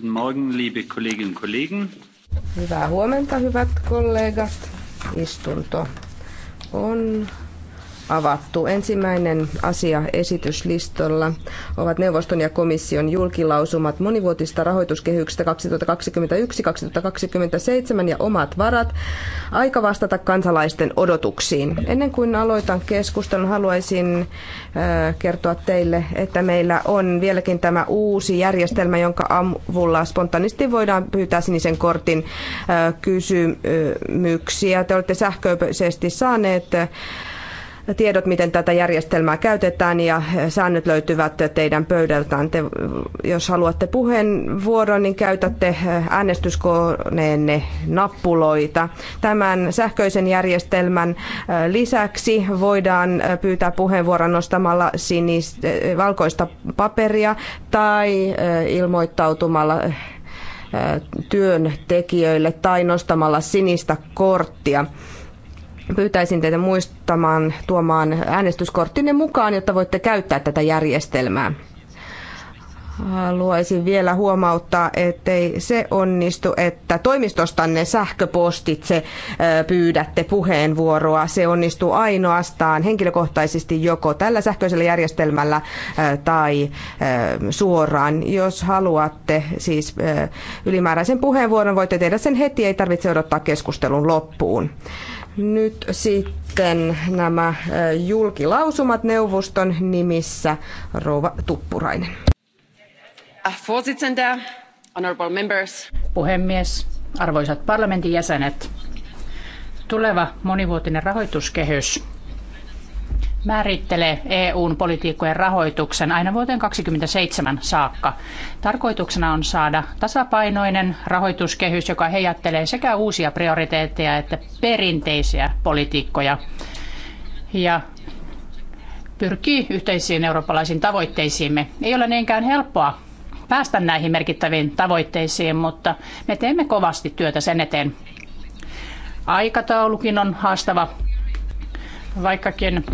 Guten Morgen, liebe Kolleginnen und Kollegen. Hyvää huomenta, hyvät kollegat. Istunto on avattu. Ensimmäinen asia esityslistalla ovat neuvoston ja komission julkilausumat monivuotista rahoituskehyksestä 2021-2027 ja omat varat. Aika vastata kansalaisten odotuksiin. Ennen kuin aloitan keskustelun, haluaisin äh, kertoa teille, että meillä on vieläkin tämä uusi järjestelmä, jonka avulla spontaanisti voidaan pyytää sinisen kortin äh, kysymyksiä. Te olette sähköisesti saaneet äh, tiedot, miten tätä järjestelmää käytetään ja säännöt löytyvät teidän pöydältään. Te, jos haluatte puheenvuoron, niin käytätte äänestyskoneenne nappuloita. Tämän sähköisen järjestelmän äh, lisäksi voidaan äh, pyytää puheenvuoron nostamalla sinistä, äh, valkoista paperia tai ilmoittautumalla työntekijöille tai nostamalla sinistä korttia pyytäisin teitä muistamaan tuomaan äänestyskorttinne mukaan, jotta voitte käyttää tätä järjestelmää. Haluaisin vielä huomauttaa, ettei se onnistu, että toimistostanne sähköpostitse pyydätte puheenvuoroa. Se onnistuu ainoastaan henkilökohtaisesti joko tällä sähköisellä järjestelmällä tai suoraan. Jos haluatte siis ylimääräisen puheenvuoron, voitte tehdä sen heti, ei tarvitse odottaa keskustelun loppuun. Nyt sitten nämä äh, julkilausumat neuvoston nimissä. Rouva Tuppurainen. Äh, Puhemies, arvoisat parlamentin jäsenet. Tuleva monivuotinen rahoituskehys määrittelee EUn politiikkojen rahoituksen aina vuoteen 2027 saakka. Tarkoituksena on saada tasapainoinen rahoituskehys, joka heijattelee sekä uusia prioriteetteja että perinteisiä politiikkoja ja pyrkii yhteisiin eurooppalaisiin tavoitteisiimme. Ei ole niinkään helppoa päästä näihin merkittäviin tavoitteisiin, mutta me teemme kovasti työtä sen eteen. Aikataulukin on haastava, vaikkakin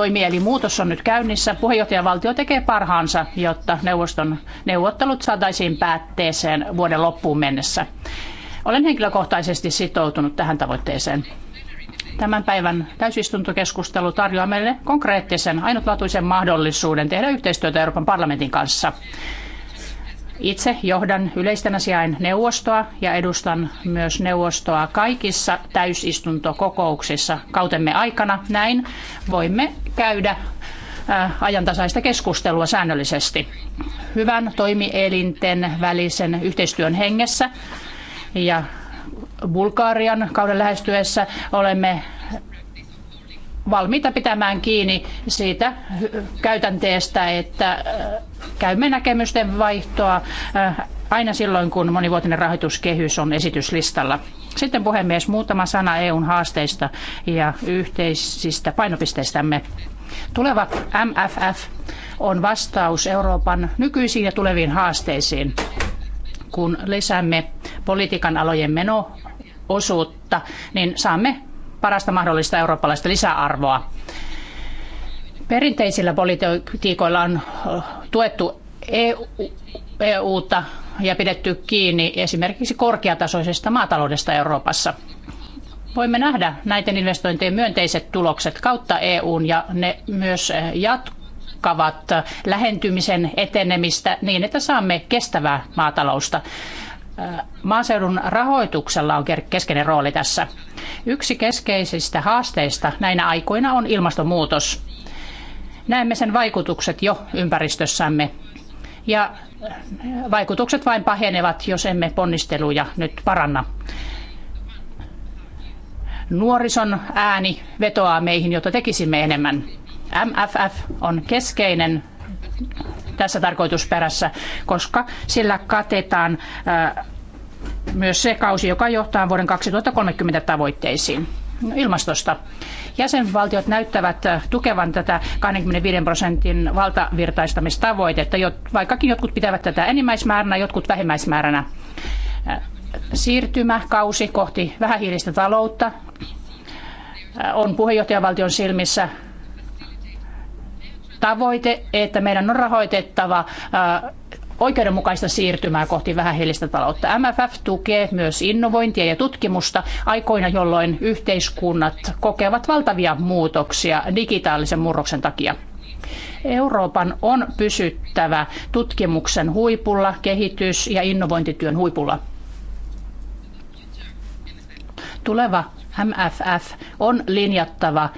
toimii, eli muutos on nyt käynnissä. Puheenjohtajavaltio tekee parhaansa, jotta neuvoston neuvottelut saataisiin päätteeseen vuoden loppuun mennessä. Olen henkilökohtaisesti sitoutunut tähän tavoitteeseen. Tämän päivän täysistuntokeskustelu tarjoaa meille konkreettisen, ainutlaatuisen mahdollisuuden tehdä yhteistyötä Euroopan parlamentin kanssa. Itse johdan yleisten asiain neuvostoa ja edustan myös neuvostoa kaikissa täysistuntokokouksissa kautemme aikana. Näin voimme käydä äh, ajantasaista keskustelua säännöllisesti hyvän toimielinten välisen yhteistyön hengessä ja Bulgarian kauden lähestyessä olemme valmiita pitämään kiinni siitä käytänteestä, että äh, käymme näkemysten vaihtoa äh, aina silloin, kun monivuotinen rahoituskehys on esityslistalla. Sitten puhemies, muutama sana EUn haasteista ja yhteisistä painopisteistämme. Tuleva MFF on vastaus Euroopan nykyisiin ja tuleviin haasteisiin, kun lisäämme politiikan alojen osuutta niin saamme parasta mahdollista eurooppalaista lisäarvoa. Perinteisillä politiikoilla on tuettu EU, EUta ja pidetty kiinni esimerkiksi korkeatasoisesta maataloudesta Euroopassa. Voimme nähdä näiden investointien myönteiset tulokset kautta EUn ja ne myös jatkavat lähentymisen etenemistä niin, että saamme kestävää maatalousta. Maaseudun rahoituksella on keskeinen rooli tässä. Yksi keskeisistä haasteista näinä aikoina on ilmastonmuutos. Näemme sen vaikutukset jo ympäristössämme ja vaikutukset vain pahenevat, jos emme ponnisteluja nyt paranna. Nuorison ääni vetoaa meihin, jotta tekisimme enemmän. MFF on keskeinen tässä tarkoitusperässä, koska sillä katetaan äh, myös se kausi, joka johtaa vuoden 2030 tavoitteisiin no, ilmastosta. Jäsenvaltiot näyttävät äh, tukevan tätä 25 prosentin valtavirtaistamistavoitetta, vaikkakin jotkut pitävät tätä enimmäismääränä, jotkut vähimmäismääränä. Äh, siirtymäkausi kohti vähähiilistä taloutta on puheenjohtajavaltion silmissä tavoite, että meidän on rahoitettava äh, oikeudenmukaista siirtymää kohti vähähiilistä taloutta. MFF tukee myös innovointia ja tutkimusta aikoina, jolloin yhteiskunnat kokevat valtavia muutoksia digitaalisen murroksen takia. Euroopan on pysyttävä tutkimuksen huipulla, kehitys- ja innovointityön huipulla. Tuleva MFF on linjattava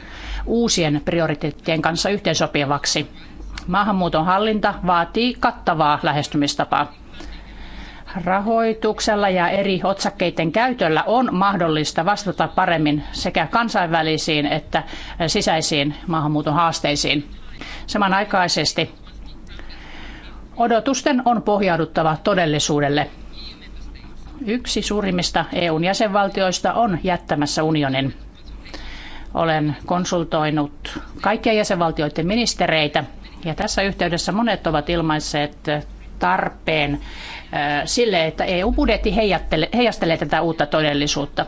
uusien prioriteettien kanssa yhteensopivaksi. Maahanmuuton hallinta vaatii kattavaa lähestymistapaa. Rahoituksella ja eri otsakkeiden käytöllä on mahdollista vastata paremmin sekä kansainvälisiin että sisäisiin maahanmuuton haasteisiin. Samanaikaisesti odotusten on pohjauduttava todellisuudelle. Yksi suurimmista EUn jäsenvaltioista on jättämässä unionin. Olen konsultoinut kaikkia jäsenvaltioiden ministereitä ja tässä yhteydessä monet ovat ilmaisseet tarpeen sille, että EU-budjetti heijastelee tätä uutta todellisuutta.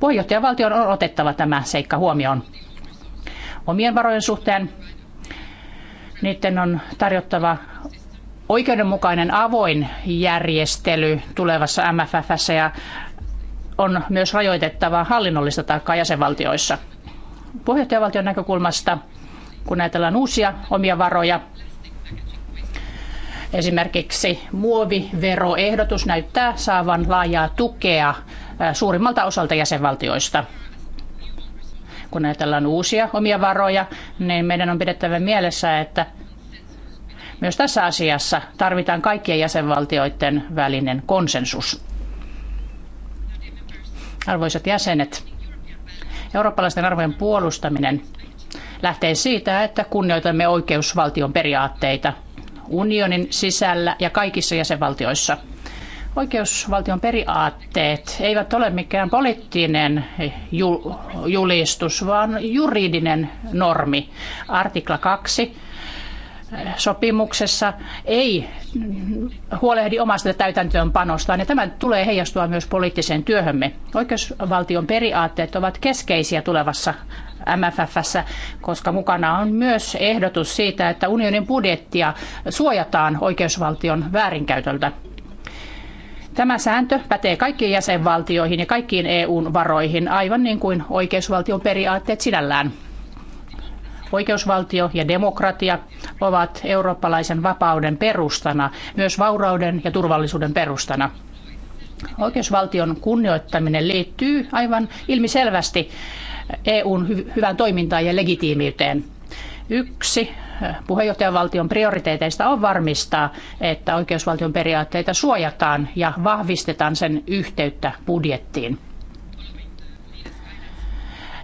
Puheenjohtajavaltion on otettava tämä seikka huomioon. Omien varojen suhteen niiden on tarjottava oikeudenmukainen avoin järjestely tulevassa MFFssä ja on myös rajoitettava hallinnollista taakkaa jäsenvaltioissa puheenjohtajavaltion näkökulmasta, kun ajatellaan uusia omia varoja, Esimerkiksi muoviveroehdotus näyttää saavan laajaa tukea suurimmalta osalta jäsenvaltioista. Kun ajatellaan uusia omia varoja, niin meidän on pidettävä mielessä, että myös tässä asiassa tarvitaan kaikkien jäsenvaltioiden välinen konsensus. Arvoisat jäsenet, Eurooppalaisten arvojen puolustaminen lähtee siitä, että kunnioitamme oikeusvaltion periaatteita unionin sisällä ja kaikissa jäsenvaltioissa. Oikeusvaltion periaatteet eivät ole mikään poliittinen julistus, vaan juridinen normi. Artikla 2 sopimuksessa ei huolehdi omasta täytäntöönpanostaan ja tämän tulee heijastua myös poliittiseen työhömme. Oikeusvaltion periaatteet ovat keskeisiä tulevassa MFFssä, koska mukana on myös ehdotus siitä, että unionin budjettia suojataan oikeusvaltion väärinkäytöltä. Tämä sääntö pätee kaikkiin jäsenvaltioihin ja kaikkiin EUn varoihin, aivan niin kuin oikeusvaltion periaatteet sinällään. Oikeusvaltio ja demokratia ovat eurooppalaisen vapauden perustana, myös vaurauden ja turvallisuuden perustana. Oikeusvaltion kunnioittaminen liittyy aivan ilmiselvästi EUn hyvään toimintaan ja legitiimiyteen. Yksi eh, puheenjohtajavaltion prioriteeteista on varmistaa, että oikeusvaltion periaatteita suojataan ja vahvistetaan sen yhteyttä budjettiin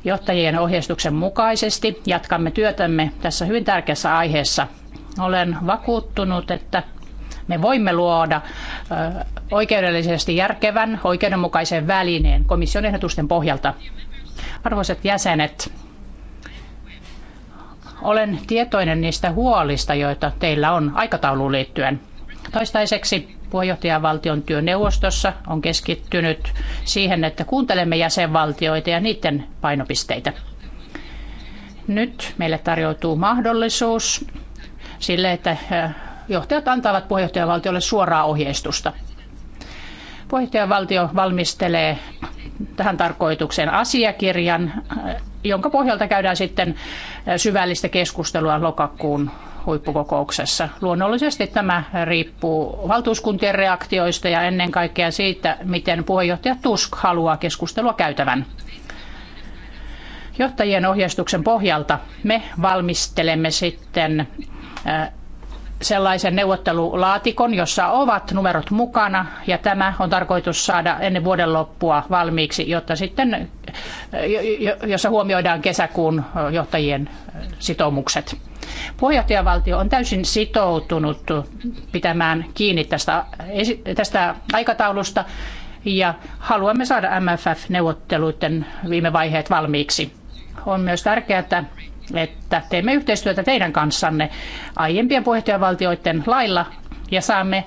johtajien ohjeistuksen mukaisesti jatkamme työtämme tässä hyvin tärkeässä aiheessa. Olen vakuuttunut, että me voimme luoda oikeudellisesti järkevän, oikeudenmukaisen välineen komission ehdotusten pohjalta. Arvoisat jäsenet, olen tietoinen niistä huolista, joita teillä on aikatauluun liittyen. Toistaiseksi puheenjohtajavaltion työneuvostossa on keskittynyt siihen, että kuuntelemme jäsenvaltioita ja niiden painopisteitä. Nyt meille tarjoutuu mahdollisuus sille, että äh, johtajat antavat puheenjohtajavaltiolle suoraa ohjeistusta. Puheenjohtajavaltio valmistelee tähän tarkoitukseen asiakirjan, äh, jonka pohjalta käydään sitten äh, syvällistä keskustelua lokakuun huippukokouksessa. Luonnollisesti tämä riippuu valtuuskuntien reaktioista ja ennen kaikkea siitä, miten puheenjohtaja Tusk haluaa keskustelua käytävän. Johtajien ohjeistuksen pohjalta me valmistelemme sitten eh, sellaisen neuvottelulaatikon, jossa ovat numerot mukana, ja tämä on tarkoitus saada ennen vuoden loppua valmiiksi, jotta sitten, eh, jossa huomioidaan kesäkuun eh, johtajien sitoumukset. Puheenjohtajavaltio on täysin sitoutunut pitämään kiinni tästä, tästä aikataulusta ja haluamme saada MFF-neuvotteluiden viime vaiheet valmiiksi. On myös tärkeää, että teemme yhteistyötä teidän kanssanne aiempien puheenjohtajavaltioiden lailla ja saamme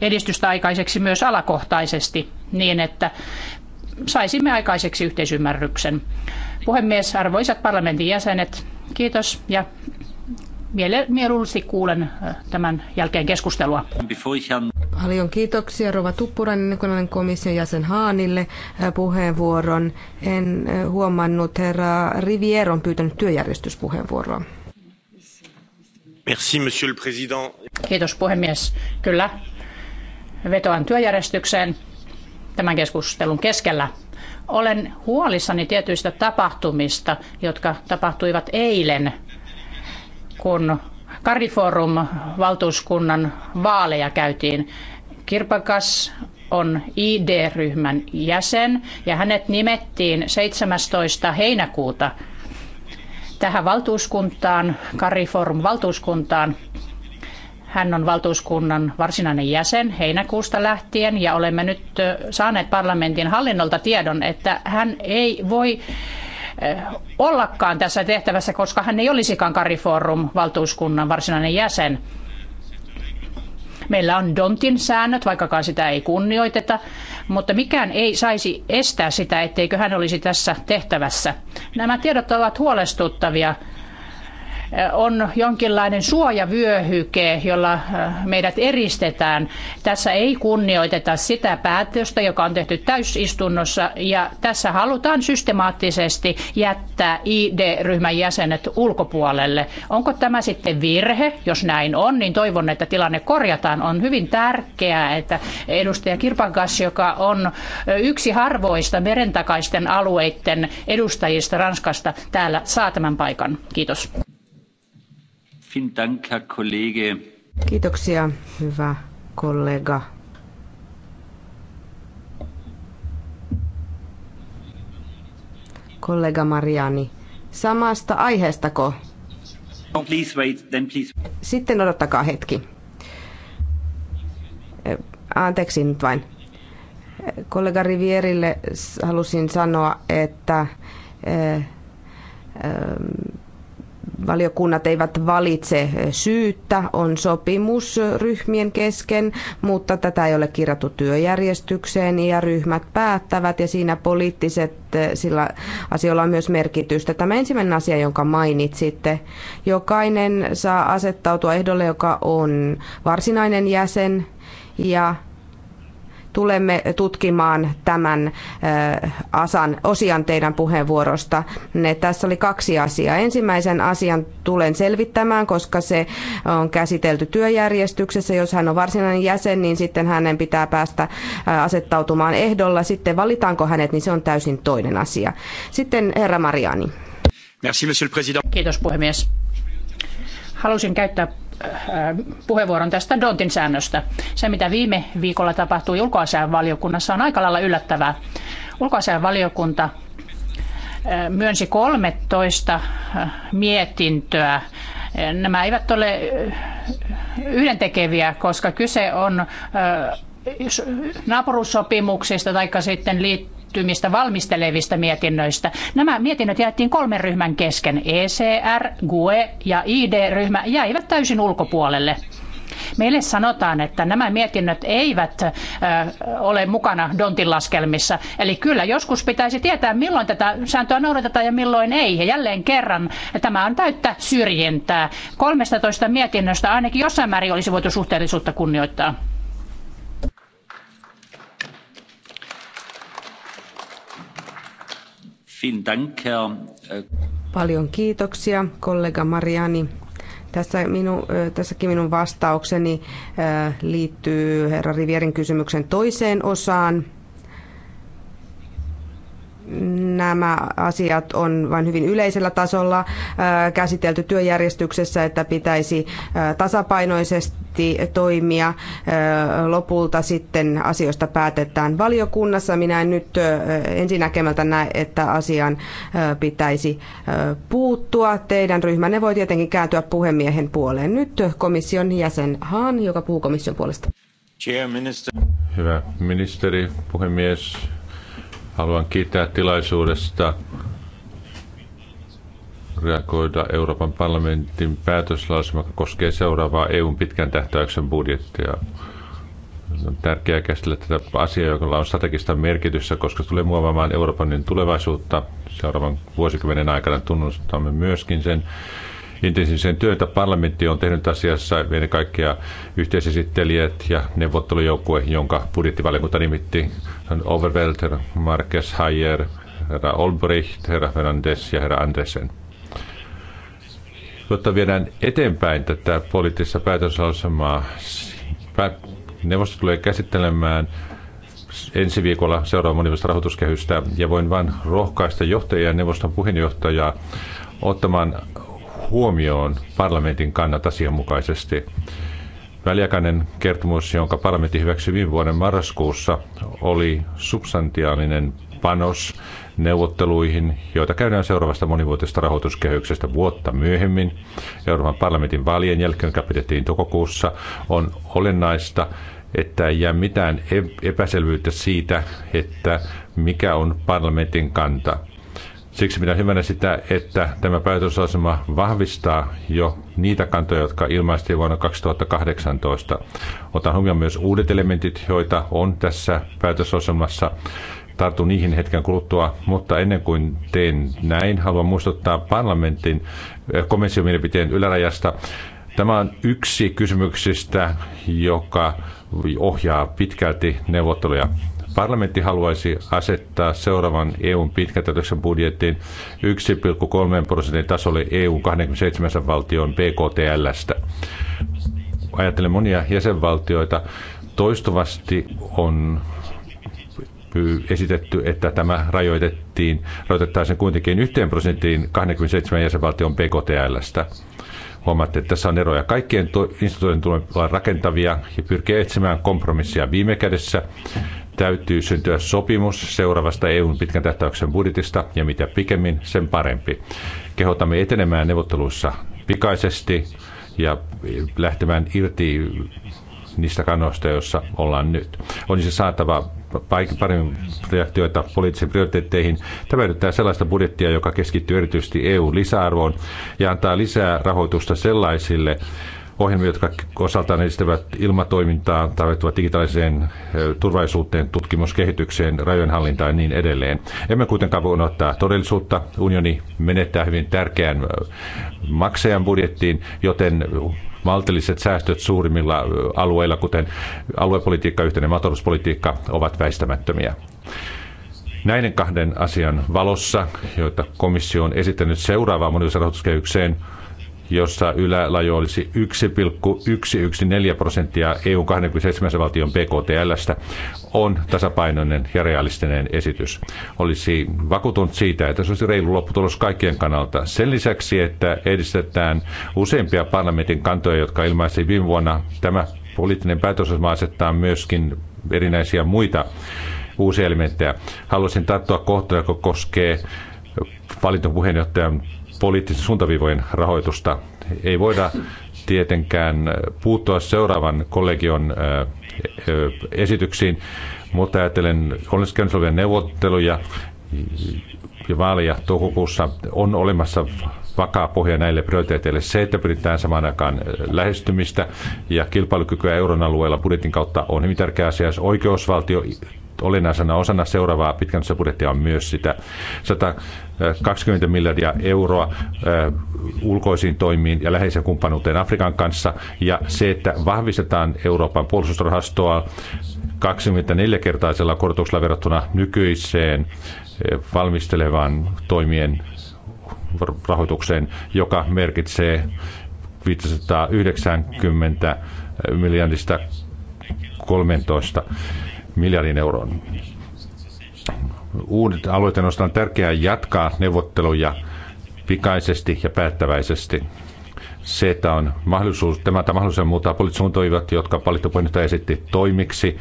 edistystä aikaiseksi myös alakohtaisesti niin, että saisimme aikaiseksi yhteisymmärryksen. Puhemies, arvoisat parlamentin jäsenet, kiitos ja mieluusti kuulen tämän jälkeen keskustelua. Paljon kiitoksia Rova Tuppurainen, niin kun olen komission jäsen Haanille puheenvuoron. En huomannut, herra Rivier on pyytänyt työjärjestyspuheenvuoroa. Merci, monsieur le président. Kiitos puhemies. Kyllä, vetoan työjärjestykseen tämän keskustelun keskellä. Olen huolissani tietyistä tapahtumista, jotka tapahtuivat eilen kun Cardiforum valtuuskunnan vaaleja käytiin. Kirpakas on ID-ryhmän jäsen ja hänet nimettiin 17. heinäkuuta tähän valtuuskuntaan, Cariforum valtuuskuntaan. Hän on valtuuskunnan varsinainen jäsen heinäkuusta lähtien ja olemme nyt saaneet parlamentin hallinnolta tiedon, että hän ei voi Eh, ollakaan tässä tehtävässä, koska hän ei olisikaan Kariforum valtuuskunnan varsinainen jäsen. Meillä on Dontin säännöt, vaikkakaan sitä ei kunnioiteta, mutta mikään ei saisi estää sitä, etteikö hän olisi tässä tehtävässä. Nämä tiedot ovat huolestuttavia on jonkinlainen suojavyöhyke, jolla meidät eristetään. Tässä ei kunnioiteta sitä päätöstä, joka on tehty täysistunnossa, ja tässä halutaan systemaattisesti jättää ID-ryhmän jäsenet ulkopuolelle. Onko tämä sitten virhe? Jos näin on, niin toivon, että tilanne korjataan. On hyvin tärkeää, että edustaja Kirpankas, joka on yksi harvoista merentakaisten alueiden edustajista Ranskasta, täällä saa tämän paikan. Kiitos. Kiitoksia, hyvä kollega. Kollega Mariani, samasta aiheestako? No, Sitten odottakaa hetki. Eh, anteeksi nyt vain. Kollega Rivierille halusin sanoa, että eh, valiokunnat eivät valitse syyttä, on sopimus ryhmien kesken, mutta tätä ei ole kirjattu työjärjestykseen ja ryhmät päättävät ja siinä poliittiset sillä asioilla on myös merkitystä. Tämä ensimmäinen asia, jonka mainitsitte, jokainen saa asettautua ehdolle, joka on varsinainen jäsen ja Tulemme tutkimaan tämän asan, osian teidän puheenvuorosta. Tässä oli kaksi asiaa. Ensimmäisen asian tulen selvittämään, koska se on käsitelty työjärjestyksessä. Jos hän on varsinainen jäsen, niin sitten hänen pitää päästä asettautumaan ehdolla. Sitten valitaanko hänet, niin se on täysin toinen asia. Sitten herra Mariani. Merci, monsieur le président. Kiitos puhemies. Halusin käyttää Äh, puheenvuoron tästä Dontin säännöstä. Se, mitä viime viikolla tapahtui ulkoasiainvaliokunnassa, on aika lailla yllättävää. Ulkoasiainvaliokunta äh, myönsi 13 äh, mietintöä. Nämä eivät ole yhdentekeviä, koska kyse on naapuruussopimuksista tai sitten liittymistä valmistelevista mietinnöistä. Nämä mietinnöt jaettiin kolmen ryhmän kesken. ECR, GUE ja ID-ryhmä jäivät täysin ulkopuolelle. Meille sanotaan, että nämä mietinnöt eivät ole mukana Dontin laskelmissa. Eli kyllä joskus pitäisi tietää, milloin tätä sääntöä noudatetaan ja milloin ei. Ja jälleen kerran tämä on täyttä syrjintää. 13 mietinnöstä ainakin jossain määrin olisi voitu suhteellisuutta kunnioittaa. Äh, Paljon kiitoksia, kollega Mariani. Tässä minu, äh, tässäkin minun vastaukseni äh, liittyy herra Rivierin kysymyksen toiseen osaan nämä asiat on vain hyvin yleisellä tasolla äh, käsitelty työjärjestyksessä, että pitäisi äh, tasapainoisesti toimia. Äh, lopulta sitten asioista päätetään valiokunnassa. Minä en nyt ensinäkemältä näe, että asiaan pitäisi puuttua. Teidän ryhmänne voi tietenkin kääntyä puhemiehen puoleen. Nyt komission jäsen Hahn, joka puhuu komission puolesta. Hyvä ministeri, puhemies, Haluan kiittää tilaisuudesta reagoida Euroopan parlamentin päätöslausuma, joka koskee seuraavaa EUn pitkän tähtäyksen budjettia. On tärkeää käsitellä tätä asiaa, jolla on strategista merkitystä, koska se tulee muovaamaan Euroopan tulevaisuutta seuraavan vuosikymmenen aikana. Tunnustamme myöskin sen, intensiivisen niin työtä parlamentti on tehnyt asiassa ennen kaikkea yhteisesittelijät ja neuvottelujoukkue, jonka budjettivaliokunta nimitti Overvelter, Marques Hayer, herra Olbricht, herra Fernandes ja herra Andresen jotta viedään eteenpäin tätä poliittista päätöslausemaa. Neuvosto tulee käsittelemään ensi viikolla seuraava monivuotista rahoituskehystä ja voin vain rohkaista johtajia ja neuvoston puheenjohtajaa ottamaan huomioon parlamentin kannat asianmukaisesti. Väliaikainen kertomus, jonka parlamentti hyväksyi viime vuoden marraskuussa, oli substantiaalinen panos neuvotteluihin, joita käydään seuraavasta monivuotisesta rahoituskehyksestä vuotta myöhemmin. Euroopan parlamentin vaalien jälkeen, joka pidettiin tokokuussa, on olennaista, että ei jää mitään epäselvyyttä siitä, että mikä on parlamentin kanta. Siksi minä hyvänä sitä, että tämä päätösasema vahvistaa jo niitä kantoja, jotka ilmaistiin vuonna 2018. Otan huomioon myös uudet elementit, joita on tässä päätösasemassa. Tartun niihin hetken kuluttua, mutta ennen kuin teen näin, haluan muistuttaa parlamentin eh, komission mielipiteen ylärajasta. Tämä on yksi kysymyksistä, joka ohjaa pitkälti neuvotteluja Parlamentti haluaisi asettaa seuraavan EUn pitkätätöksen budjettiin 1,3 prosentin tasolle EU 27 valtion BKTLstä. Ajattelen monia jäsenvaltioita. Toistuvasti on esitetty, että tämä rajoitettiin, rajoitettaisiin kuitenkin 1 prosenttiin 27 jäsenvaltion BKTLstä. Huomaatte, että tässä on eroja. Kaikkien instituutioiden tulee olla rakentavia ja pyrkiä etsimään kompromissia. Viime kädessä täytyy syntyä sopimus seuraavasta EUn pitkän tähtäyksen budjetista ja mitä pikemmin, sen parempi. Kehotamme etenemään neuvotteluissa pikaisesti ja lähtemään irti niistä kannoista, joissa ollaan nyt. On se saatava paremmin työtä poliittisiin prioriteetteihin. Tämä edellyttää sellaista budjettia, joka keskittyy erityisesti EU-lisäarvoon ja antaa lisää rahoitusta sellaisille ohjelmille, jotka osaltaan edistävät ilmatoimintaa, tarvittavat digitaaliseen turvallisuuteen, tutkimuskehitykseen, rajoinhallintaan ja niin edelleen. Emme kuitenkaan voi unohtaa todellisuutta. Unioni menettää hyvin tärkeän maksajan budjettiin, joten Maltilliset säästöt suurimmilla alueilla, kuten aluepolitiikka, yhteinen maatalouspolitiikka, ovat väistämättömiä. Näiden kahden asian valossa, joita komissio on esittänyt seuraavaan monivuotiseen rahoituskehykseen, jossa ylälaju olisi 1,114 prosenttia EUn 27 valtion BKTLstä, on tasapainoinen ja realistinen esitys. Olisi vakuutunut siitä, että se olisi reilu lopputulos kaikkien kannalta. Sen lisäksi, että edistetään useimpia parlamentin kantoja, jotka ilmaisi viime vuonna, tämä poliittinen päätösosma asettaa myöskin erinäisiä muita uusia elementtejä. Haluaisin tarttua kohtaan, joka koskee valintopuheenjohtajan poliittisten suuntaviivojen rahoitusta. Ei voida tietenkään puuttua seuraavan kollegion esityksiin, mutta ajattelen olemassa käynnissä neuvotteluja ja vaaleja toukokuussa on olemassa vakaa pohja näille prioriteeteille. Se, että pyritään samaan aikaan lähestymistä ja kilpailukykyä euron alueella budjetin kautta on hyvin tärkeä asia. Oikeusvaltio olennaisena osana seuraavaa pitkän budjettia on myös sitä 100 20 miljardia euroa äh, ulkoisiin toimiin ja läheisen kumppanuuteen Afrikan kanssa. Ja se, että vahvistetaan Euroopan puolustusrahastoa 24-kertaisella korotuksella verrattuna nykyiseen äh, valmistelevan toimien rahoitukseen, joka merkitsee 590 miljardista 13 miljardin euron uudet alueet, joista on tärkeää jatkaa neuvotteluja pikaisesti ja päättäväisesti. Se, että on mahdollisuus, tämä tai mahdollisuus muuttaa poliittisuun toivot, jotka valittopuheenjohtaja esitti toimiksi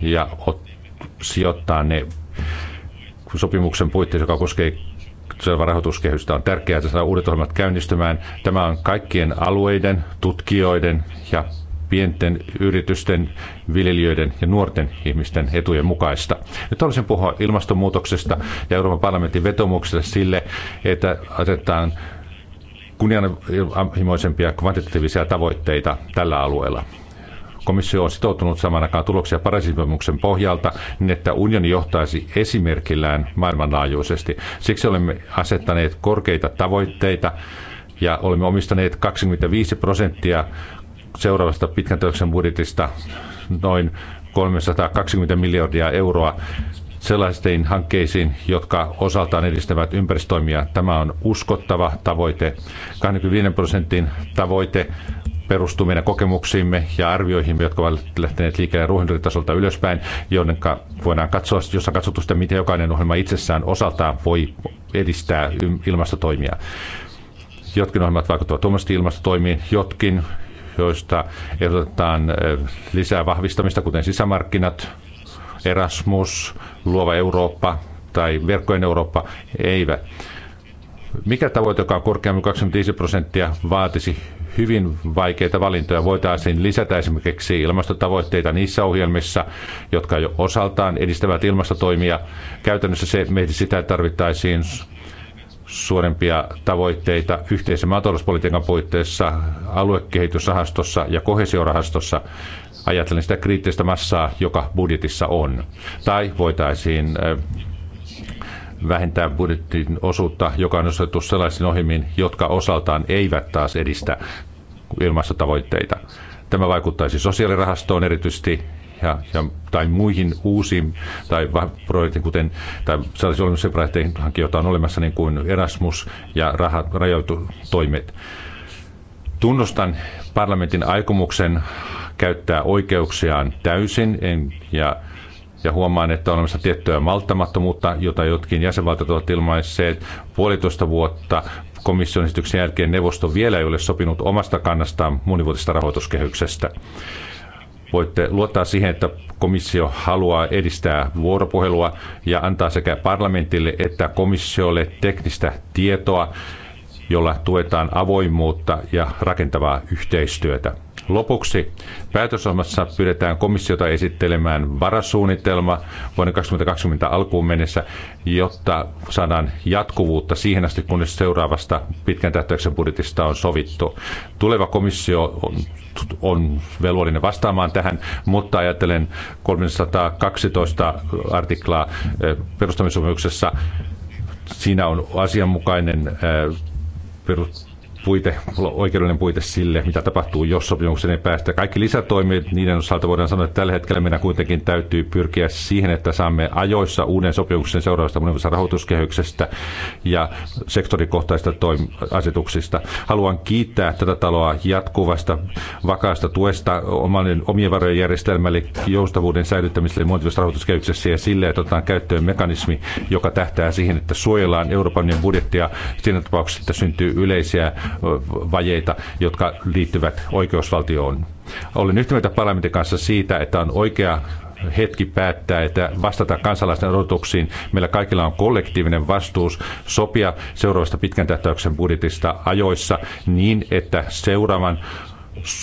ja ot, sijoittaa ne sopimuksen puitteissa, joka koskee tulevaa rahoituskehystä. On tärkeää että saadaan uudet ohjelmat käynnistymään. Tämä on kaikkien alueiden, tutkijoiden ja pienten yritysten, viljelijöiden ja nuorten ihmisten etujen mukaista. Nyt haluaisin puhua ilmastonmuutoksesta ja Euroopan parlamentin vetomuksesta sille, että asetetaan kunnianhimoisempia kvantitatiivisia tavoitteita tällä alueella. Komissio on sitoutunut saman aikaan tuloksia Pariisin pohjalta niin, että unioni johtaisi esimerkillään maailmanlaajuisesti. Siksi olemme asettaneet korkeita tavoitteita ja olemme omistaneet 25 prosenttia seuraavasta pitkän työksen budjetista noin 320 miljardia euroa sellaisiin hankkeisiin, jotka osaltaan edistävät ympäristötoimia. Tämä on uskottava tavoite. 25 prosentin tavoite perustuu meidän kokemuksiimme ja arvioihin, jotka ovat lähteneet liikkeelle ruohonjuuritasolta ylöspäin, joiden voidaan katsoa, jossa on katsottu sitä, miten jokainen ohjelma itsessään osaltaan voi edistää ilmastotoimia. Jotkin ohjelmat vaikuttavat tuommoisesti ilmastotoimiin, jotkin joista ehdotetaan eh, lisää vahvistamista, kuten sisämarkkinat, Erasmus, Luova Eurooppa tai Verkkojen Eurooppa, eivät. Mikä tavoite, joka on korkeammin 25 prosenttia, vaatisi hyvin vaikeita valintoja? Voitaisiin lisätä esimerkiksi ilmastotavoitteita niissä ohjelmissa, jotka jo osaltaan edistävät ilmastotoimia. Käytännössä se meitä sitä tarvittaisiin suurempia tavoitteita yhteisen maatalouspolitiikan puitteissa, aluekehitysrahastossa ja kohesiorahastossa ajatellen sitä kriittistä massaa, joka budjetissa on. Tai voitaisiin äh, vähentää budjetin osuutta, joka on osoitettu sellaisiin ohjelmiin, jotka osaltaan eivät taas edistä ilmastotavoitteita. Tämä vaikuttaisi sosiaalirahastoon erityisesti ja, ja, tai muihin uusiin tai projekteihin, kuten tai sellaisiin olemassa projekteihin, joita on olemassa niin kuin Erasmus ja rahat, rajoitutoimet. Tunnustan parlamentin aikomuksen käyttää oikeuksiaan täysin en, ja ja huomaan, että on olemassa tiettyä malttamattomuutta, jota jotkin jäsenvaltiot ovat ilmaisseet puolitoista vuotta komission esityksen jälkeen neuvosto vielä ei ole sopinut omasta kannastaan monivuotisesta rahoituskehyksestä. Voitte luottaa siihen, että komissio haluaa edistää vuoropuhelua ja antaa sekä parlamentille että komissiolle teknistä tietoa, jolla tuetaan avoimuutta ja rakentavaa yhteistyötä. Lopuksi päätösohjelmassa pyydetään komissiota esittelemään varasuunnitelma vuoden 2020 alkuun mennessä, jotta saadaan jatkuvuutta siihen asti, kunnes seuraavasta pitkän tähtäyksen budjetista on sovittu. Tuleva komissio on, on velvollinen vastaamaan tähän, mutta ajattelen 312 artiklaa eh, perustamisopimuksessa. Siinä on asianmukainen eh, perus puite, oikeudellinen puite sille, mitä tapahtuu, jos sopimuksen ei päästä. Kaikki lisätoimet, niiden osalta voidaan sanoa, että tällä hetkellä meidän kuitenkin täytyy pyrkiä siihen, että saamme ajoissa uuden sopimuksen seuraavasta monenvuotisesta rahoituskehyksestä ja sektorikohtaisista toim- asetuksista. Haluan kiittää tätä taloa jatkuvasta vakaasta tuesta omien varojen järjestelmälle, joustavuuden säilyttämiselle monenvuotisessa rahoituskehyksessä ja sille, että otetaan käyttöön mekanismi, joka tähtää siihen, että suojellaan Euroopan budjettia siinä tapauksessa, että syntyy yleisiä vajeita, jotka liittyvät oikeusvaltioon. Olen yhtä mieltä parlamentin kanssa siitä, että on oikea hetki päättää, että vastata kansalaisten odotuksiin. Meillä kaikilla on kollektiivinen vastuus sopia seuraavasta pitkän tähtäyksen budjetista ajoissa niin, että seuraavan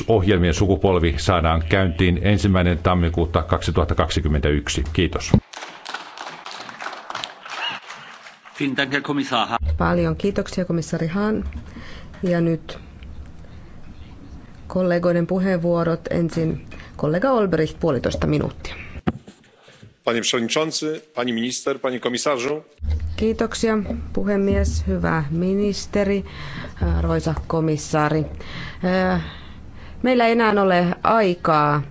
ohjelmien sukupolvi saadaan käyntiin ensimmäinen tammikuuta 2021. Kiitos. Paljon kiitoksia komissaari Hahn. Ja nyt kollegoiden puheenvuorot. Ensin kollega Olbricht, puolitoista minuuttia. Panie przewodniczący, pani minister, panie komisarzu. Kiitoksia puhemies, hyvä ministeri, arvoisa komissaari. Äh, meillä ei enää ole aikaa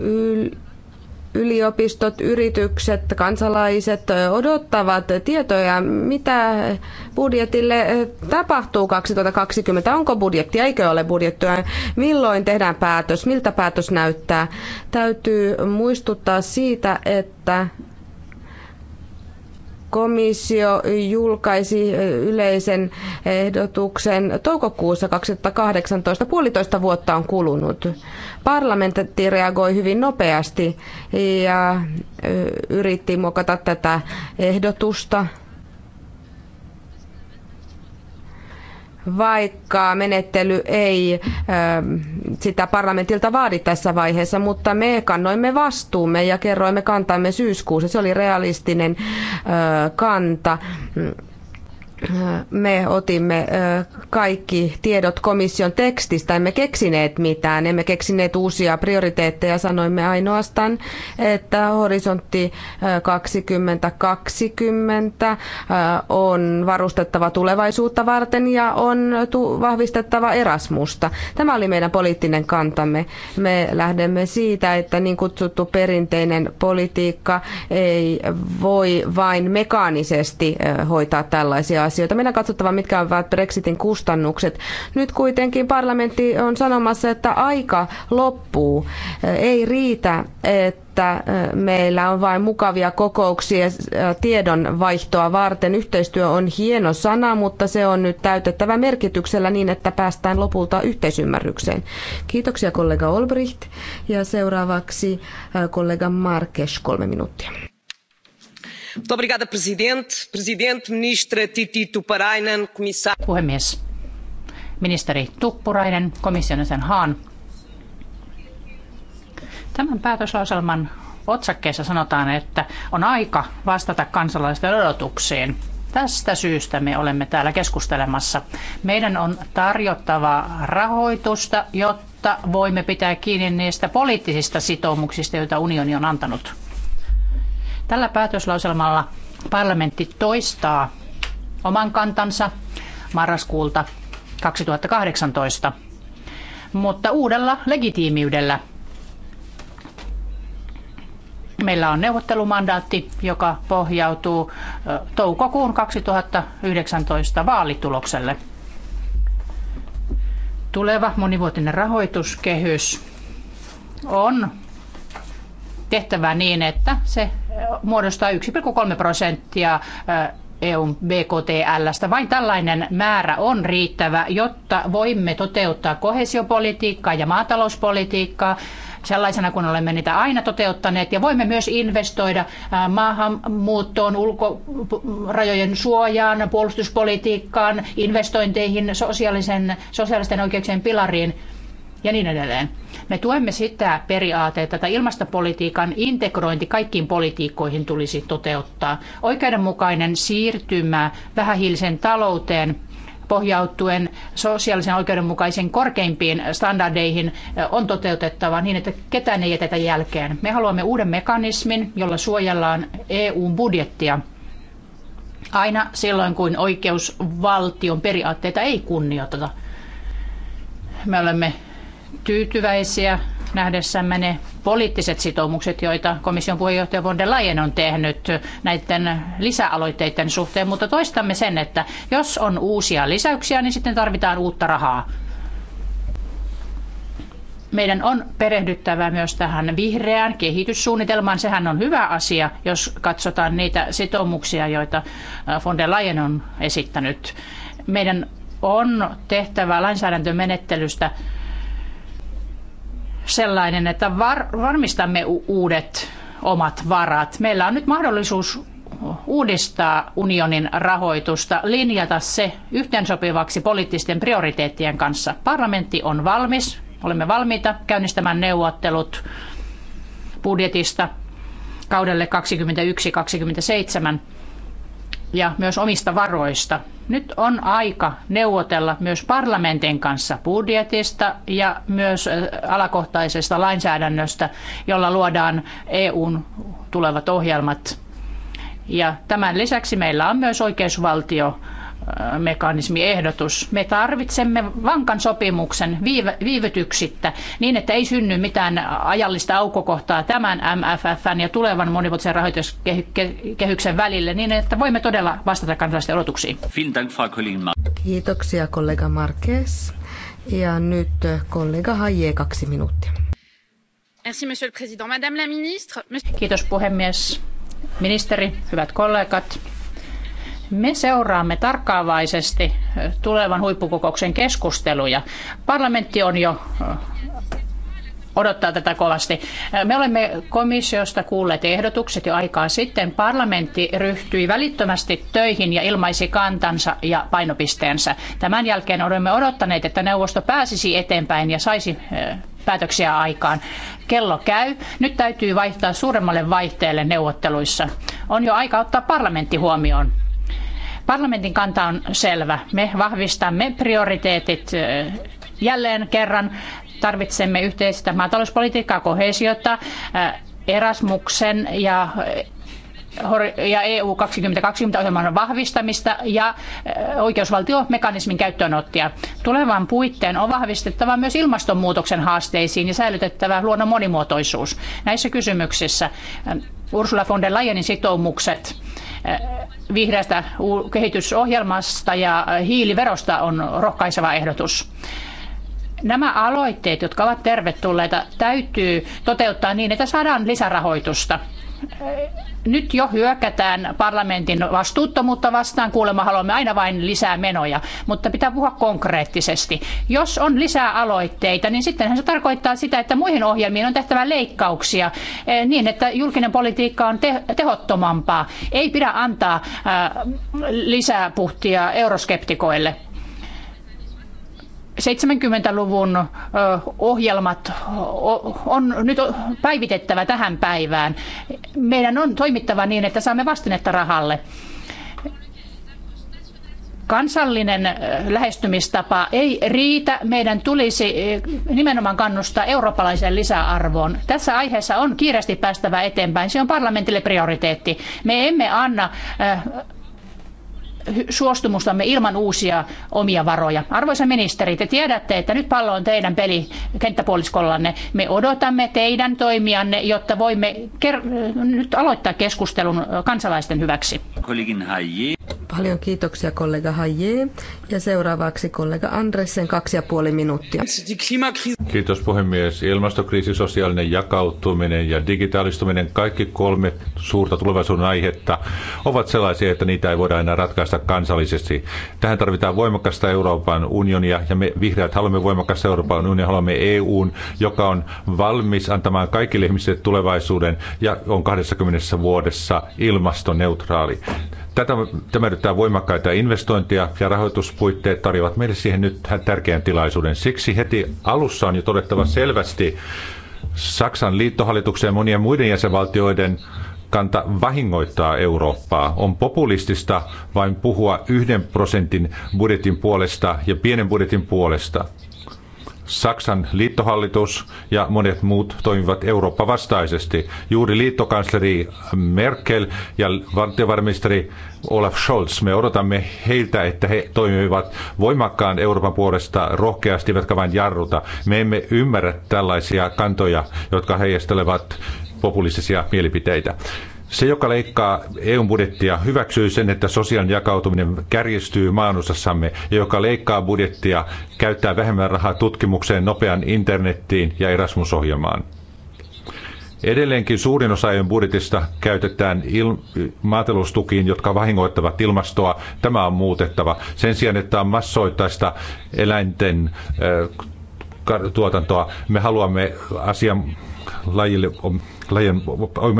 yl- yliopistot, yritykset, kansalaiset odottavat tietoja, mitä budjetille tapahtuu 2020. Onko budjetti eikö ole budjettia, milloin tehdään päätös, miltä päätös näyttää. Täytyy muistuttaa siitä, että komissio julkaisi yleisen ehdotuksen toukokuussa 2018. Puolitoista vuotta on kulunut. Parlamentti reagoi hyvin nopeasti ja yritti muokata tätä ehdotusta vaikka menettely ei sitä parlamentilta vaadi tässä vaiheessa, mutta me kannoimme vastuumme ja kerroimme kantamme syyskuussa. Se oli realistinen kanta me otimme kaikki tiedot komission tekstistä, emme keksineet mitään, emme keksineet uusia prioriteetteja, sanoimme ainoastaan, että horisontti 2020 on varustettava tulevaisuutta varten ja on vahvistettava Erasmusta. Tämä oli meidän poliittinen kantamme. Me lähdemme siitä, että niin kutsuttu perinteinen politiikka ei voi vain mekaanisesti hoitaa tällaisia asioita. Meidän on katsottava, mitkä ovat Brexitin kustannukset. Nyt kuitenkin parlamentti on sanomassa, että aika loppuu. Ei riitä, että että meillä on vain mukavia kokouksia tiedonvaihtoa varten. Yhteistyö on hieno sana, mutta se on nyt täytettävä merkityksellä niin, että päästään lopulta yhteisymmärrykseen. Kiitoksia kollega Olbricht ja seuraavaksi kollega Markes kolme minuuttia. Puhemies. Ministeri Tuppurainen, komission jäsen Haan. Tämän päätöslauselman otsakkeessa sanotaan, että on aika vastata kansalaisten odotuksiin. Tästä syystä me olemme täällä keskustelemassa. Meidän on tarjottava rahoitusta, jotta voimme pitää kiinni niistä poliittisista sitoumuksista, joita unioni on antanut. Tällä päätöslauselmalla parlamentti toistaa oman kantansa marraskuulta 2018, mutta uudella legitiimiydellä. Meillä on neuvottelumandaatti, joka pohjautuu toukokuun 2019 vaalitulokselle. Tuleva monivuotinen rahoituskehys on tehtävä niin, että se muodostaa 1,3 prosenttia EUn BKTLstä. Vain tällainen määrä on riittävä, jotta voimme toteuttaa kohesiopolitiikkaa ja maatalouspolitiikkaa sellaisena kuin olemme niitä aina toteuttaneet ja voimme myös investoida maahanmuuttoon, ulkorajojen suojaan, puolustuspolitiikkaan, investointeihin, sosiaalisen, sosiaalisten oikeuksien pilariin – ja niin edelleen. Me tuemme sitä periaatetta, että ilmastopolitiikan integrointi kaikkiin politiikkoihin tulisi toteuttaa. Oikeudenmukainen siirtymä vähähiilisen talouteen pohjautuen sosiaalisen oikeudenmukaisen korkeimpiin standardeihin on toteutettava niin, että ketään ei jätetä jälkeen. Me haluamme uuden mekanismin, jolla suojellaan EU-budjettia aina silloin, kun oikeusvaltion periaatteita ei kunnioiteta. Me olemme tyytyväisiä nähdessämme ne poliittiset sitoumukset, joita komission puheenjohtaja von der Leyen on tehnyt näiden lisäaloitteiden suhteen, mutta toistamme sen, että jos on uusia lisäyksiä, niin sitten tarvitaan uutta rahaa. Meidän on perehdyttävä myös tähän vihreään kehityssuunnitelmaan. Sehän on hyvä asia, jos katsotaan niitä sitoumuksia, joita äh, von der Leyen on esittänyt. Meidän on tehtävä lainsäädäntömenettelystä menettelystä sellainen, että var, varmistamme uudet omat varat. Meillä on nyt mahdollisuus uudistaa unionin rahoitusta, linjata se yhteensopivaksi poliittisten prioriteettien kanssa. Parlamentti on valmis, olemme valmiita käynnistämään neuvottelut budjetista kaudelle 2021-2027 ja myös omista varoista nyt on aika neuvotella myös parlamentin kanssa budjetista ja myös äh, alakohtaisesta lainsäädännöstä, jolla luodaan EUn tulevat ohjelmat. Ja tämän lisäksi meillä on myös oikeusvaltio mekanismiehdotus. Me tarvitsemme vankan sopimuksen viivytyksittä niin, että ei synny mitään ajallista aukokohtaa tämän MFFn ja tulevan monivuotisen rahoituskehyksen välille, niin että voimme todella vastata kansalaisten odotuksiin. Kiitoksia kollega Marques. Ja nyt kollega Haje kaksi minuuttia. Kiitos puhemies. Ministeri, hyvät kollegat me seuraamme tarkkaavaisesti tulevan huippukokouksen keskusteluja. Parlamentti on jo odottaa tätä kovasti. Me olemme komissiosta kuulleet ehdotukset jo aikaa sitten. Parlamentti ryhtyi välittömästi töihin ja ilmaisi kantansa ja painopisteensä. Tämän jälkeen olemme odottaneet, että neuvosto pääsisi eteenpäin ja saisi päätöksiä aikaan. Kello käy. Nyt täytyy vaihtaa suuremmalle vaihteelle neuvotteluissa. On jo aika ottaa parlamentti huomioon. Parlamentin kanta on selvä. Me vahvistamme prioriteetit jälleen kerran. Tarvitsemme yhteistä maatalouspolitiikkaa, kohesiota, Erasmuksen ja ja EU 2020 ohjelman vahvistamista ja oikeusvaltiomekanismin käyttöönottia. Tulevan puitteen on vahvistettava myös ilmastonmuutoksen haasteisiin ja säilytettävä luonnon monimuotoisuus. Näissä kysymyksissä Ursula von der Leyenin sitoumukset Eh, vihreästä kehitysohjelmasta ja hiiliverosta on rohkaiseva ehdotus. Nämä aloitteet, jotka ovat tervetulleita, täytyy toteuttaa niin, että saadaan lisärahoitusta nyt jo hyökätään parlamentin vastuuttomuutta vastaan, kuulemma haluamme aina vain lisää menoja, mutta pitää puhua konkreettisesti. Jos on lisää aloitteita, niin sittenhän se tarkoittaa sitä, että muihin ohjelmiin on tehtävä leikkauksia eh, niin, että julkinen politiikka on te- tehottomampaa. Ei pidä antaa eh, lisää puhtia euroskeptikoille. 70-luvun ohjelmat on nyt päivitettävä tähän päivään. Meidän on toimittava niin, että saamme vastinetta rahalle. Kansallinen lähestymistapa ei riitä. Meidän tulisi nimenomaan kannustaa eurooppalaisen lisäarvoon. Tässä aiheessa on kiireesti päästävä eteenpäin. Se on parlamentille prioriteetti. Me emme anna suostumustamme ilman uusia omia varoja. Arvoisa ministeri, te tiedätte, että nyt pallo on teidän peli kenttäpuoliskollanne. Me odotamme teidän toimianne, jotta voimme nyt aloittaa keskustelun kansalaisten hyväksi. Paljon kiitoksia kollega Haje. Ja seuraavaksi kollega Andressen kaksi ja puoli minuuttia. Kiitos puhemies. Ilmastokriisi, sosiaalinen jakautuminen ja digitaalistuminen, kaikki kolme suurta tulevaisuuden aihetta ovat sellaisia, että niitä ei voida enää ratkaista kansallisesti. Tähän tarvitaan voimakasta Euroopan unionia ja me vihreät haluamme voimakasta Euroopan unionia, haluamme EUn, joka on valmis antamaan kaikille ihmisille tulevaisuuden ja on 20 vuodessa ilmastoneutraali. Tätä, tämä edellyttää voimakkaita investointeja ja rahoituspuitteet tarjoavat meille siihen nyt tärkeän tilaisuuden. Siksi heti alussa on jo todettava selvästi Saksan liittohallituksen ja monien muiden jäsenvaltioiden kanta vahingoittaa Eurooppaa. On populistista vain puhua yhden prosentin budjetin puolesta ja pienen budjetin puolesta. Saksan liittohallitus ja monet muut toimivat Eurooppa vastaisesti. Juuri liittokansleri Merkel ja valtiovarainministeri Olaf Scholz, me odotamme heiltä, että he toimivat voimakkaan Euroopan puolesta rohkeasti, eivätkä vain jarruta. Me emme ymmärrä tällaisia kantoja, jotka heijastelevat populistisia mielipiteitä. Se, joka leikkaa eu budjettia, hyväksyy sen, että sosiaalinen jakautuminen kärjistyy maanosassamme, ja joka leikkaa budjettia, käyttää vähemmän rahaa tutkimukseen, nopean internettiin ja Erasmus-ohjelmaan. Edelleenkin suurin osa EUn budjetista käytetään il- maataloustukiin, jotka vahingoittavat ilmastoa. Tämä on muutettava. Sen sijaan, että on massoittaista eläinten äh, tuotantoa, me haluamme asian lajille, lajien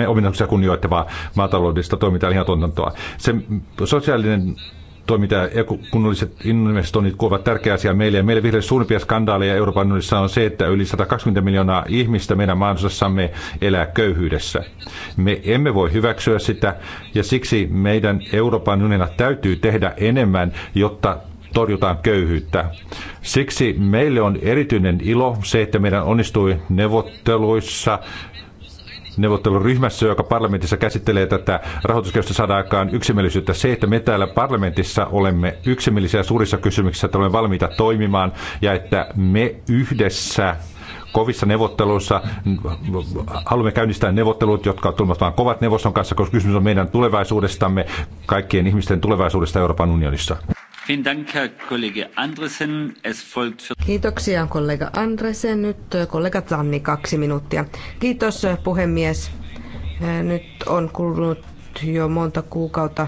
ominaisuuksia kunnioittavaa maataloudellista toimintaa ja tontantoa. Se sosiaalinen toiminta ja kunnolliset investoinnit kuovat tärkeä asia meille. Ja meille vihreille suurimpia skandaaleja Euroopan unionissa on se, että yli 120 miljoonaa ihmistä meidän maanosassamme elää köyhyydessä. Me emme voi hyväksyä sitä ja siksi meidän Euroopan unionilla täytyy tehdä enemmän, jotta torjutaan köyhyyttä. Siksi meille on erityinen ilo se, että meidän onnistui neuvotteluissa neuvotteluryhmässä, joka parlamentissa käsittelee tätä rahoituskehystä saada aikaan yksimielisyyttä. Se, että me täällä parlamentissa olemme yksimielisiä suurissa kysymyksissä, että olemme valmiita toimimaan ja että me yhdessä kovissa neuvotteluissa. Haluamme käynnistää neuvottelut, jotka tulevat vain kovat neuvoston kanssa, koska kysymys on meidän tulevaisuudestamme, kaikkien ihmisten tulevaisuudesta Euroopan unionissa. Kiitoksia kollega Andresen. Nyt äh, kollega Tanni kaksi minuuttia. Kiitos äh, puhemies. Äh, nyt on kulunut jo monta kuukautta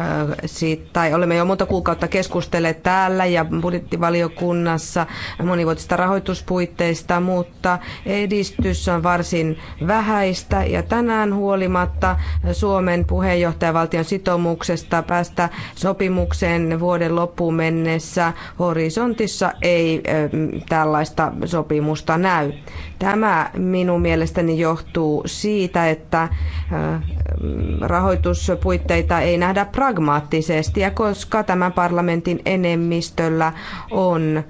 Äh, siitä, tai olemme jo monta kuukautta keskustelleet täällä ja budjettivaliokunnassa monivuotisista rahoituspuitteista, mutta edistys on varsin vähäistä ja tänään huolimatta Suomen puheenjohtajavaltion sitoumuksesta päästä sopimukseen vuoden loppuun mennessä horisontissa ei äh, tällaista sopimusta näy. Tämä minun mielestäni johtuu siitä, että rahoituspuitteita ei nähdä pragmaattisesti ja koska tämän parlamentin enemmistöllä on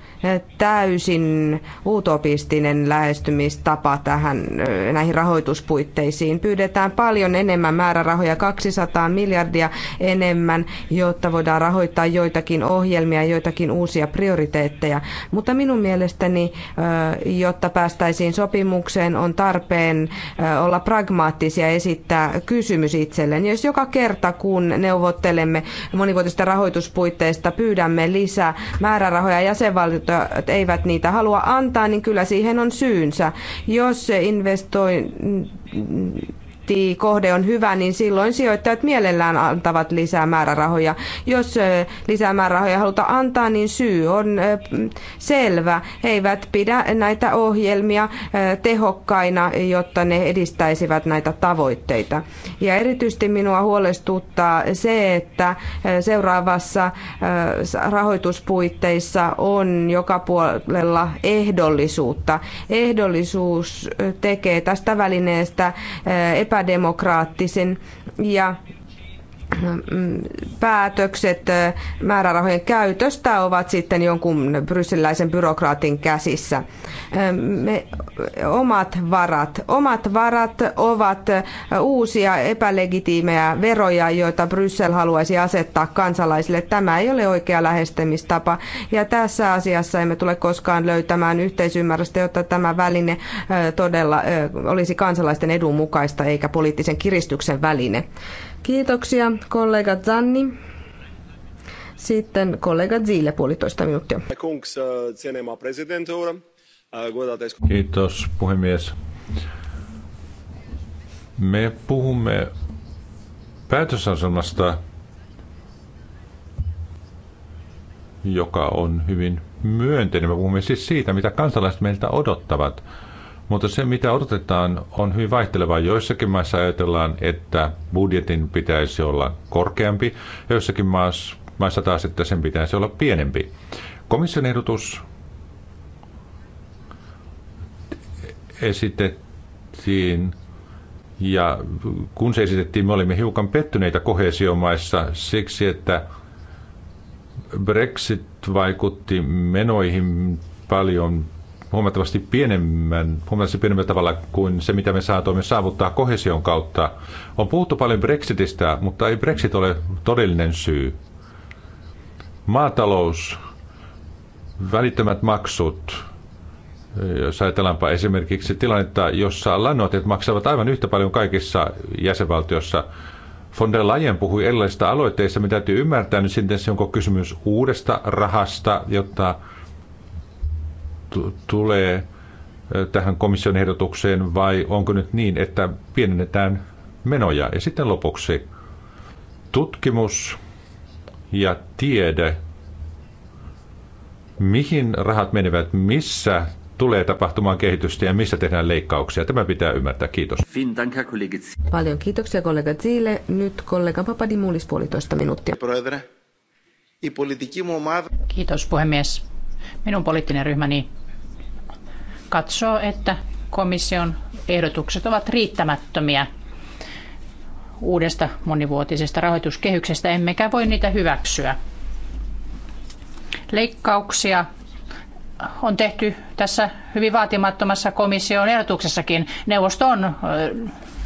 täysin utopistinen lähestymistapa tähän, näihin rahoituspuitteisiin. Pyydetään paljon enemmän määrärahoja, 200 miljardia enemmän, jotta voidaan rahoittaa joitakin ohjelmia, joitakin uusia prioriteetteja. Mutta minun mielestäni, jotta päästäisiin sopimukseen, on tarpeen olla pragmaattisia ja esittää kysymys itselleen. Jos joka kerta, kun neuvottelemme monivuotisista rahoituspuitteista, pyydämme lisää määrärahoja jäsenvaltioita, investoijat eivät niitä halua antaa, niin kyllä siihen on syynsä. Jos se investoi investointikohde on hyvä, niin silloin sijoittajat mielellään antavat lisää määrärahoja. Jos lisää määrärahoja haluta antaa, niin syy on selvä. He eivät pidä näitä ohjelmia tehokkaina, jotta ne edistäisivät näitä tavoitteita. Ja erityisesti minua huolestuttaa se, että seuraavassa rahoituspuitteissa on joka puolella ehdollisuutta. Ehdollisuus tekee tästä välineestä epä epädemokraattisen ja Mm, päätökset määrärahojen käytöstä ovat sitten jonkun Brysseläisen byrokraatin käsissä. Me, omat varat. Omat varat ovat uusia epälegitiimejä veroja, joita Bryssel haluaisi asettaa kansalaisille. Tämä ei ole oikea lähestymistapa ja tässä asiassa emme tule koskaan löytämään yhteisymmärrystä, jotta tämä väline todella olisi kansalaisten edun mukaista eikä poliittisen kiristyksen väline. Kiitoksia kollega Zanni. Sitten kollega Zille puolitoista minuuttia. Kiitos puhemies. Me puhumme päätösasemasta, joka on hyvin myönteinen. Me puhumme siis siitä, mitä kansalaiset meiltä odottavat – mutta se, mitä odotetaan, on hyvin vaihtelevaa. Joissakin maissa ajatellaan, että budjetin pitäisi olla korkeampi, joissakin maissa taas, että sen pitäisi olla pienempi. Komission ehdotus esitettiin ja kun se esitettiin, me olimme hiukan pettyneitä kohesiomaissa siksi, että Brexit vaikutti menoihin paljon huomattavasti pienemmän, huomattavasti pienemmän tavalla kuin se, mitä me saatoimme saavuttaa kohesion kautta. On puhuttu paljon Brexitistä, mutta ei Brexit ole todellinen syy. Maatalous, välittömät maksut, jos ajatellaanpa esimerkiksi tilannetta, jossa lannoitteet maksavat aivan yhtä paljon kaikissa jäsenvaltioissa. Von der Leyen puhui erilaisista aloitteista, mitä täytyy ymmärtää nyt sitten se, onko kysymys uudesta rahasta, jotta tulee tähän komission ehdotukseen vai onko nyt niin, että pienennetään menoja? Ja sitten lopuksi tutkimus ja tiede. Mihin rahat menevät, missä tulee tapahtumaan kehitystä ja missä tehdään leikkauksia. Tämä pitää ymmärtää. Kiitos. Paljon kiitoksia kollega Zile. Nyt kollega Papadimulis puolitoista minuuttia. Kiitos puhemies Minun poliittinen ryhmäni katsoo, että komission ehdotukset ovat riittämättömiä uudesta monivuotisesta rahoituskehyksestä, emmekä voi niitä hyväksyä. Leikkauksia on tehty tässä hyvin vaatimattomassa komission ehdotuksessakin. Neuvosto on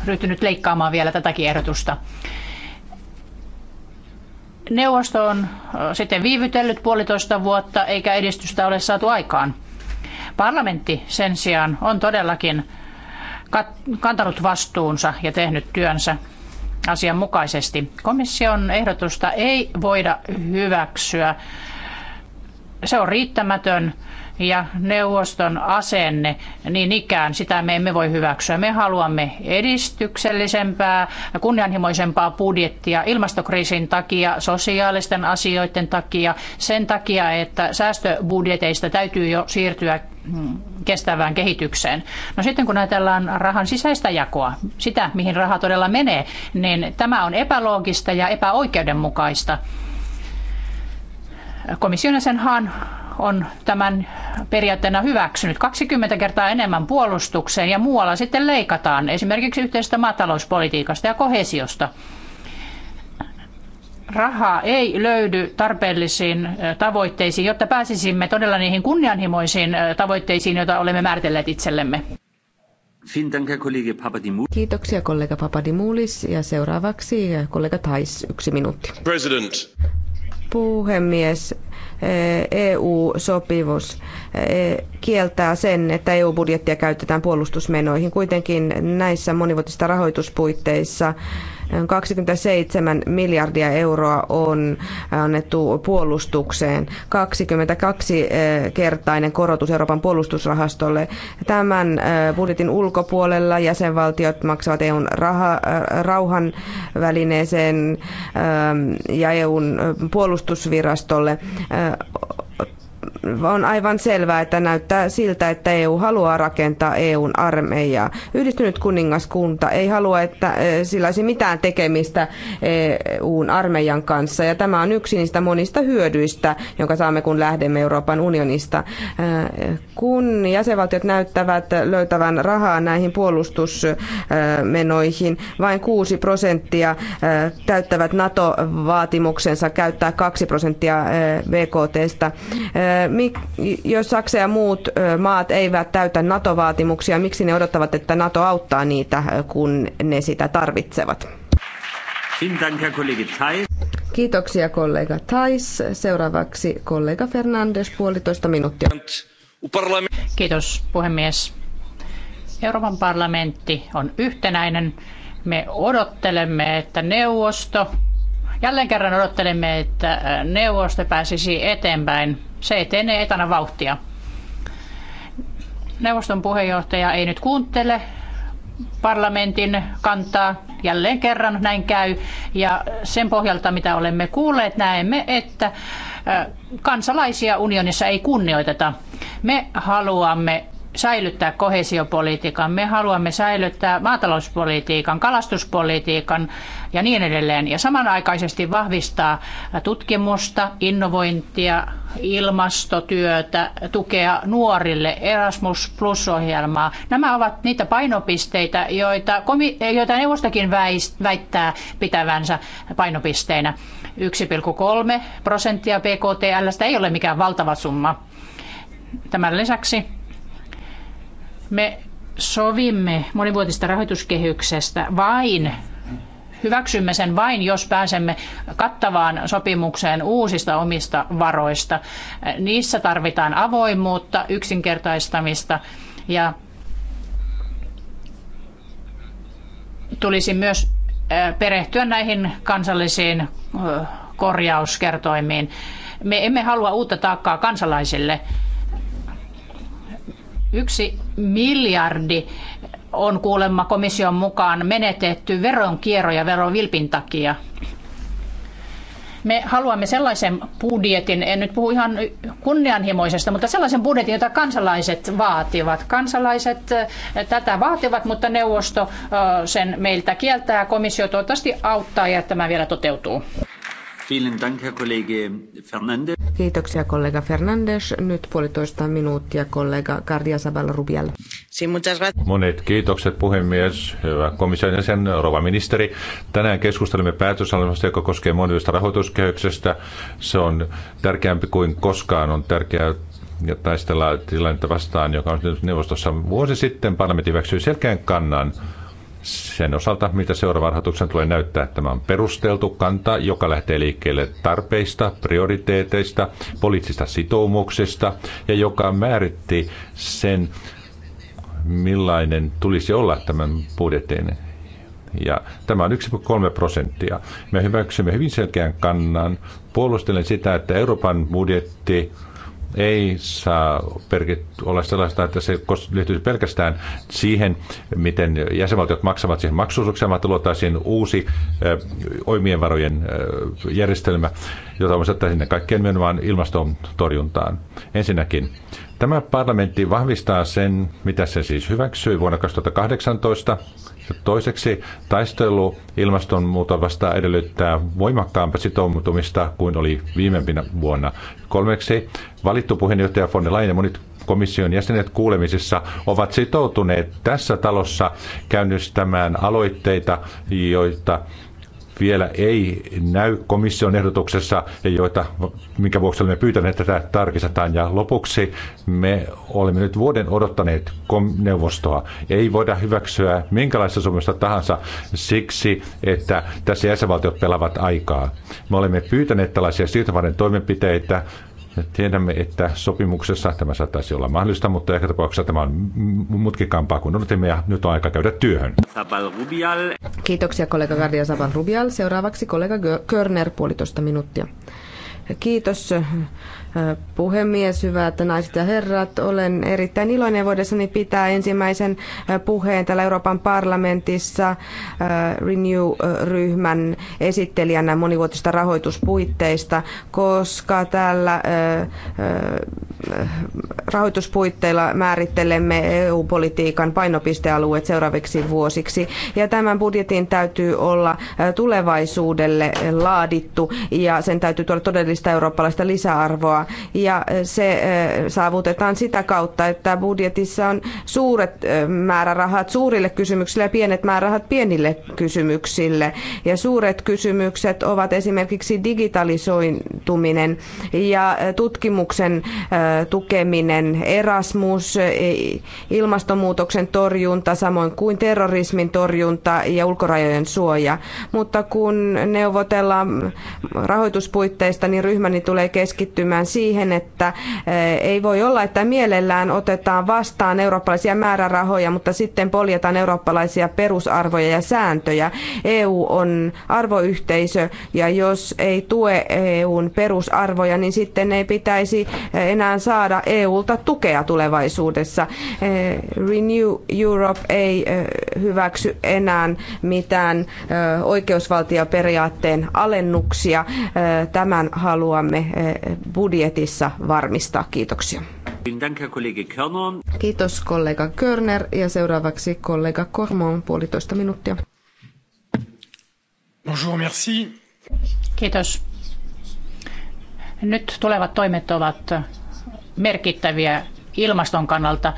ryhtynyt leikkaamaan vielä tätäkin ehdotusta. Neuvosto on sitten viivytellyt puolitoista vuotta eikä edistystä ole saatu aikaan. Parlamentti sen sijaan on todellakin kantanut vastuunsa ja tehnyt työnsä asianmukaisesti. Komission ehdotusta ei voida hyväksyä. Se on riittämätön ja neuvoston asenne, niin ikään sitä me emme voi hyväksyä. Me haluamme edistyksellisempää, ja kunnianhimoisempaa budjettia ilmastokriisin takia, sosiaalisten asioiden takia, sen takia, että säästöbudjeteista täytyy jo siirtyä mm, kestävään kehitykseen. No sitten kun ajatellaan rahan sisäistä jakoa, sitä mihin raha todella menee, niin tämä on epäloogista ja epäoikeudenmukaista komission sen Han on tämän periaatteena hyväksynyt. 20 kertaa enemmän puolustukseen ja muualla sitten leikataan esimerkiksi yhteisestä maatalouspolitiikasta ja kohesiosta. Rahaa ei löydy tarpeellisiin tavoitteisiin, jotta pääsisimme todella niihin kunnianhimoisiin tavoitteisiin, joita olemme määritelleet itsellemme. Kiitoksia kollega Papadimoulis ja seuraavaksi kollega Tais, yksi minuutti. President puhemies. EU-sopimus eh, e eh, kieltää sen, että EU-budjettia käytetään puolustusmenoihin. Kuitenkin näissä monivuotisissa rahoituspuitteissa 27 miljardia euroa on annettu puolustukseen, 22-kertainen eh, korotus Euroopan puolustusrahastolle. Tämän eh, budjetin ulkopuolella jäsenvaltiot maksavat EUn raha, eh, rauhan välineeseen ja EUn puolustusvirastolle on aivan selvää, että näyttää siltä, että EU haluaa rakentaa EUn armeijaa. Yhdistynyt kuningaskunta ei halua, että eh, sillä olisi mitään tekemistä EUn armeijan kanssa. Ja tämä on yksi niistä monista hyödyistä, jonka saamme, kun lähdemme Euroopan unionista. Eh, kun jäsenvaltiot näyttävät löytävän rahaa näihin puolustusmenoihin, vain 6 prosenttia eh, täyttävät NATO-vaatimuksensa käyttää 2 prosenttia BKTstä jos Saksa ja muut maat eivät täytä NATO-vaatimuksia, miksi ne odottavat, että NATO auttaa niitä, kun ne sitä tarvitsevat? Kiitoksia kollega Thais. Seuraavaksi kollega Fernandes, puolitoista minuuttia. Kiitos puhemies. Euroopan parlamentti on yhtenäinen. Me odottelemme, että neuvosto, jälleen kerran odottelemme, että neuvosto pääsisi eteenpäin se etenee etänä vauhtia. Neuvoston puheenjohtaja ei nyt kuuntele parlamentin kantaa. Jälleen kerran näin käy. Ja sen pohjalta, mitä olemme kuulleet, näemme, että kansalaisia unionissa ei kunnioiteta. Me haluamme säilyttää kohesiopolitiikan, me haluamme säilyttää maatalouspolitiikan, kalastuspolitiikan ja niin edelleen. Ja samanaikaisesti vahvistaa tutkimusta, innovointia, ilmastotyötä, tukea nuorille, Erasmus Plus-ohjelmaa. Nämä ovat niitä painopisteitä, joita, joita neuvostokin väittää pitävänsä painopisteinä. 1,3 prosenttia PKTLstä ei ole mikään valtava summa. Tämän lisäksi me sovimme monivuotista rahoituskehyksestä vain hyväksymme sen vain, jos pääsemme kattavaan sopimukseen uusista omista varoista. Niissä tarvitaan avoimuutta, yksinkertaistamista ja tulisi myös perehtyä näihin kansallisiin korjauskertoimiin. Me emme halua uutta taakkaa kansalaisille. Yksi miljardi on kuulemma komission mukaan menetetty veronkierro ja verovilpin takia. Me haluamme sellaisen budjetin, en nyt puhu ihan kunnianhimoisesta, mutta sellaisen budjetin, jota kansalaiset vaativat. Kansalaiset eh, tätä vaativat, mutta neuvosto eh, sen meiltä kieltää. Komissio toivottavasti auttaa ja tämä vielä toteutuu. Kiitoksia kollega Fernandes. Nyt puolitoista minuuttia kollega Gardia Sabal Rubial. Monet kiitokset puhemies, hyvä komission jäsen, rova ministeri. Tänään keskustelemme päätösalmasta, joka koskee monivista rahoituskehyksestä. Se on tärkeämpi kuin koskaan on tärkeää ja taistella tilannetta vastaan, joka on nyt neuvostossa vuosi sitten parlamentti hyväksyi selkeän kannan sen osalta, mitä seuraavan rahoituksen tulee näyttää. Tämä on perusteltu kanta, joka lähtee liikkeelle tarpeista, prioriteeteista, poliittisista sitoumuksista ja joka määritti sen, millainen tulisi olla tämän budjetin. Ja tämä on 1,3 prosenttia. Me hyväksymme hyvin selkeän kannan. Puolustelen sitä, että Euroopan budjetti ei saa olla sellaista, että se liittyisi pelkästään siihen, miten jäsenvaltiot maksavat siihen maksuosuuksia, vaan luotaisiin uusi äh, oimien varojen äh, järjestelmä, jota voisi sinne kaikkeen nimenomaan ilmaston torjuntaan. Ensinnäkin, tämä parlamentti vahvistaa sen, mitä se siis hyväksyi vuonna 2018, Toiseksi taistelu ilmastonmuutosta vastaan edellyttää voimakkaampaa sitoutumista kuin oli viimeimpinä vuonna. Kolmeksi valittu puheenjohtaja von der Leyen ja monet komission jäsenet kuulemisissa ovat sitoutuneet tässä talossa käynnistämään aloitteita, joita vielä ei näy komission ehdotuksessa, joita, minkä vuoksi olemme pyytäneet että tätä tarkistetaan. Ja lopuksi me olemme nyt vuoden odottaneet neuvostoa. Ei voida hyväksyä minkälaista sopimusta tahansa siksi, että tässä jäsenvaltiot pelaavat aikaa. Me olemme pyytäneet tällaisia siirtomaiden toimenpiteitä, Tiedämme, että sopimuksessa tämä saattaisi olla mahdollista, mutta ehkä tapauksessa tämä on mutkikampaa kuin odotimme ja nyt on aika käydä työhön. Kiitoksia kollega Gardia Saban Rubial. Seuraavaksi kollega Körner puolitoista minuuttia. Kiitos puhemies, hyvät naiset ja herrat. Olen erittäin iloinen voidessani pitää ensimmäisen puheen täällä Euroopan parlamentissa Renew-ryhmän esittelijänä monivuotisista rahoituspuitteista, koska täällä rahoituspuitteilla määrittelemme EU-politiikan painopistealueet seuraaviksi vuosiksi. Ja tämän budjetin täytyy olla tulevaisuudelle laadittu ja sen täytyy tuoda todellista eurooppalaista lisäarvoa euroa ja se saavutetaan sitä kautta, että budjetissa on suuret määrärahat suurille kysymyksille ja pienet määrärahat pienille kysymyksille. Ja suuret kysymykset ovat esimerkiksi digitalisoituminen ja tutkimuksen tukeminen, Erasmus, ilmastonmuutoksen torjunta, samoin kuin terrorismin torjunta ja ulkorajojen suoja. Mutta kun neuvotellaan rahoituspuitteista, niin ryhmäni tulee keskittymään siihen, että eh, ei voi olla, että mielellään otetaan vastaan eurooppalaisia määrärahoja, mutta sitten poljetaan eurooppalaisia perusarvoja ja sääntöjä. EU on arvoyhteisö ja jos ei tue EUn perusarvoja, niin sitten ei pitäisi eh, enää saada EUlta tukea tulevaisuudessa. Eh, Renew Europe ei hyväksy enää mitään oikeusvaltioperiaatteen alennuksia. Tämän haluamme budjettia budjetissa varmistaa. Kiitoksia. Kiitos kollega Körner ja seuraavaksi kollega Kormon puolitoista minuuttia. Bonjour, merci. Kiitos. Nyt tulevat toimet ovat merkittäviä ilmaston kannalta.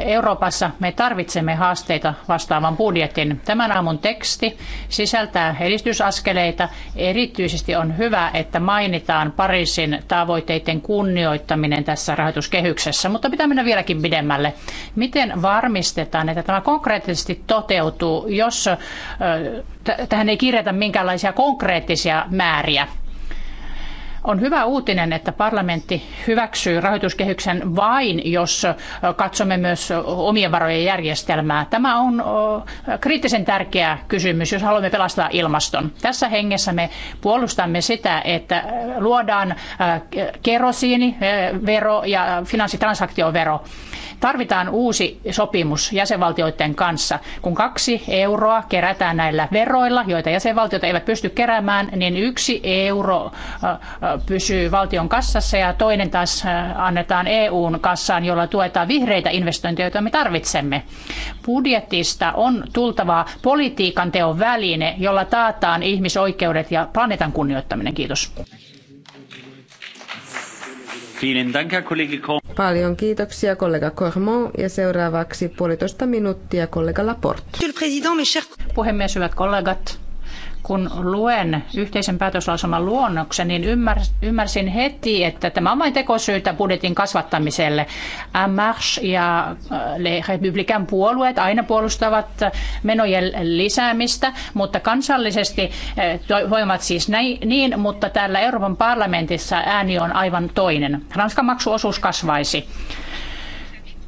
Euroopassa me tarvitsemme haasteita vastaavan budjetin. Tämän aamun teksti sisältää edistysaskeleita. Erityisesti on hyvä, että mainitaan Pariisin tavoitteiden kunnioittaminen tässä rahoituskehyksessä, mutta pitää mennä vieläkin pidemmälle. Miten varmistetaan, että tämä konkreettisesti toteutuu, jos tähän ei kirjata minkäänlaisia konkreettisia määriä? On hyvä uutinen, että parlamentti hyväksyy rahoituskehyksen vain, jos katsomme myös omien varojen järjestelmää. Tämä on kriittisen tärkeä kysymys, jos haluamme pelastaa ilmaston. Tässä hengessä me puolustamme sitä, että luodaan kerosiinivero ja finanssitransaktiovero. Tarvitaan uusi sopimus jäsenvaltioiden kanssa. Kun kaksi euroa kerätään näillä veroilla, joita jäsenvaltiot eivät pysty keräämään, niin yksi euro pysyy valtion kassassa ja toinen taas äh, annetaan EUn kassaan, jolla tuetaan vihreitä investointeja, joita me tarvitsemme. Budjetista on tultava politiikan teon väline, jolla taataan ihmisoikeudet ja planeetan kunnioittaminen. Kiitos. Paljon kiitoksia kollega Cormon ja seuraavaksi puolitoista minuuttia kollega Laporte. Puhemies, hyvät kollegat kun luen yhteisen päätöslauselman luonnoksen, niin ymmärsin heti, että tämä on vain tekosyytä budjetin kasvattamiselle. Marche ja äh, Les Républicains puolueet aina puolustavat menojen lisäämistä, mutta kansallisesti äh, voimat siis näin, niin, mutta täällä Euroopan parlamentissa ääni on aivan toinen. Ranskan maksuosuus kasvaisi.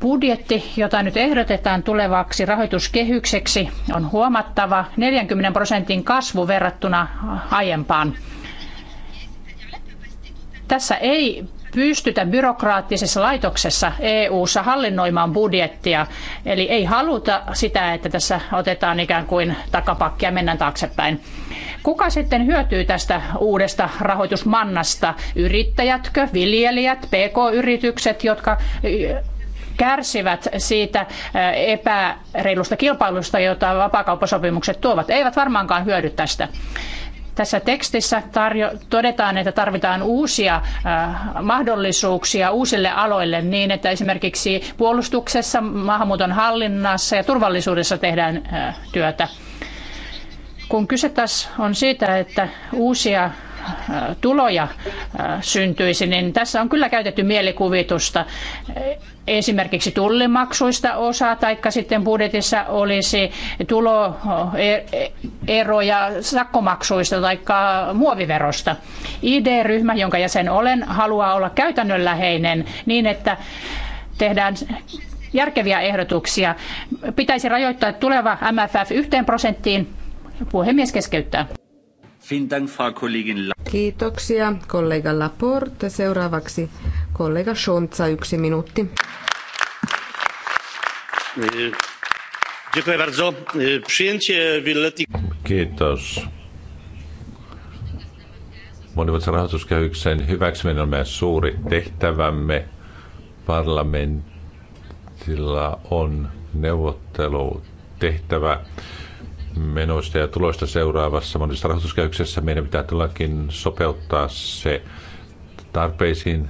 Budjetti, jota nyt ehdotetaan tulevaksi rahoituskehykseksi, on huomattava 40 prosentin kasvu verrattuna aiempaan. Tässä ei pystytä byrokraattisessa laitoksessa EU-ssa hallinnoimaan budjettia. Eli ei haluta sitä, että tässä otetaan ikään kuin takapakkia ja mennään taaksepäin. Kuka sitten hyötyy tästä uudesta rahoitusmannasta? Yrittäjätkö, viljelijät, pk-yritykset, jotka kärsivät siitä eh, epäreilusta kilpailusta, jota vapaakauppasopimukset tuovat, eivät varmaankaan hyödy tästä. Tässä tekstissä tarjo- todetaan, että tarvitaan uusia eh, mahdollisuuksia uusille aloille niin, että esimerkiksi puolustuksessa, maahanmuuton hallinnassa ja turvallisuudessa tehdään eh, työtä kun kyse taas on siitä, että uusia tuloja syntyisi, niin tässä on kyllä käytetty mielikuvitusta. Esimerkiksi tullimaksuista osa, taikka sitten budjetissa olisi tuloeroja e, sakkomaksuista tai muoviverosta. ID-ryhmä, jonka jäsen olen, haluaa olla käytännönläheinen niin, että tehdään järkeviä ehdotuksia. Pitäisi rajoittaa tuleva MFF yhteen prosenttiin. Puhemies keskeyttää. Kiitoksia kollega Laporte. Seuraavaksi kollega Schontza, yksi minuutti. Kiitos. Monivuotisen rahoituskehyksen hyväksyminen on meidän suuri tehtävämme. Parlamentilla on neuvottelutehtävä menoista ja tuloista seuraavassa monissa rahoituskäyksessä meidän pitää todellakin sopeuttaa se tarpeisiin.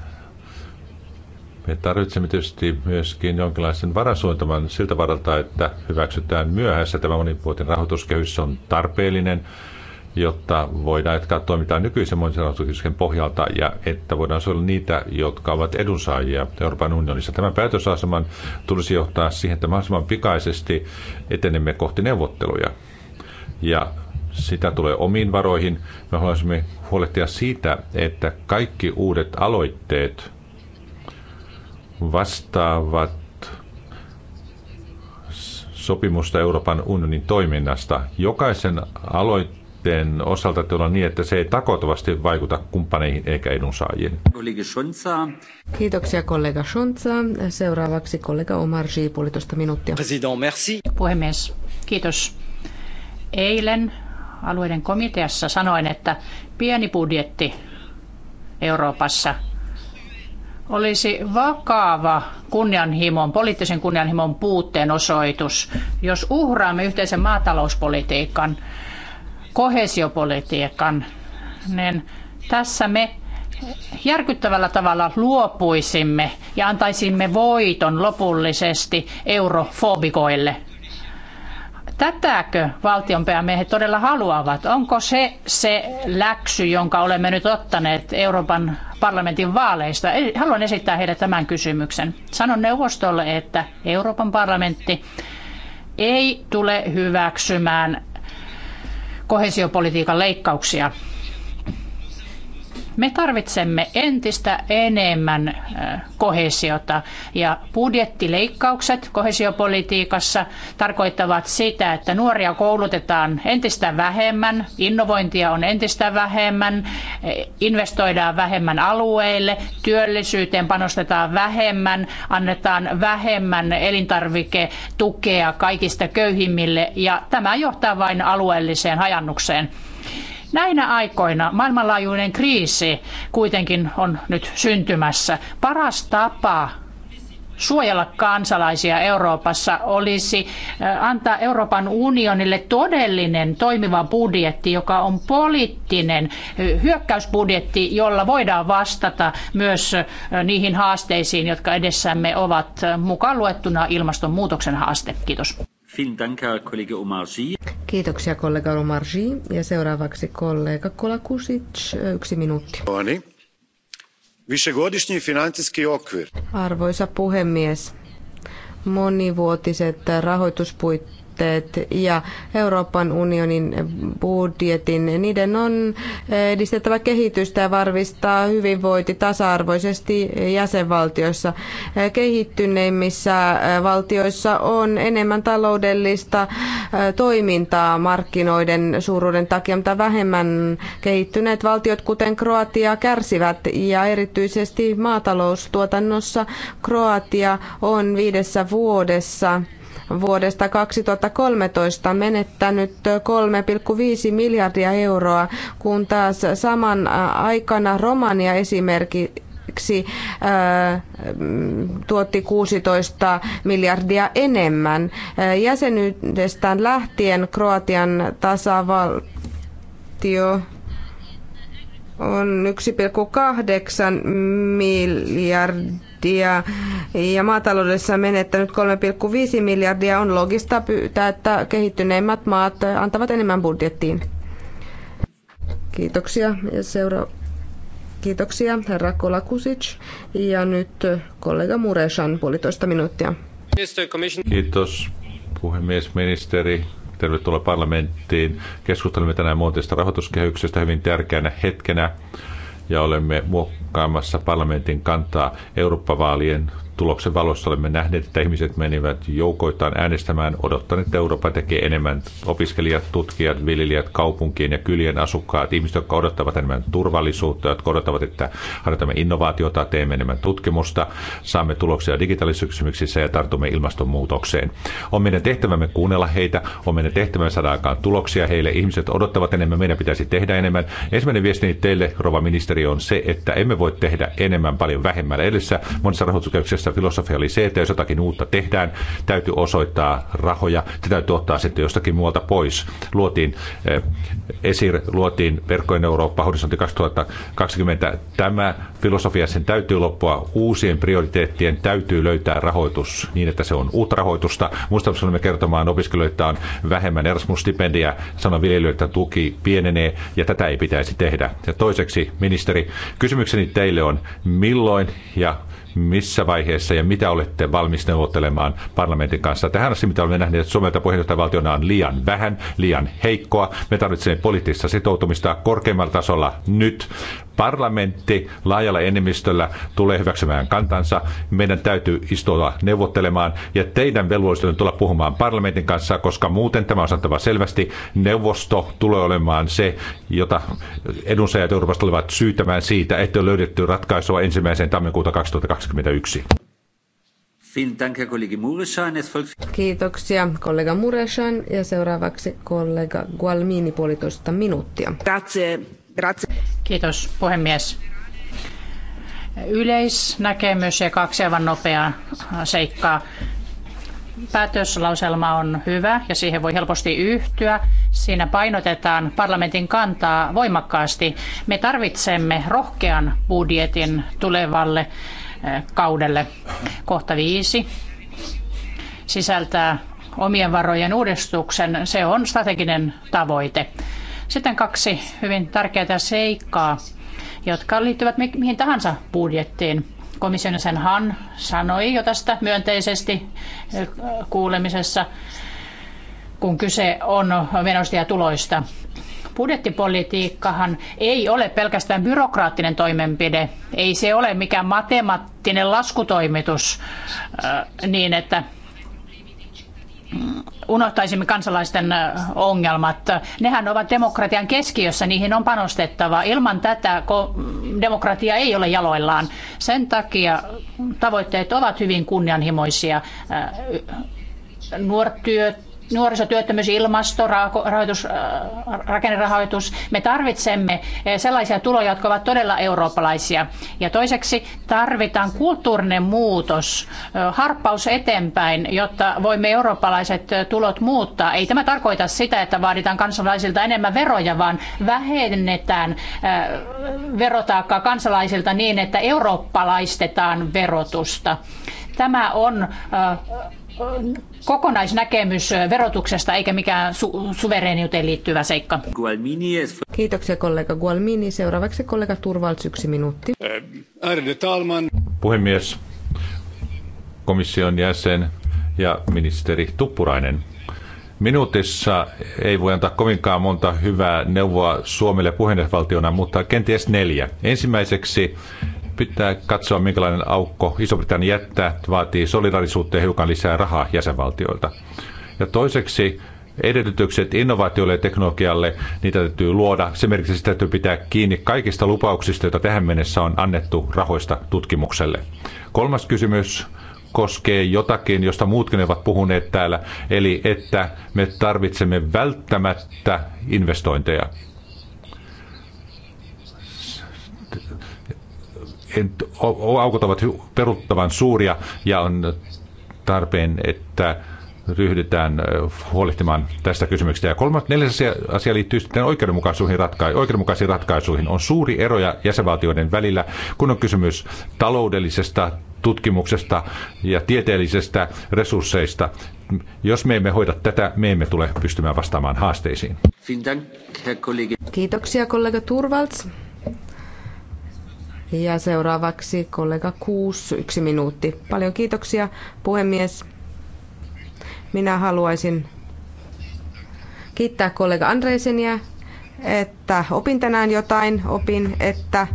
Me tarvitsemme tietysti myöskin jonkinlaisen varasuuntaman siltä varalta, että hyväksytään myöhässä. Tämä monivuotinen rahoituskehys on tarpeellinen, jotta voidaan jatkaa toimintaa nykyisen monisen pohjalta ja että voidaan suojella niitä, jotka ovat edunsaajia Euroopan unionissa. Tämän päätösaseman tulisi johtaa siihen, että mahdollisimman pikaisesti etenemme kohti neuvotteluja ja sitä tulee omiin varoihin. Me haluaisimme huolehtia siitä, että kaikki uudet aloitteet vastaavat sopimusta Euroopan unionin toiminnasta. Jokaisen aloitteen osalta tulee niin, että se ei takotavasti vaikuta kumppaneihin eikä edunsaajiin. Kiitoksia kollega Schunza. Seuraavaksi kollega Omar G. puolitoista minuuttia. merci. Puhemies, kiitos. Eilen alueiden komiteassa sanoin, että pieni budjetti Euroopassa olisi vakava kunnianhimon, poliittisen kunnianhimon puutteen osoitus, jos uhraamme yhteisen maatalouspolitiikan, kohesiopolitiikan, niin tässä me järkyttävällä tavalla luopuisimme ja antaisimme voiton lopullisesti eurofobikoille. Tätäkö valtionpäämiehet todella haluavat? Onko se se läksy, jonka olemme nyt ottaneet Euroopan parlamentin vaaleista? Haluan esittää heille tämän kysymyksen. Sanon neuvostolle, että Euroopan parlamentti ei tule hyväksymään kohesiopolitiikan leikkauksia. Me tarvitsemme entistä enemmän kohesiota ja budjettileikkaukset kohesiopolitiikassa tarkoittavat sitä, että nuoria koulutetaan entistä vähemmän, innovointia on entistä vähemmän, e, investoidaan vähemmän alueille, työllisyyteen panostetaan vähemmän, annetaan vähemmän elintarviketukea kaikista köyhimmille ja tämä johtaa vain alueelliseen hajannukseen. Näinä aikoina maailmanlaajuinen kriisi kuitenkin on nyt syntymässä. Paras tapa suojella kansalaisia Euroopassa olisi eh, antaa Euroopan unionille todellinen toimiva budjetti, joka on poliittinen eh, hyökkäysbudjetti, jolla voidaan vastata myös eh, niihin haasteisiin, jotka edessämme ovat mukaan luettuna ilmastonmuutoksen haaste. Kiitos. Kiitoksia kollega Romarji ja seuraavaksi kollega Kolakusic, yksi minuutti. Arvoisa puhemies, monivuotiset rahoituspuitteet tavoitteet ja Euroopan unionin budjetin, niiden on edistettävä kehitystä ja varmistaa hyvinvointi tasa-arvoisesti jäsenvaltioissa. Kehittyneimmissä valtioissa on enemmän taloudellista toimintaa markkinoiden suuruuden takia, mutta vähemmän kehittyneet valtiot, kuten Kroatia, kärsivät ja erityisesti maataloustuotannossa Kroatia on viidessä vuodessa vuodesta 2013 menettänyt 3,5 miljardia euroa, kun taas saman aikana Romania esimerkiksi tuotti 16 miljardia enemmän. Jäsenyydestään lähtien Kroatian tasavaltio on 1,8 miljardia prosenttia ja maataloudessa menettänyt 3,5 miljardia on logista pyytää, että kehittyneimmät maat antavat enemmän budjettiin. Kiitoksia. Ja seura- Kiitoksia, herra Kolakusic. Ja nyt kollega Mureshan puolitoista minuuttia. Kiitos, puhemies, ministeri. Tervetuloa parlamenttiin. Keskustelemme tänään muotista rahoituskehyksestä hyvin tärkeänä hetkenä ja olemme muokkaamassa parlamentin kantaa Eurooppa-vaalien tuloksen valossa olemme nähneet, että ihmiset menivät joukoittain äänestämään odottaneet, että Eurooppa tekee enemmän. Opiskelijat, tutkijat, viljelijät, kaupunkien ja kylien asukkaat, ihmiset, jotka odottavat enemmän turvallisuutta, jotka odottavat, että harjoitamme innovaatiota, teemme enemmän tutkimusta, saamme tuloksia digitaalisyksymyksissä ja tartumme ilmastonmuutokseen. On meidän tehtävämme kuunnella heitä, on meidän tehtävämme saada aikaan tuloksia heille. Ihmiset odottavat enemmän, meidän pitäisi tehdä enemmän. Ensimmäinen viestini teille, rova ministeri, on se, että emme voi tehdä enemmän paljon vähemmällä. Edessä monissa rahoituskäyksissä Silloin filosofia oli se, että jos jotakin uutta tehdään, täytyy osoittaa rahoja, se täytyy ottaa sitten jostakin muualta pois. Luotiin eh, ESIR, luotiin Verkkojen Eurooppa, horisontti 2020. Tämä filosofia, sen täytyy loppua. Uusien prioriteettien täytyy löytää rahoitus niin, että se on uutta rahoitusta. Muista me kertomaan opiskelijoita on vähemmän Erasmus-stipendiä, sanon viljelijöitä tuki pienenee ja tätä ei pitäisi tehdä. Ja toiseksi, ministeri, kysymykseni teille on, milloin ja missä vaiheessa ja mitä olette valmis neuvottelemaan parlamentin kanssa. Tähän asti, mitä olemme nähneet, että Suomelta puheenjohtajavaltiona on liian vähän, liian heikkoa. Me tarvitsemme poliittista sitoutumista korkeammalla tasolla nyt parlamentti laajalla enemmistöllä tulee hyväksymään kantansa. Meidän täytyy istua neuvottelemaan ja teidän velvollisuuden tulla puhumaan parlamentin kanssa, koska muuten tämä on sanottava selvästi. Neuvosto tulee olemaan se, jota edunsaajat Euroopasta olivat syytämään siitä, että on löydetty ratkaisua ensimmäiseen tammikuuta 2021. Kiitoksia kollega Mureshan ja seuraavaksi kollega Gualmini puolitoista minuuttia. Kiitos puhemies. Yleisnäkemys ja kaksi aivan nopeaa seikkaa. Päätöslauselma on hyvä ja siihen voi helposti yhtyä. Siinä painotetaan parlamentin kantaa voimakkaasti. Me tarvitsemme rohkean budjetin tulevalle eh, kaudelle. Kohta viisi sisältää omien varojen uudistuksen. Se on strateginen tavoite. Sitten kaksi hyvin tärkeää seikkaa, jotka liittyvät mihin tahansa budjettiin. Komission sen Han sanoi jo tästä myönteisesti eh, kuulemisessa, kun kyse on menoista ja tuloista. Budjettipolitiikkahan ei ole pelkästään byrokraattinen toimenpide, ei se ole mikään matemaattinen laskutoimitus eh, niin, että unohtaisimme kansalaisten ongelmat. Nehän ovat demokratian keskiössä, niihin on panostettava. Ilman tätä demokratia ei ole jaloillaan. Sen takia tavoitteet ovat hyvin kunnianhimoisia. Nuortyöt, nuorisotyöttömyys, ilmasto, rahoitus, äh, rakennerahoitus. Me tarvitsemme äh, sellaisia tuloja, jotka ovat todella eurooppalaisia. Ja toiseksi tarvitaan kulttuurinen muutos, äh, harppaus eteenpäin, jotta voimme eurooppalaiset tulot muuttaa. Ei tämä tarkoita sitä, että vaaditaan kansalaisilta enemmän veroja, vaan vähennetään verotaakkaa kansalaisilta niin, että eurooppalaistetaan verotusta. Tämä on kokonaisnäkemys verotuksesta eikä mikään su- suvereeniuteen liittyvä seikka. E Kiitoksia kollega Gualmini. Seuraavaksi kollega Turvalts yksi minuutti. Eh, Puhemies, komission jäsen ja ministeri Tuppurainen. Minuutissa ei voi antaa kovinkaan monta hyvää neuvoa Suomelle puheenjohtajavaltiona, mutta kenties neljä. Ensimmäiseksi pitää katsoa, minkälainen aukko Iso-Britannia jättää. Vaatii solidarisuutta ja hiukan lisää rahaa jäsenvaltioilta. Ja toiseksi edellytykset innovaatioille ja teknologialle, niitä täytyy luoda. Se merkitsee, sitä täytyy pitää kiinni kaikista lupauksista, joita tähän mennessä on annettu rahoista tutkimukselle. Kolmas kysymys koskee jotakin, josta muutkin ovat puhuneet täällä, eli että me tarvitsemme välttämättä investointeja. aukot ovat peruttavan suuria ja on tarpeen, että ryhdytään huolehtimaan tästä kysymyksestä. Ja kolmas, neljäs asia, asia liittyy sitten oikeudenmukaisuihin, ratka- oikeudenmukaisiin ratkaisuihin. On suuri eroja jäsenvaltioiden välillä, kun on kysymys taloudellisesta tutkimuksesta ja tieteellisestä resursseista. Jos me emme hoida tätä, me emme tule pystymään vastaamaan haasteisiin. Kiitoksia kollega Turvalds. Ja seuraavaksi kollega Kuus, yksi minuutti. Paljon kiitoksia, puhemies. Minä haluaisin kiittää kollega Andreiseniä, että opin tänään jotain. Opin, että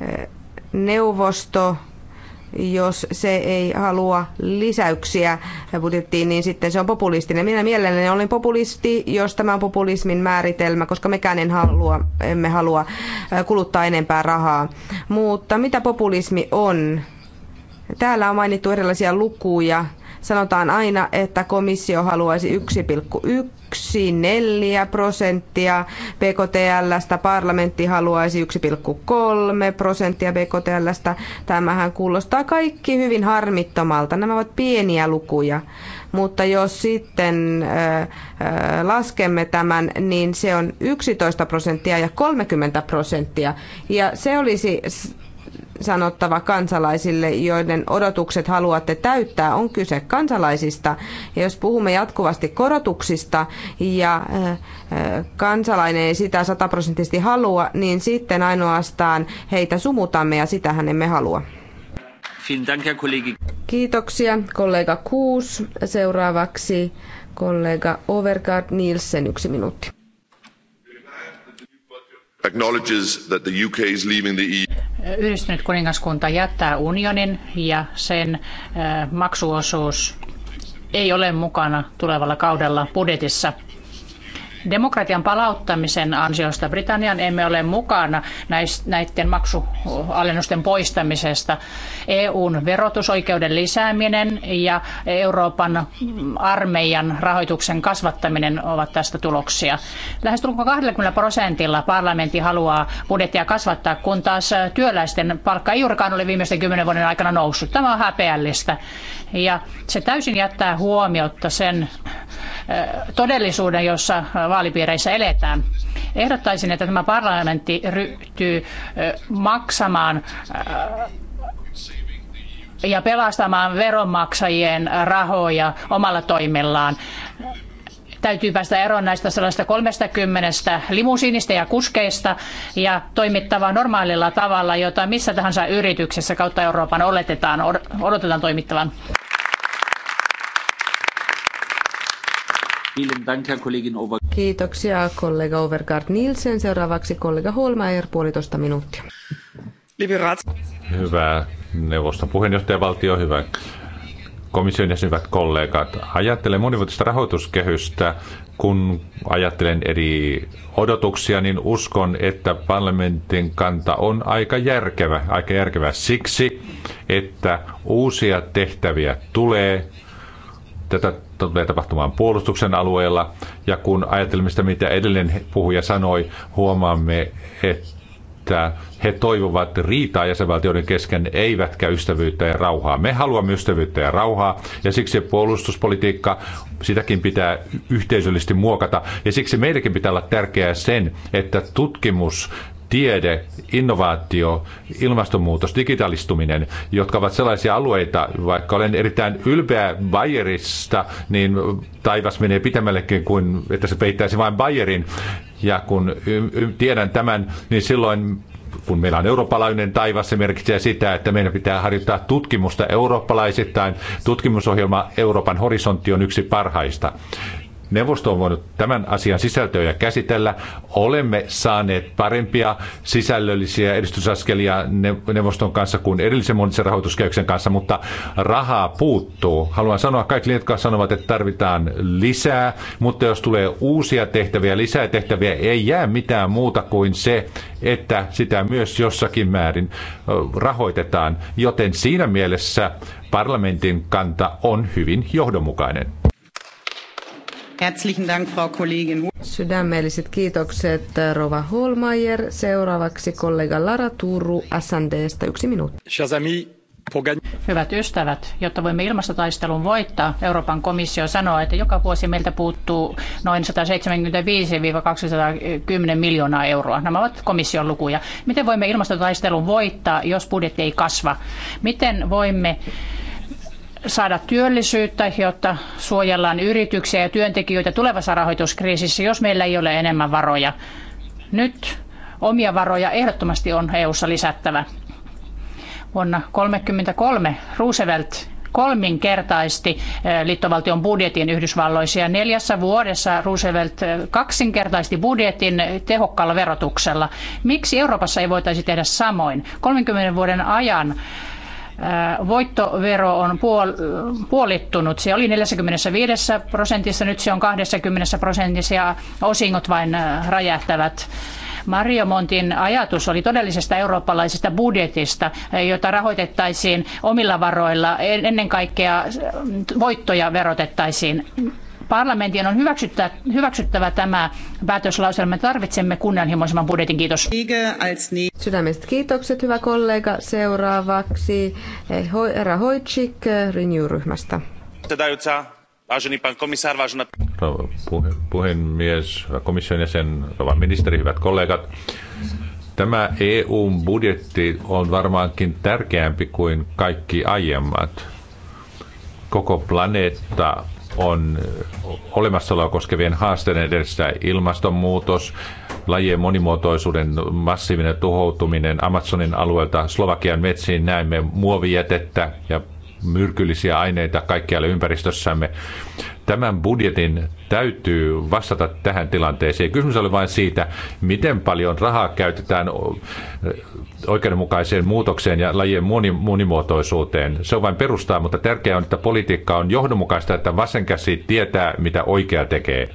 eh, neuvosto jos se ei halua lisäyksiä budjettiin, niin sitten se on populistinen. Minä mielelläni olen populisti, jos tämä on populismin määritelmä, koska mekään en halua, emme halua kuluttaa enempää rahaa. Mutta mitä populismi on? Täällä on mainittu erilaisia lukuja Sanotaan aina, että komissio haluaisi 1,14 prosenttia BKTLstä, parlamentti haluaisi 1,3 prosenttia BKTLstä. Tämähän kuulostaa kaikki hyvin harmittomalta. Nämä ovat pieniä lukuja mutta jos sitten laskemme tämän, niin se on 11 prosenttia ja 30 prosenttia. Ja se olisi sanottava kansalaisille, joiden odotukset haluatte täyttää, on kyse kansalaisista. Ja jos puhumme jatkuvasti korotuksista ja äh, äh, kansalainen ei sitä sataprosenttisesti halua, niin sitten ainoastaan heitä sumutamme ja sitähän emme halua. Kiitoksia kollega Kuus. Seuraavaksi kollega Overgaard Nielsen yksi minuutti acknowledges that the UK is leaving the EU. Yhdistynyt kuningaskunta jättää unionin ja sen äh, maksuosuus ei ole mukana tulevalla kaudella budjetissa demokratian palauttamisen ansiosta Britannian emme ole mukana näiden maksualennusten poistamisesta. EUn verotusoikeuden lisääminen ja Euroopan armeijan rahoituksen kasvattaminen ovat tästä tuloksia. Lähestulkoon 20 prosentilla parlamentti haluaa budjettia kasvattaa, kun taas työläisten palkka ei juurikaan ole viimeisten kymmenen vuoden aikana noussut. Tämä on häpeällistä. Ja se täysin jättää huomiotta sen todellisuuden, jossa vaalipiireissä eletään. Ehdottaisin, että tämä parlamentti ryhtyy maksamaan ja pelastamaan veronmaksajien rahoja omalla toimellaan täytyy päästä eroon näistä 130 limusiinista ja kuskeista ja toimittava normaalilla tavalla, jota missä tahansa yrityksessä kautta Euroopan oletetaan, odotetaan toimittavan. Kiitoksia kollega Overgaard Nielsen. Seuraavaksi kollega Holmeier, puolitoista minuuttia. Hyvä neuvoston puheenjohtajavaltio, hyvä komission jäsen, hyvät kollegat. Ajattelen monivuotista rahoituskehystä. Kun ajattelen eri odotuksia, niin uskon, että parlamentin kanta on aika järkevä. Aika järkevä siksi, että uusia tehtäviä tulee. Tätä tulee tapahtumaan puolustuksen alueella. Ja kun ajattelemme sitä, mitä edellinen puhuja sanoi, huomaamme, että he toivovat riitaa jäsenvaltioiden kesken, eivätkä ystävyyttä ja rauhaa. Me haluamme ystävyyttä ja rauhaa, ja siksi puolustuspolitiikka, sitäkin pitää yhteisöllisesti muokata. Ja siksi meidänkin pitää olla tärkeää sen, että tutkimus tiede, innovaatio, ilmastonmuutos, digitalistuminen, jotka ovat sellaisia alueita, vaikka olen erittäin ylpeä Bayerista, niin taivas menee pitemmällekin kuin, että se peittäisi vain Bayerin. Ja kun tiedän tämän, niin silloin kun meillä on eurooppalainen taivas, se merkitsee sitä, että meidän pitää harjoittaa tutkimusta eurooppalaisittain. Tutkimusohjelma Euroopan horisontti on yksi parhaista neuvosto on voinut tämän asian sisältöjä käsitellä. Olemme saaneet parempia sisällöllisiä edistysaskelia neuvoston kanssa kuin edellisen monisen rahoituskehyksen kanssa, mutta rahaa puuttuu. Haluan sanoa kaikille, jotka sanovat, että tarvitaan lisää, mutta jos tulee uusia tehtäviä, lisää tehtäviä, ei jää mitään muuta kuin se, että sitä myös jossakin määrin rahoitetaan, joten siinä mielessä parlamentin kanta on hyvin johdonmukainen. Herzlichen Dank, Frau Kollegin. Sydämelliset kiitokset äh, Rova Holmeier. Seuraavaksi kollega Lara Turu, SNDstä yksi minuutti. Hyvät ystävät, jotta voimme ilmastotaistelun voittaa, Euroopan komissio sanoo, että joka vuosi meiltä puuttuu noin 175-210 miljoonaa euroa. Nämä ovat komission lukuja. Miten voimme ilmastotaistelun voittaa, jos budjetti ei kasva? Miten voimme saada työllisyyttä, jotta suojellaan yrityksiä ja työntekijöitä tulevassa rahoituskriisissä, jos meillä ei ole enemmän varoja. Nyt omia varoja ehdottomasti on EU-ssa lisättävä. Vuonna 1933 Roosevelt kolminkertaisti eh, liittovaltion budjetin Yhdysvalloissa ja neljässä vuodessa Roosevelt eh, kaksinkertaisti budjetin tehokkaalla verotuksella. Miksi Euroopassa ei voitaisi tehdä samoin? 30 vuoden ajan voittovero on puolittunut. Se oli 45 prosentissa, nyt se on 20 prosentissa ja osingot vain räjähtävät. Mario Montin ajatus oli todellisesta eurooppalaisesta budjetista, jota rahoitettaisiin omilla varoilla. Ennen kaikkea voittoja verotettaisiin parlamentin on hyväksyttävä tämä päätöslauselma. Tarvitsemme kunnianhimoisemman budjetin. Kiitos. Sydämestä kiitokset, hyvä kollega. Seuraavaksi eh, herra Hojcik eh, Renew-ryhmästä. Rouva puhemies, hyvä komission jäsen, rouva ministeri, hyvät kollegat. Tämä EU-budjetti on varmaankin tärkeämpi kuin kaikki aiemmat. Koko planeetta on olemassaoloa koskevien haasteiden edessä ilmastonmuutos, lajien monimuotoisuuden massiivinen tuhoutuminen Amazonin alueelta Slovakian metsiin näemme muovijätettä ja myrkyllisiä aineita kaikkialle ympäristössämme. Tämän budjetin täytyy vastata tähän tilanteeseen. Kysymys oli vain siitä, miten paljon rahaa käytetään oikeudenmukaiseen muutokseen ja lajien monimuotoisuuteen. Se on vain perustaa, mutta tärkeää on, että politiikka on johdonmukaista, että vasen käsi tietää, mitä oikea tekee.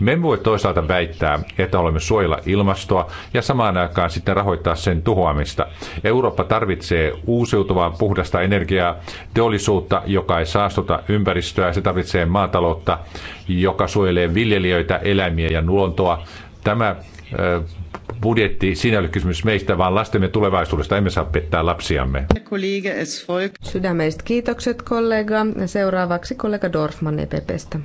Me emme voi toisaalta väittää, että olemme suojella ilmastoa ja samaan aikaan sitten rahoittaa sen tuhoamista. Eurooppa tarvitsee uusiutuvaa puhdasta energiaa, teollisuutta, joka ei saastuta ympäristöä, se tarvitsee maataloutta, maataloutta, joka suojelee viljelijöitä, eläimiä ja luontoa. Tämä budjetti, siinä ei ole kysymys meistä, vaan lastemme tulevaisuudesta. Emme saa pettää lapsiamme. Sydämeistä kiitokset kollega. Seuraavaksi kollega Dorfman EPPstä.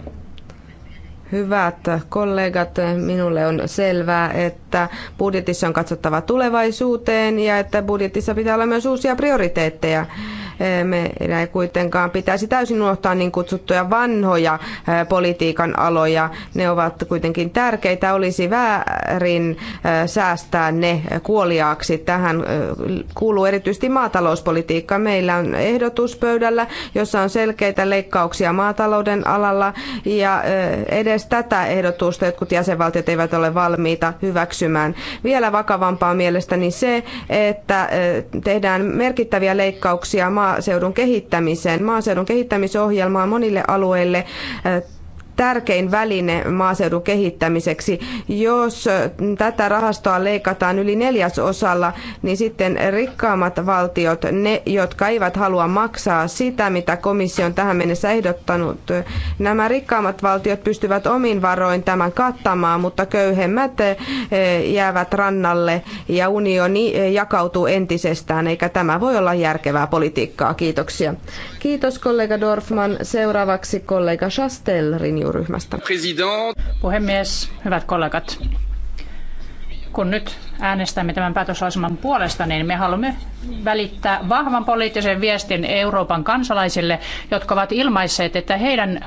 Hyvät kollegat, minulle on selvää, että että budjetissa on katsottava tulevaisuuteen ja että budjetissa pitää olla myös uusia prioriteetteja. Eh, Me ei kuitenkaan pitäisi täysin unohtaa niin kutsuttuja vanhoja eh, politiikan aloja. Ne ovat kuitenkin tärkeitä. Olisi väärin eh, säästää ne kuoliaaksi. Tähän kuuluu erityisesti maatalouspolitiikka. Meillä on ehdotus pöydällä, jossa on selkeitä leikkauksia maatalouden alalla ja edes tätä ehdotusta jotkut jäsenvaltiot eivät ole valmiita hyväksymään hyväksymään. Vielä vakavampaa mielestäni se, että tehdään merkittäviä leikkauksia maaseudun kehittämiseen. Maaseudun kehittämisohjelmaa monille alueille tärkein väline maaseudun kehittämiseksi. Jos tätä rahastoa leikataan yli neljäsosalla, niin sitten rikkaammat valtiot, ne jotka eivät halua maksaa sitä, mitä komissio on tähän mennessä ehdottanut, nämä rikkaammat valtiot pystyvät omin varoin tämän kattamaan, mutta köyhemmät eh, jäävät rannalle ja unioni eh, jakautuu entisestään, eikä tämä voi olla järkevää politiikkaa. Kiitoksia. Kiitos kollega Dorfman. Seuraavaksi kollega Chastel Rinju EU-ryhmästä. Puhemies, hyvät kollegat. Kun nyt äänestämme tämän päätöslauselman puolesta, niin me haluamme välittää vahvan poliittisen viestin Euroopan kansalaisille, jotka ovat ilmaisseet, että heidän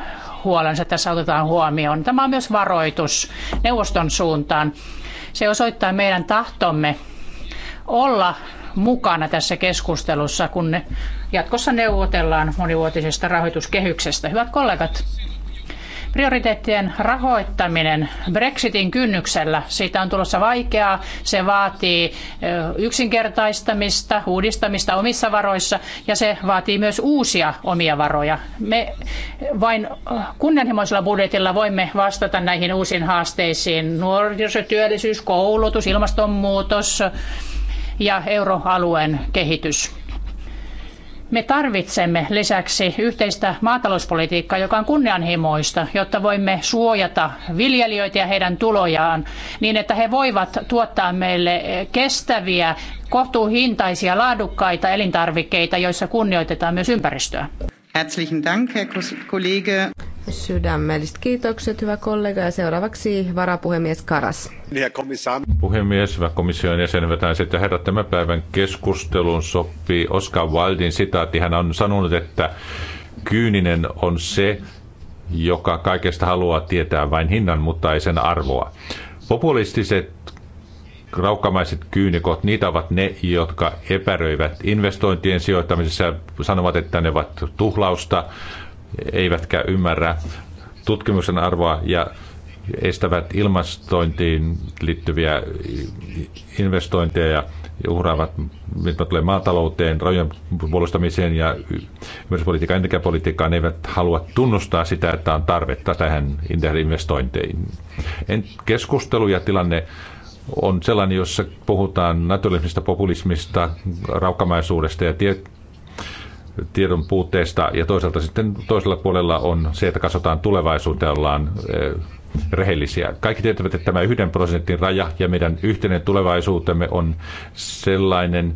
huolensa tässä otetaan huomioon. Tämä on myös varoitus neuvoston suuntaan. Se osoittaa meidän tahtomme olla mukana tässä keskustelussa, kun jatkossa neuvotellaan monivuotisesta rahoituskehyksestä. Hyvät kollegat, Prioriteettien rahoittaminen Brexitin kynnyksellä, siitä on tulossa vaikeaa. Se vaatii yksinkertaistamista, uudistamista omissa varoissa ja se vaatii myös uusia omia varoja. Me vain kunnianhimoisella budjetilla voimme vastata näihin uusiin haasteisiin. Nuorisotyöllisyys, koulutus, ilmastonmuutos ja euroalueen kehitys. Me tarvitsemme lisäksi yhteistä maatalouspolitiikkaa, joka on kunnianhimoista, jotta voimme suojata viljelijöitä ja heidän tulojaan niin, että he voivat tuottaa meille kestäviä, kohtuuhintaisia, laadukkaita elintarvikkeita, joissa kunnioitetaan myös ympäristöä. Herzlichen Dank, Herr Kollege. Sydämelliset kiitokset, hyvä kollega. Ja seuraavaksi varapuhemies Karas. Puhemies, hyvä komission jäsen, hyvät naiset ja herrat, tämän päivän keskustelun sopii Oscar Wildin sitaatti. Hän on sanonut, että kyyninen on se, joka kaikesta haluaa tietää vain hinnan, mutta ei sen arvoa. Populistiset raukkamaiset kyynikot, niitä ovat ne, jotka epäröivät investointien sijoittamisessa, sanovat, että ne ovat tuhlausta, eivätkä ymmärrä tutkimuksen arvoa ja estävät ilmastointiin liittyviä investointeja ja uhraavat, mitä tulee maatalouteen, rajojen puolustamiseen ja myös ja energiapolitiikkaan, eivät halua tunnustaa sitä, että on tarvetta tähän investointeihin. En, keskustelu ja tilanne on sellainen, jossa puhutaan naturalismista, populismista, raukkamaisuudesta ja tie, tiedon puutteesta. Ja toisaalta sitten toisella puolella on se, että katsotaan tulevaisuuteen ja ollaan eh, rehellisiä. Kaikki tietävät, että tämä yhden prosentin raja ja meidän yhteinen tulevaisuutemme on sellainen,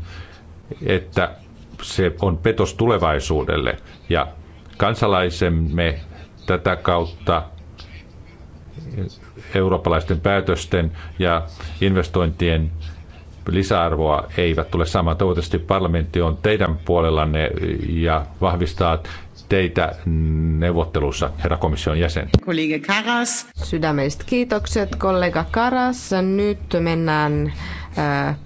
että se on petos tulevaisuudelle. Ja kansalaisemme tätä kautta eurooppalaisten päätösten ja investointien lisäarvoa eivät tule saamaan. Toivottavasti parlamentti on teidän puolellanne ja vahvistaa teitä neuvottelussa, herra komission jäsen. Kollega Karas. Sydämelliset kiitokset, kollega Karas. Nyt mennään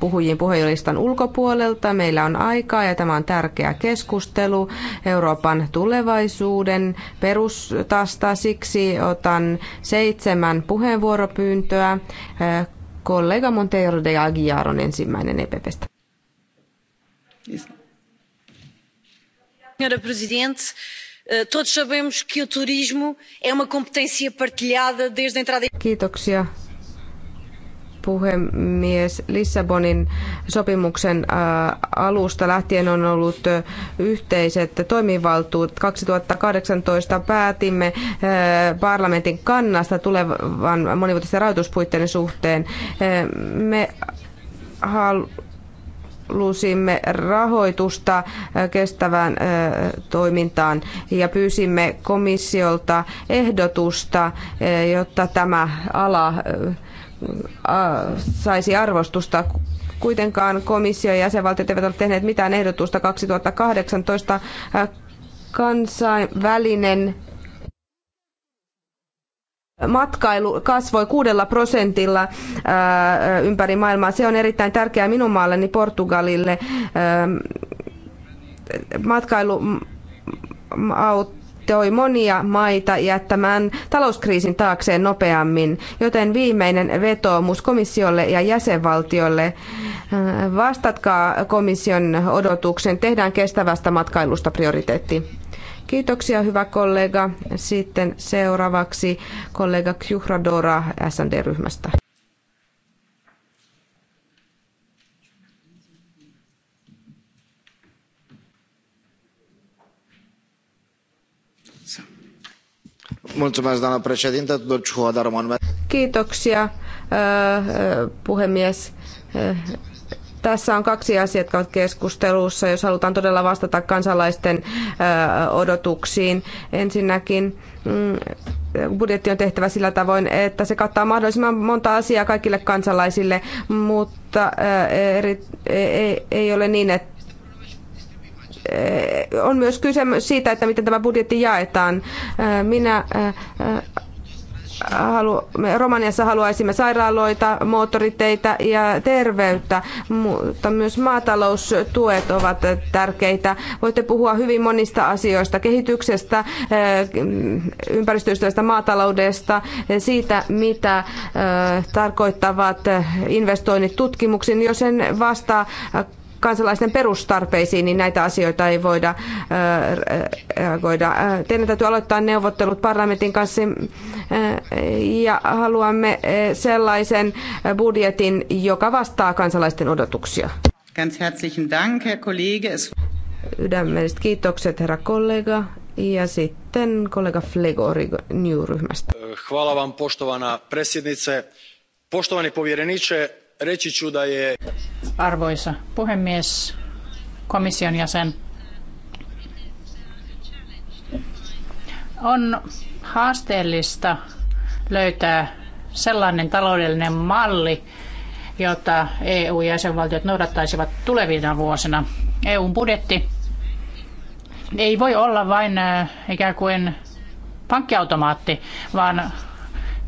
puhujiin puheenjohtajan ulkopuolelta. Meillä on aikaa ja tämä on tärkeä keskustelu Euroopan tulevaisuuden perustasta. Siksi otan seitsemän puheenvuoropyyntöä. Kollega Monteiro de Aguiar on ensimmäinen EPPstä. Herra presidentti, eh, todos sabemos que o turismo é uma competência partilhada desde a entrada. Kiitoksia puhemies. Lissabonin sopimuksen äh, alusta lähtien on ollut äh, yhteiset toimivaltuudet. 2018 päätimme äh, parlamentin kannasta tulevan monivuotisten rahoituspuitteiden suhteen. Me halusimme rahoitusta kestävään toimintaan ja pyysimme komissiolta ehdotusta, jotta tämä ala saisi arvostusta. Kuitenkaan komissio ja jäsenvaltiot eivät ole tehneet mitään ehdotusta 2018 kansainvälinen matkailu kasvoi kuudella prosentilla ympäri maailmaa. Se on erittäin tärkeää minun maalleni Portugalille. Matkailu auttaa motivoi monia maita jättämään talouskriisin taakseen nopeammin, joten viimeinen vetoomus komissiolle ja jäsenvaltiolle. Äh, vastatkaa komission odotuksen, tehdään kestävästä matkailusta prioriteetti. Kiitoksia hyvä kollega. Sitten seuraavaksi kollega Kyhradora SND-ryhmästä. doamnă președintă. Kiitoksia, äh, äh, puhemies. Äh, tässä on kaksi asiaa, jotka ovat keskustelussa, jos halutaan todella vastata kansalaisten odotuksiin. Ensinnäkin mm, budjetti on tehtävä sillä tavoin, että se kattaa mahdollisimman monta asiaa kaikille kansalaisille, mutta e, e, ei ole niin, että Eh, on myös kyse siitä, että miten tämä budjetti jaetaan. Eh, minä eh, halu, me Romaniassa haluaisimme sairaaloita, moottoriteitä ja terveyttä, mutta myös maataloustuet ovat tärkeitä. Voitte puhua hyvin monista asioista, kehityksestä, ympäristöystävästä maataloudesta, siitä mitä tarkoittavat investoinnit tutkimuksiin, jos en vastaa kansalaisten perustarpeisiin, niin näitä asioita ei voida äh, reagoida. Äh, teidän täytyy aloittaa neuvottelut parlamentin kanssa äh, ja haluamme sellaisen budjetin, joka vastaa kansalaisten odotuksia. Ganz herzlichen Dank, Herr Kollege. Ydämelliset kiitokset, herra kollega. Ja sitten kollega Flego New-ryhmästä. Hvala vam, poštovana presjednice. Poštovani povjereniče, Arvoisa puhemies, komission jäsen. On haasteellista löytää sellainen taloudellinen malli, jota EU-jäsenvaltiot noudattaisivat tulevina vuosina. EUn budjetti ei voi olla vain äh, ikään kuin pankkiautomaatti, vaan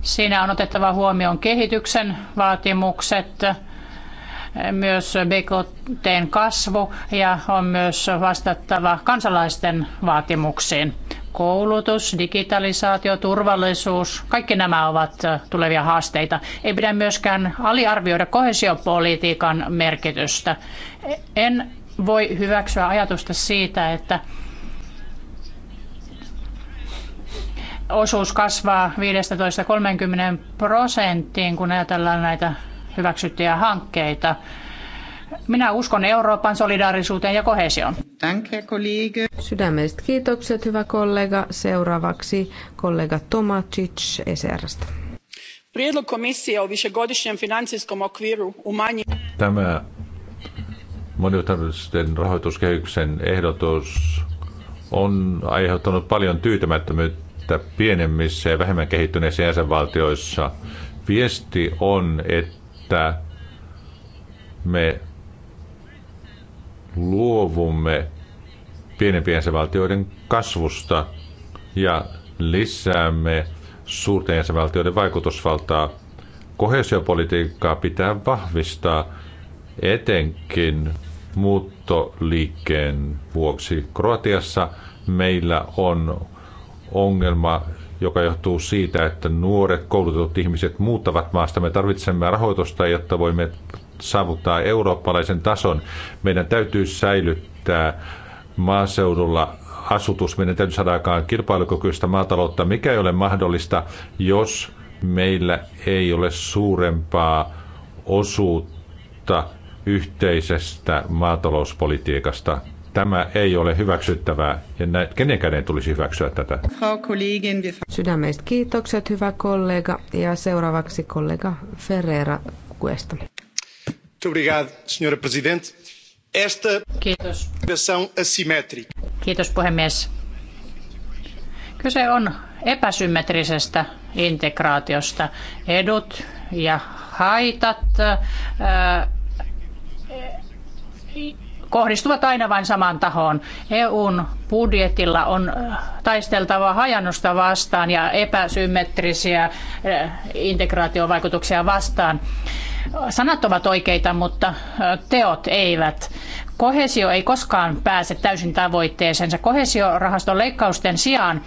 Siinä on otettava huomioon kehityksen vaatimukset, myös BKTn kasvu ja on myös vastattava kansalaisten vaatimuksiin. Koulutus, digitalisaatio, turvallisuus, kaikki nämä ovat tulevia haasteita. Ei pidä myöskään aliarvioida kohesiopolitiikan merkitystä. En voi hyväksyä ajatusta siitä, että osuus kasvaa 15-30 prosenttiin, kun ajatellaan näitä hyväksyttyjä hankkeita. Minä uskon Euroopan solidaarisuuteen ja kohesioon. Sydämelliset kiitokset, hyvä kollega. Seuraavaksi kollega Tomacic ECRstä. Tämä monivuotisen rahoituskehyksen ehdotus on aiheuttanut paljon tyytymättömyyttä että pienemmissä ja vähemmän kehittyneissä jäsenvaltioissa viesti on, että me luovumme pienempien jäsenvaltioiden kasvusta ja lisäämme suurten jäsenvaltioiden vaikutusvaltaa. Kohesiopolitiikkaa pitää vahvistaa etenkin muuttoliikkeen vuoksi. Kroatiassa meillä on ongelma, joka johtuu siitä, että nuoret koulutetut ihmiset muuttavat maasta. Me tarvitsemme rahoitusta, jotta voimme saavuttaa eurooppalaisen tason. Meidän täytyy säilyttää maaseudulla asutus. Meidän täytyy saada aikaan kilpailukykyistä maataloutta, mikä ei ole mahdollista, jos meillä ei ole suurempaa osuutta yhteisestä maatalouspolitiikasta Tämä ei ole hyväksyttävää ja kenenkään ei tulisi hyväksyä tätä. Sydämeistä kiitokset, hyvä kollega. Ja seuraavaksi kollega Ferreira Kuesta. Kiitos. Kiitos puhemies. Kyse on epäsymmetrisestä integraatiosta. Edut ja haitat. Ää, kohdistuvat aina vain samaan tahoon. EUn budjetilla on äh, taisteltava hajannusta vastaan ja epäsymmetrisiä äh, integraatiovaikutuksia vastaan. Sanat ovat oikeita, mutta äh, teot eivät. Kohesio ei koskaan pääse täysin tavoitteeseensa. Kohesiorahaston leikkausten sijaan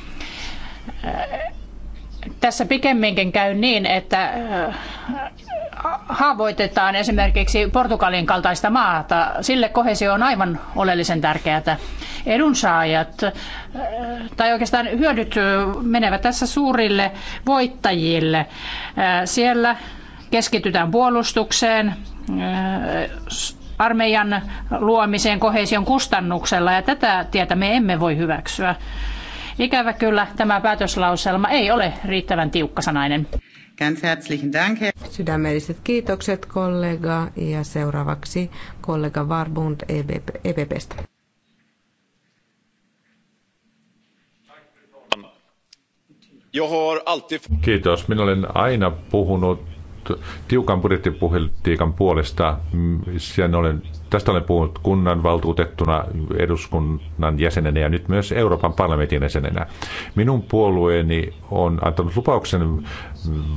tässä pikemminkin käy niin, että äh, haavoitetaan esimerkiksi Portugalin kaltaista maata. Sille kohesio on aivan oleellisen tärkeää. Edunsaajat äh, tai oikeastaan hyödyt äh, menevät tässä suurille voittajille. Siellä keskitytään puolustukseen, armeijan luomiseen kohesion kustannuksella ja tätä tietä me emme voi hyväksyä. Ikävä kyllä tämä päätöslauselma ei ole riittävän tiukkasanainen. Ganz herzlichen Dank. Sydämelliset kiitokset kollega ja seuraavaksi kollega Warbund EBP. E Kiitos. Minä olen aina puhunut tiukan budjettipolitiikan puolesta. olen, tästä olen puhunut kunnan valtuutettuna, eduskunnan jäsenenä ja nyt myös Euroopan parlamentin jäsenenä. Minun puolueeni on antanut lupauksen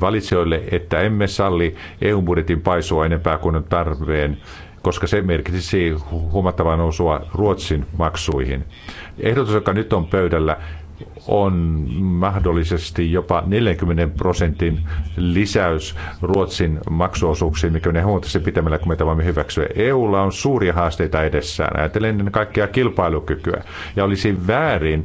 valitsijoille, että emme salli EU-budjetin paisua enempää kuin on tarpeen koska se merkitsisi huomattavaa nousua Ruotsin maksuihin. Ehdotus, joka nyt on pöydällä, on mahdollisesti jopa 40 prosentin lisäys Ruotsin maksuosuuksiin, mikä menee huomattavasti pitämällä kun me tämä hyväksyä. EUlla on suuria haasteita edessään, ajatellen ennen kaikkea kilpailukykyä. Ja olisi väärin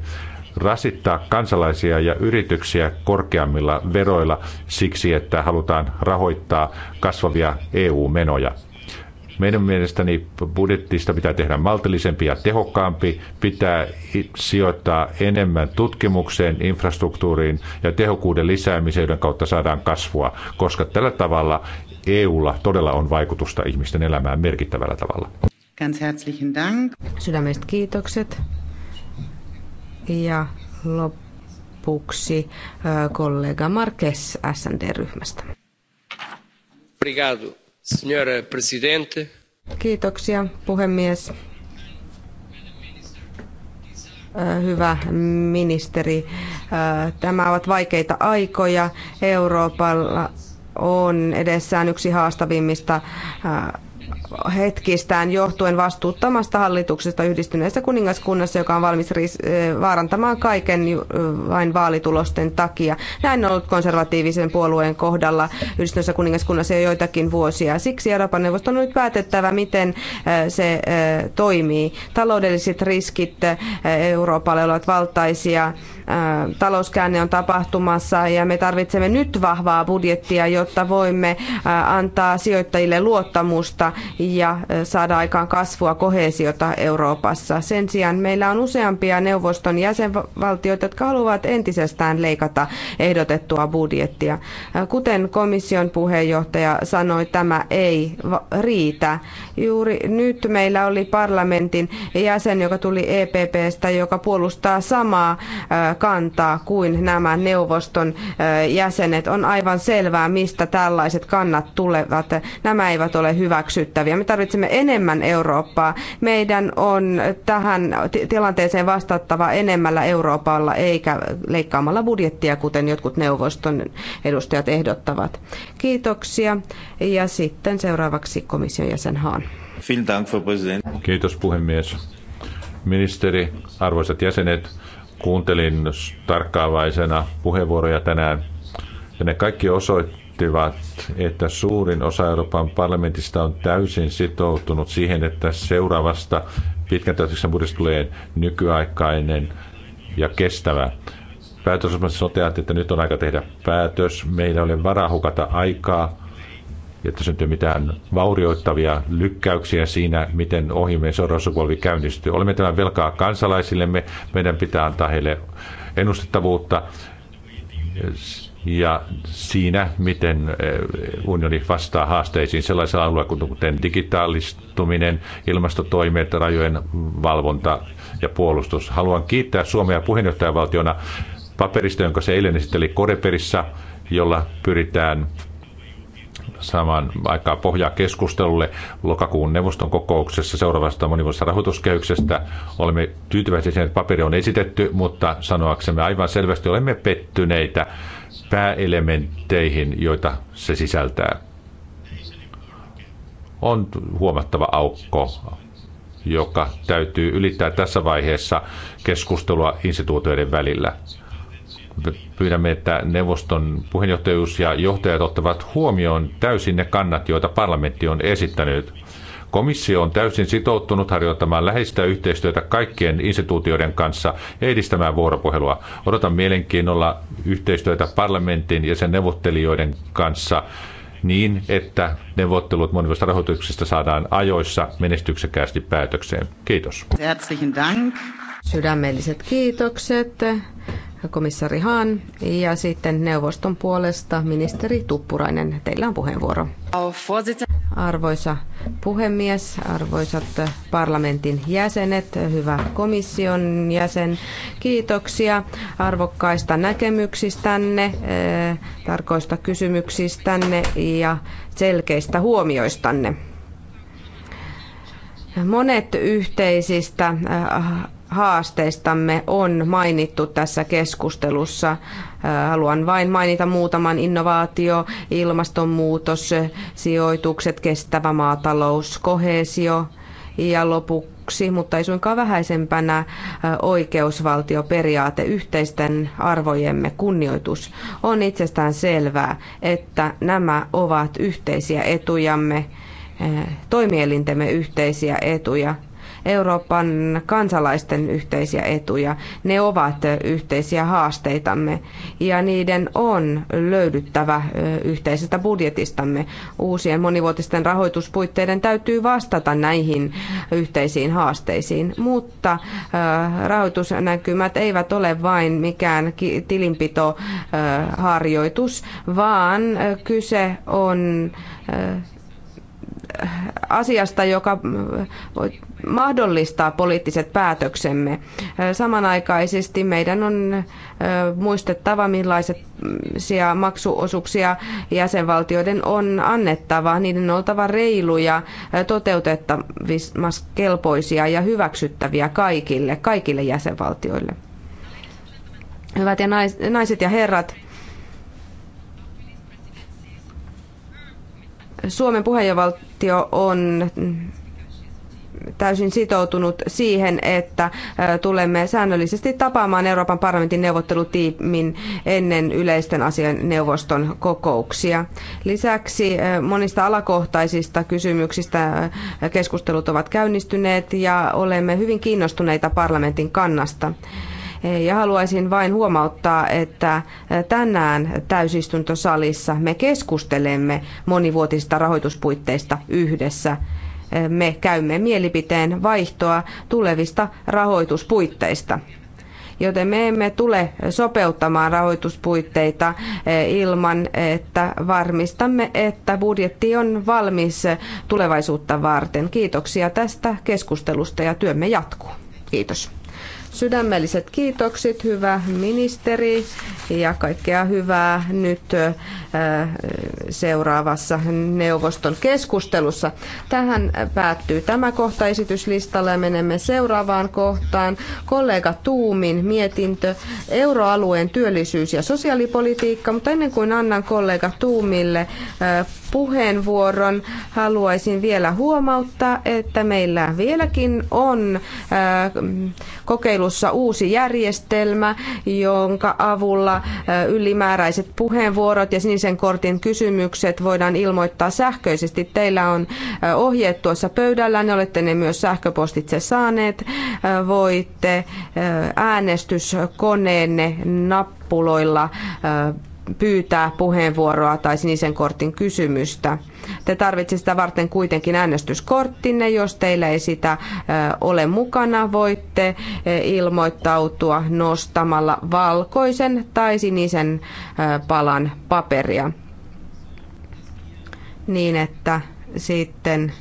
rasittaa kansalaisia ja yrityksiä korkeammilla veroilla siksi, että halutaan rahoittaa kasvavia EU-menoja. Meidän mielestäni budjettista pitää tehdä maltillisempi ja tehokkaampi, pitää sijoittaa enemmän tutkimukseen, infrastruktuuriin ja tehokkuuden lisäämiseen, joiden kautta saadaan kasvua, koska tällä tavalla EUlla todella on vaikutusta ihmisten elämään merkittävällä tavalla. Ganz herzlichen Dank. Sydämestä kiitokset. Ja lopuksi äh, kollega Marques SND-ryhmästä. Obrigado. Signore presidente. Kiitoksia, puhemies. Äh, hyvä ministeri, äh, tämä ovat vaikeita aikoja. Euroopalla on edessään yksi haastavimmista äh, hetkistään johtuen vastuuttamasta hallituksesta yhdistyneessä kuningaskunnassa, joka on valmis eh, vaarantamaan kaiken eh, vain vaalitulosten takia. Näin on ollut konservatiivisen puolueen kohdalla yhdistyneessä kuningaskunnassa jo joitakin vuosia. Siksi Euroopan neuvosto on nyt päätettävä, miten eh, se toimii. Taloudelliset riskit Euroopalle ovat valtaisia. Talouskäänne on tapahtumassa ja me tarvitsemme nyt vahvaa budjettia, jotta voimme antaa sijoittajille luottamusta ja saada aikaan kasvua kohesiota Euroopassa. Sen sijaan meillä on useampia neuvoston jäsenvaltioita, jotka haluavat entisestään leikata ehdotettua budjettia. Kuten komission puheenjohtaja sanoi, tämä ei riitä. Juuri nyt meillä oli parlamentin jäsen, joka tuli EPPstä, joka puolustaa samaa kantaa kuin nämä neuvoston jäsenet. On aivan selvää, mistä tällaiset kannat tulevat. Nämä eivät ole hyväksyttäviä vakavia. Me tarvitsemme enemmän Eurooppaa. Meidän on tähän tilanteeseen vastattava enemmällä Euroopalla eikä leikkaamalla budjettia, kuten jotkut neuvoston edustajat ehdottavat. Kiitoksia. Ja sitten seuraavaksi komission jäsen Haan. Kiitos puhemies. Ministeri, arvoisat jäsenet, kuuntelin tarkkaavaisena puheenvuoroja tänään. Ja ne kaikki osoittavat, osoittivat, että suurin osa Euroopan parlamentista on täysin sitoutunut siihen, että seuraavasta pitkän täytyksen budjetista tulee nykyaikainen ja kestävä. Päätösosmassa toteat, että nyt on aika tehdä päätös. Meillä ei ole varaa hukata aikaa, että syntyy mitään vaurioittavia lykkäyksiä siinä, miten ohimme seuraava käynnistyy. Olemme tämän velkaa kansalaisillemme. Meidän pitää antaa heille ennustettavuutta ja siinä, miten unioni vastaa haasteisiin sellaisella alueella, kuten digitaalistuminen, ilmastotoimet, rajojen valvonta ja puolustus. Haluan kiittää Suomea puheenjohtajavaltiona paperista, jonka se eilen esitteli Koreperissä, jolla pyritään saamaan aikaa pohjaa keskustelulle lokakuun neuvoston kokouksessa seuraavasta monivuotisesta rahoituskehyksestä. Olemme tyytyväisiä siihen, että paperi on esitetty, mutta sanoaksemme aivan selvästi olemme pettyneitä pääelementteihin, joita se sisältää. On huomattava aukko, joka täytyy ylittää tässä vaiheessa keskustelua instituutioiden välillä. Pyydämme, että neuvoston puheenjohtajuus ja johtajat ottavat huomioon täysin ne kannat, joita parlamentti on esittänyt. Komissio on täysin sitoutunut harjoittamaan läheistä yhteistyötä kaikkien instituutioiden kanssa ja edistämään vuoropuhelua. Odotan mielenkiinnolla yhteistyötä parlamentin ja sen neuvottelijoiden kanssa niin, että neuvottelut monivasta rahoituksesta saadaan ajoissa menestyksekkäästi päätökseen. Kiitos. Sydämelliset kiitokset komissari Hahn ja sitten neuvoston puolesta ministeri Tuppurainen. Teillä on puheenvuoro. Arvoisa puhemies, arvoisat parlamentin jäsenet, hyvä komission jäsen, kiitoksia arvokkaista näkemyksistänne, eh, tarkoista kysymyksistänne ja selkeistä huomioistanne. Monet yhteisistä eh, haasteistamme on mainittu tässä keskustelussa. Äh, haluan vain mainita muutaman innovaatio, ilmastonmuutos, sijoitukset, kestävä maatalous, kohesio ja lopuksi, mutta ei suinkaan vähäisempänä, äh, oikeusvaltioperiaate, yhteisten arvojemme kunnioitus. On itsestään selvää, että nämä ovat yhteisiä etujamme, äh, toimielintemme yhteisiä etuja Euroopan kansalaisten yhteisiä etuja. Ne ovat yhteisiä haasteitamme ja niiden on löydyttävä yhteisestä budjetistamme. Uusien monivuotisten rahoituspuitteiden täytyy vastata näihin yhteisiin haasteisiin, mutta rahoitusnäkymät eivät ole vain mikään tilinpitoharjoitus, vaan kyse on asiasta, joka mahdollistaa poliittiset päätöksemme. Samanaikaisesti meidän on muistettava, millaisia maksuosuuksia jäsenvaltioiden on annettava. Niiden on oltava reiluja, toteutettavissa kelpoisia ja hyväksyttäviä kaikille, kaikille jäsenvaltioille. Hyvät ja naiset ja herrat, Suomen puheenjohtajavaltio on täysin sitoutunut siihen, että tulemme säännöllisesti tapaamaan Euroopan parlamentin neuvottelutiimin ennen yleisten asian neuvoston kokouksia. Lisäksi monista alakohtaisista kysymyksistä keskustelut ovat käynnistyneet ja olemme hyvin kiinnostuneita parlamentin kannasta. Ja haluaisin vain huomauttaa, että tänään täysistuntosalissa me keskustelemme monivuotisista rahoituspuitteista yhdessä. Me käymme mielipiteen vaihtoa tulevista rahoituspuitteista joten me emme tule sopeuttamaan rahoituspuitteita eh, ilman, että varmistamme, että budjetti on valmis tulevaisuutta varten. Kiitoksia tästä keskustelusta ja työmme jatkuu. Kiitos. Sydämelliset kiitokset, hyvä ministeri, ja kaikkea hyvää nyt seuraavassa neuvoston keskustelussa. Tähän päättyy tämä kohta esityslistalla ja menemme seuraavaan kohtaan. Kollega Tuumin mietintö euroalueen työllisyys- ja sosiaalipolitiikka, mutta ennen kuin annan kollega Tuumille puheenvuoron, haluaisin vielä huomauttaa, että meillä vieläkin on äh, kokeilussa uusi järjestelmä, jonka avulla äh, ylimääräiset puheenvuorot ja sinisen kortin kysymykset voidaan ilmoittaa sähköisesti. Teillä on äh, ohjeet tuossa pöydällä, ne olette ne myös sähköpostitse saaneet. Voitte äänestyskoneen nappuloilla pyytää puheenvuoroa tai sinisen kortin kysymystä. Te tarvitsette sitä varten kuitenkin äänestyskorttinne. Jos teillä ei sitä ole mukana, voitte ilmoittautua nostamalla valkoisen tai sinisen palan paperia niin, että sitten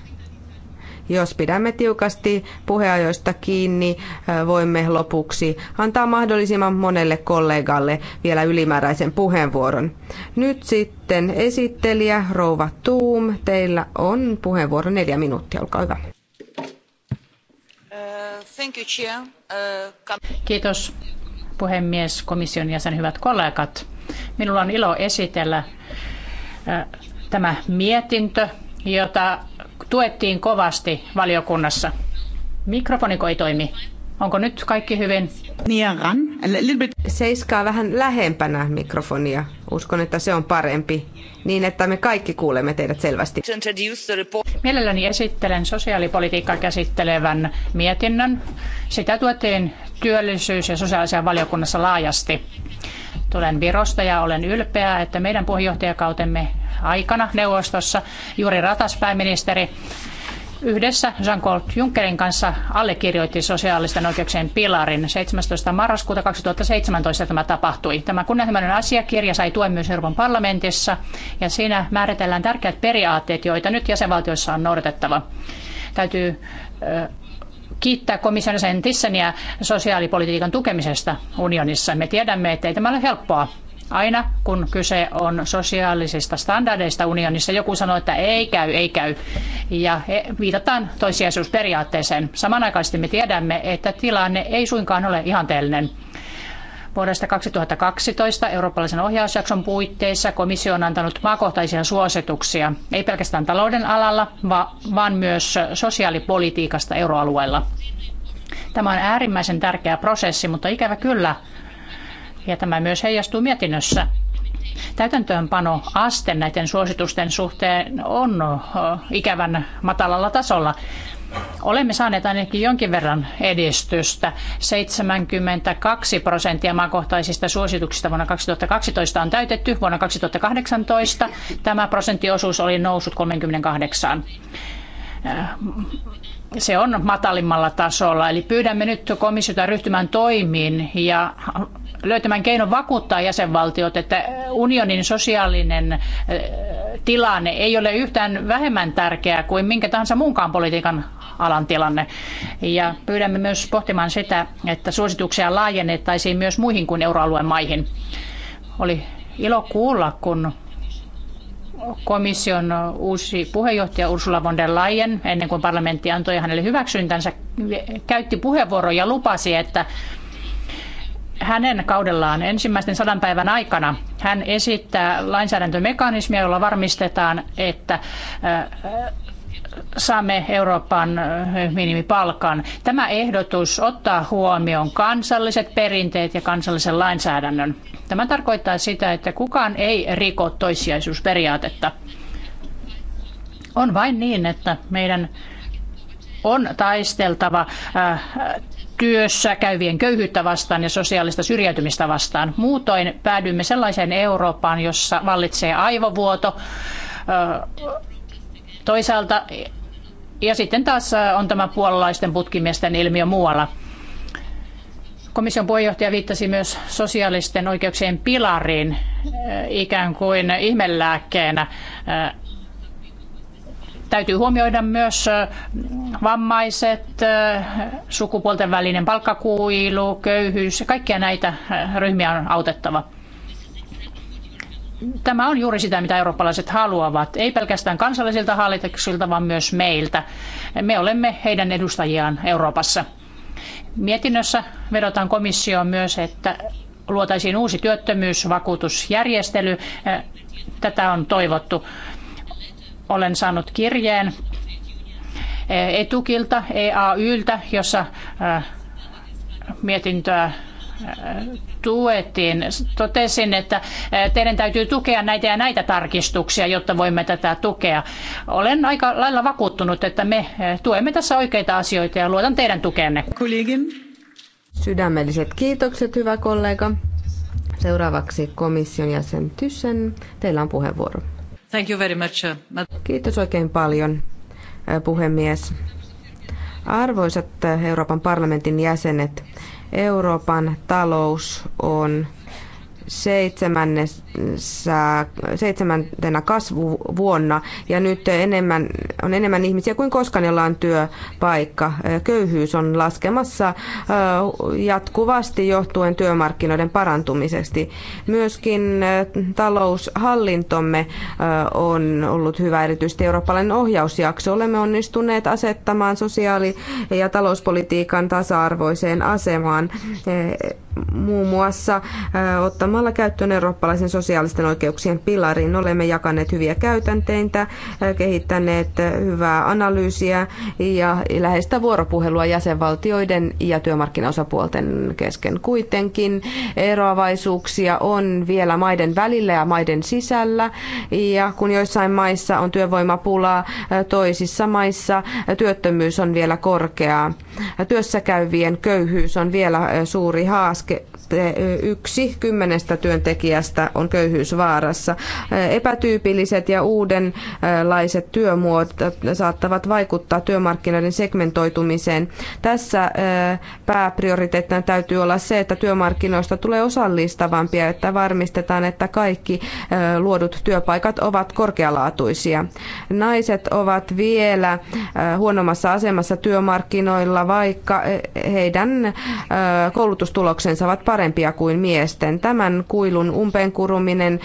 jos pidämme tiukasti puheajoista kiinni, voimme lopuksi antaa mahdollisimman monelle kollegalle vielä ylimääräisen puheenvuoron. Nyt sitten esittelijä Rouva Tuum, teillä on puheenvuoro neljä minuuttia, olkaa hyvä. Uh, Kiitos puhemies, komission jäsen, hyvät kollegat. Minulla on ilo esitellä tämä mietintö, jota tuettiin kovasti valiokunnassa. Mikrofoniko ei toimi? Onko nyt kaikki hyvin? Seiskaa vähän lähempänä mikrofonia. Uskon, että se on parempi, niin että me kaikki kuulemme teidät selvästi. Mielelläni esittelen sosiaalipolitiikkaa käsittelevän mietinnön. Sitä tuettiin työllisyys- ja sosiaalisen valiokunnassa laajasti. Tulen Virosta ja olen ylpeä, että meidän puheenjohtajakautemme aikana neuvostossa juuri Ratas pääministeri yhdessä Jean-Claude Junckerin kanssa allekirjoitti sosiaalisten oikeuksien pilarin. 17. marraskuuta 2017 tämä tapahtui. Tämä kunnianhimoinen asiakirja sai tuen myös Euroopan parlamentissa ja siinä määritellään tärkeät periaatteet, joita nyt jäsenvaltioissa on noudatettava. Täytyy kiittää komission sen ja sosiaalipolitiikan tukemisesta unionissa. Me tiedämme, ettei tämä ole helppoa. Aina kun kyse on sosiaalisista standardeista unionissa, joku sanoo, että ei käy, ei käy. Ja viitataan toissijaisuusperiaatteeseen. Samanaikaisesti me tiedämme, että tilanne ei suinkaan ole ihanteellinen. Vuodesta 2012 eurooppalaisen ohjausjakson puitteissa komissio on antanut maakohtaisia suosituksia, ei pelkästään talouden alalla, vaan myös sosiaalipolitiikasta euroalueella. Tämä on äärimmäisen tärkeä prosessi, mutta ikävä kyllä ja tämä myös heijastuu mietinnössä. Täytäntöönpano aste näiden suositusten suhteen on ikävän matalalla tasolla. Olemme saaneet ainakin jonkin verran edistystä. 72 prosenttia maakohtaisista suosituksista vuonna 2012 on täytetty. Vuonna 2018 tämä prosenttiosuus oli noussut 38 se on matalimmalla tasolla. Eli pyydämme nyt komissiota ryhtymään toimiin ja löytämään keino vakuuttaa jäsenvaltiot, että unionin sosiaalinen eh, tilanne ei ole yhtään vähemmän tärkeä kuin minkä tahansa muunkaan politiikan alan tilanne. Ja pyydämme myös pohtimaan sitä, että suosituksia laajennettaisiin myös muihin kuin euroalueen maihin. Oli ilo kuulla, kun komission uusi puheenjohtaja Ursula von der Leyen, ennen kuin parlamentti antoi hänelle hyväksyntänsä, käytti puheenvuoron ja lupasi, että hänen kaudellaan ensimmäisten sadan päivän aikana hän esittää lainsäädäntömekanismia, jolla varmistetaan, että äh, saamme Euroopan äh, minimipalkan. Tämä ehdotus ottaa huomioon kansalliset perinteet ja kansallisen lainsäädännön. Tämä tarkoittaa sitä, että kukaan ei riko toissijaisuusperiaatetta. On vain niin, että meidän on taisteltava äh, työssä käyvien köyhyyttä vastaan ja sosiaalista syrjäytymistä vastaan. Muutoin päädymme sellaiseen Eurooppaan, jossa vallitsee aivovuoto. Toisaalta ja sitten taas on tämä puolalaisten putkimiesten ilmiö muualla. Komission puheenjohtaja viittasi myös sosiaalisten oikeuksien pilariin ikään kuin ihmelääkkeenä Täytyy huomioida myös vammaiset, sukupuolten välinen palkkakuilu, köyhyys ja kaikkia näitä ryhmiä on autettava. Tämä on juuri sitä, mitä eurooppalaiset haluavat, ei pelkästään kansallisilta hallituksilta, vaan myös meiltä. Me olemme heidän edustajiaan Euroopassa. Mietinnössä vedotaan komissioon myös, että luotaisiin uusi työttömyysvakuutusjärjestely. Tätä on toivottu olen saanut kirjeen Etukilta, EAYltä, jossa äh, mietintöä äh, tuettiin. Totesin, että äh, teidän täytyy tukea näitä ja näitä tarkistuksia, jotta voimme tätä tukea. Olen aika lailla vakuuttunut, että me tuemme tässä oikeita asioita ja luotan teidän tukeenne. Kollegin. Sydämelliset kiitokset, hyvä kollega. Seuraavaksi komission jäsen Tyssen. Teillä on puheenvuoro. Thank you very much. Uh, Kiitos oikein paljon, uh, puhemies. Arvoisat uh, Euroopan parlamentin jäsenet, Euroopan talous on seitsemännes seitsemäntenä kasvuvuonna ja nyt enemmän, on enemmän ihmisiä kuin koskaan, jolla on työpaikka. Köyhyys on laskemassa jatkuvasti johtuen työmarkkinoiden parantumisesti. Myöskin taloushallintomme on ollut hyvä, erityisesti eurooppalainen ohjausjakso. Olemme onnistuneet asettamaan sosiaali- ja talouspolitiikan tasa-arvoiseen asemaan muun muassa ottamalla käyttöön eurooppalaisen sosiaalisten oikeuksien pilariin. Olemme jakaneet hyviä käytänteitä, eh, kehittäneet eh, hyvää analyysiä ja läheistä vuoropuhelua jäsenvaltioiden ja työmarkkinaosapuolten kesken. Kuitenkin eroavaisuuksia on vielä maiden välillä ja maiden sisällä ja kun joissain maissa on työvoimapulaa, eh, toisissa maissa työttömyys on vielä korkeaa. Työssäkäyvien köyhyys on vielä suuri haaste. Yksi kymmenestä työntekijästä on köyhyysvaarassa. Epätyypilliset ja uudenlaiset työmuodot saattavat vaikuttaa työmarkkinoiden segmentoitumiseen. Tässä pääprioriteettina täytyy olla se, että työmarkkinoista tulee osallistavampia, että varmistetaan, että kaikki luodut työpaikat ovat korkealaatuisia. Naiset ovat vielä huonommassa asemassa työmarkkinoilla, vaikka heidän koulutustuloksensa ovat parempia kuin miesten. Tämän kuilun umpeen luominen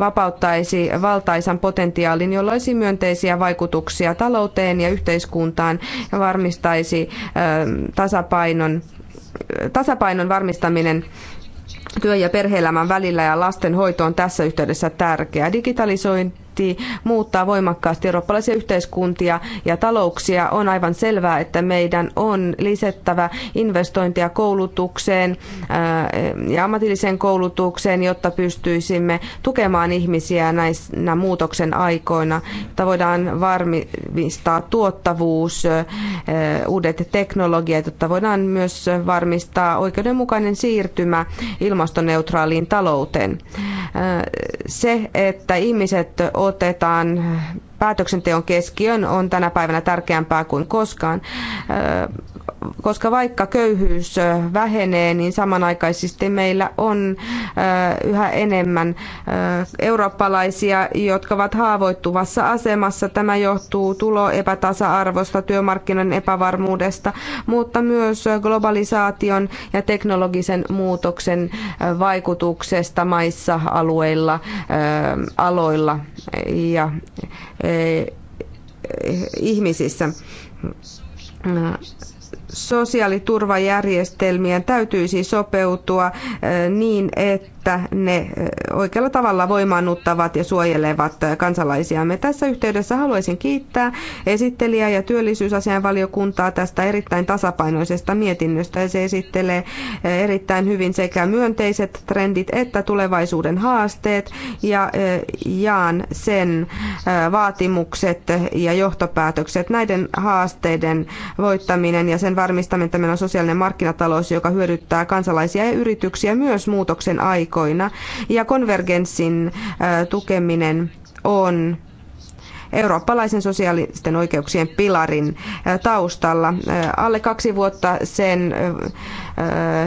vapauttaisi valtaisan potentiaalin, jolla olisi myönteisiä vaikutuksia talouteen ja yhteiskuntaan ja varmistaisi tasapainon, tasapainon varmistaminen työ- ja perheelämän välillä ja lasten hoito on tässä yhteydessä tärkeää. Digitalisoin budjetti muuttaa voimakkaasti eurooppalaisia yhteiskuntia ja talouksia, on aivan selvää, että meidän on lisättävä investointia koulutukseen äh, ja ammatilliseen koulutukseen, jotta pystyisimme tukemaan ihmisiä näinä muutoksen aikoina, jotta voidaan varmistaa tuottavuus, äh, uudet teknologiat, jotta voidaan myös varmistaa oikeudenmukainen siirtymä ilmastoneutraaliin talouteen. Äh, se, että ihmiset otetaan päätöksenteon keskiön on tänä päivänä tärkeämpää kuin koskaan koska vaikka köyhyys vähenee, niin samanaikaisesti meillä on yhä enemmän eurooppalaisia, jotka ovat haavoittuvassa asemassa. Tämä johtuu tuloepätasa-arvosta, työmarkkinan epävarmuudesta, mutta myös globalisaation ja teknologisen muutoksen vaikutuksesta maissa, alueilla, aloilla ja ihmisissä sosiaaliturvajärjestelmien täytyisi sopeutua eh, niin, että että ne oikealla tavalla voimaannuttavat ja suojelevat kansalaisiamme. Tässä yhteydessä haluaisin kiittää esittelijää ja työllisyysasian valiokuntaa tästä erittäin tasapainoisesta mietinnöstä. Se esittelee erittäin hyvin sekä myönteiset trendit että tulevaisuuden haasteet ja jaan sen vaatimukset ja johtopäätökset. Näiden haasteiden voittaminen ja sen varmistaminen, että meillä on sosiaalinen markkinatalous, joka hyödyttää kansalaisia ja yrityksiä myös muutoksen aikoina aikoina ja konvergenssin äh, tukeminen on eurooppalaisen sosiaalisten oikeuksien pilarin taustalla. Alle kaksi vuotta sen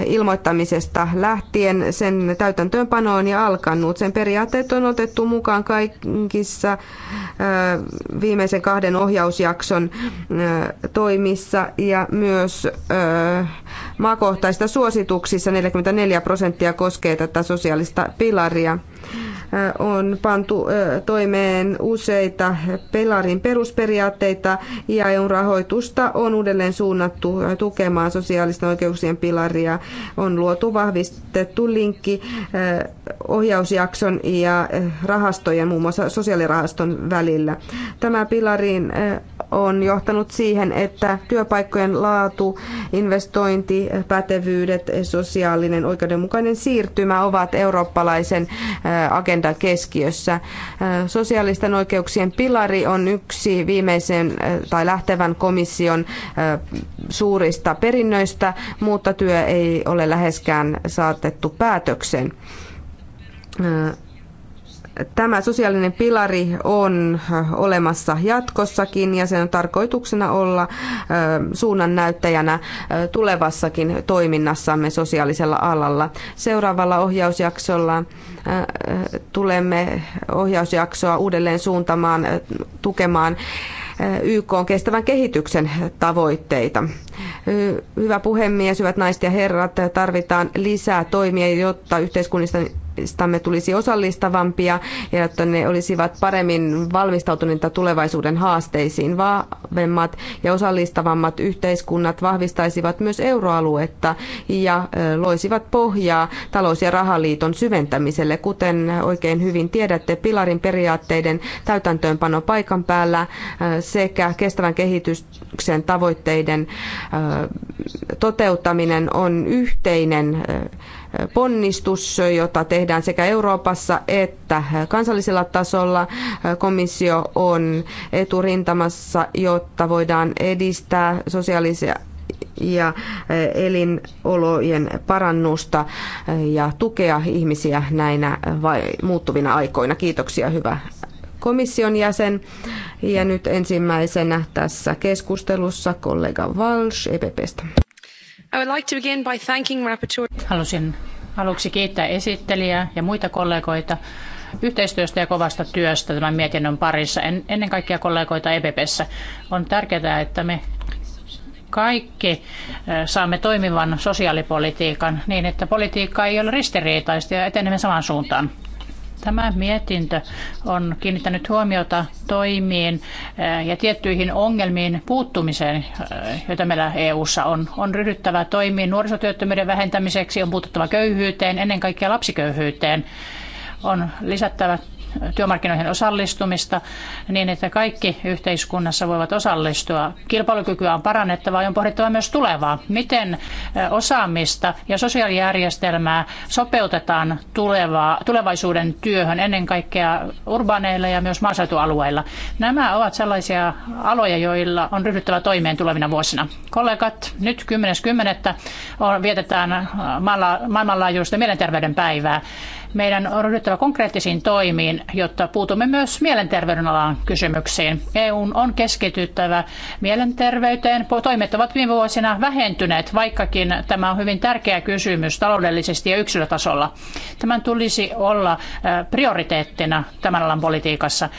ilmoittamisesta lähtien sen täytäntöönpano on jo alkanut. Sen periaatteet on otettu mukaan kaikissa viimeisen kahden ohjausjakson toimissa ja myös maakohtaisista suosituksissa 44 prosenttia koskee tätä sosiaalista pilaria on pantu toimeen useita pelarin perusperiaatteita ja EUn rahoitusta on uudelleen suunnattu tukemaan sosiaalisten oikeuksien pilaria. On luotu vahvistettu linkki ohjausjakson ja rahastojen, muun muassa sosiaalirahaston välillä. Tämä pilarin on johtanut siihen, että työpaikkojen laatu, investointi, pätevyydet, sosiaalinen oikeudenmukainen siirtymä ovat eurooppalaisen agendan agendan keskiössä. Sosiaalisten oikeuksien pilari on yksi viimeisen tai lähtevän komission suurista perinnöistä, mutta työ ei ole läheskään saatettu päätöksen Tämä sosiaalinen pilari on olemassa jatkossakin ja sen on tarkoituksena olla suunnannäyttäjänä tulevassakin toiminnassamme sosiaalisella alalla. Seuraavalla ohjausjaksolla tulemme ohjausjaksoa uudelleen suuntamaan tukemaan YK on kestävän kehityksen tavoitteita. Hyvä puhemies, hyvät naiset ja herrat, tarvitaan lisää toimia, jotta yhteiskunnista taloustamme tulisi osallistavampia ja jotta ne olisivat paremmin valmistautuneita tulevaisuuden haasteisiin. Vahvemmat ja osallistavammat yhteiskunnat vahvistaisivat myös euroaluetta ja loisivat pohjaa talous- ja rahaliiton syventämiselle. Kuten oikein hyvin tiedätte, pilarin periaatteiden täytäntöönpano paikan päällä sekä kestävän kehityksen tavoitteiden toteuttaminen on yhteinen ponnistus, jota tehdään sekä Euroopassa että kansallisella tasolla. Komissio on eturintamassa, jotta voidaan edistää sosiaalisia ja elinolojen parannusta ja tukea ihmisiä näinä muuttuvina aikoina. Kiitoksia, hyvä komission jäsen. Ja nyt ensimmäisenä tässä keskustelussa kollega Walsh EPPstä. I would like to begin by thanking rapporteur. Halusin aluksi kiittää esittelijää ja muita kollegoita yhteistyöstä ja kovasta työstä tämän mietinnön parissa, en, ennen kaikkea kollegoita EPPssä. On tärkeää, että me kaikki saamme toimivan sosiaalipolitiikan niin, että politiikka ei ole ristiriitaista ja etenemme samaan suuntaan. Tämä mietintö on kiinnittänyt huomiota toimiin eh, ja tiettyihin ongelmiin puuttumiseen, eh, joita meillä EU:ssa on. On ryhdyttävä toimiin nuorisotyöttömyyden vähentämiseksi, on puututtava köyhyyteen, ennen kaikkea lapsiköyhyyteen. On lisättävä työmarkkinoihin osallistumista niin, että kaikki yhteiskunnassa voivat osallistua. Kilpailukykyä on parannettava ja on pohdittava myös tulevaa. Miten osaamista ja sosiaalijärjestelmää sopeutetaan tulevaa, tulevaisuuden työhön ennen kaikkea urbaaneilla ja myös maaseutualueilla. Nämä ovat sellaisia aloja, joilla on ryhdyttävä toimeen tulevina vuosina. Kollegat, nyt 10.10. .10. vietetään maailmanlaajuista mielenterveyden päivää meidän on ryhdyttävä konkreettisiin toimiin, jotta puutumme myös mielenterveyden alan kysymyksiin. EUn on keskityttävä mielenterveyteen. Toimet ovat viime vuosina vähentyneet, vaikkakin tämä on hyvin tärkeä kysymys taloudellisesti ja yksilötasolla. Tämän tulisi olla prioriteettina tämän alan politiikassa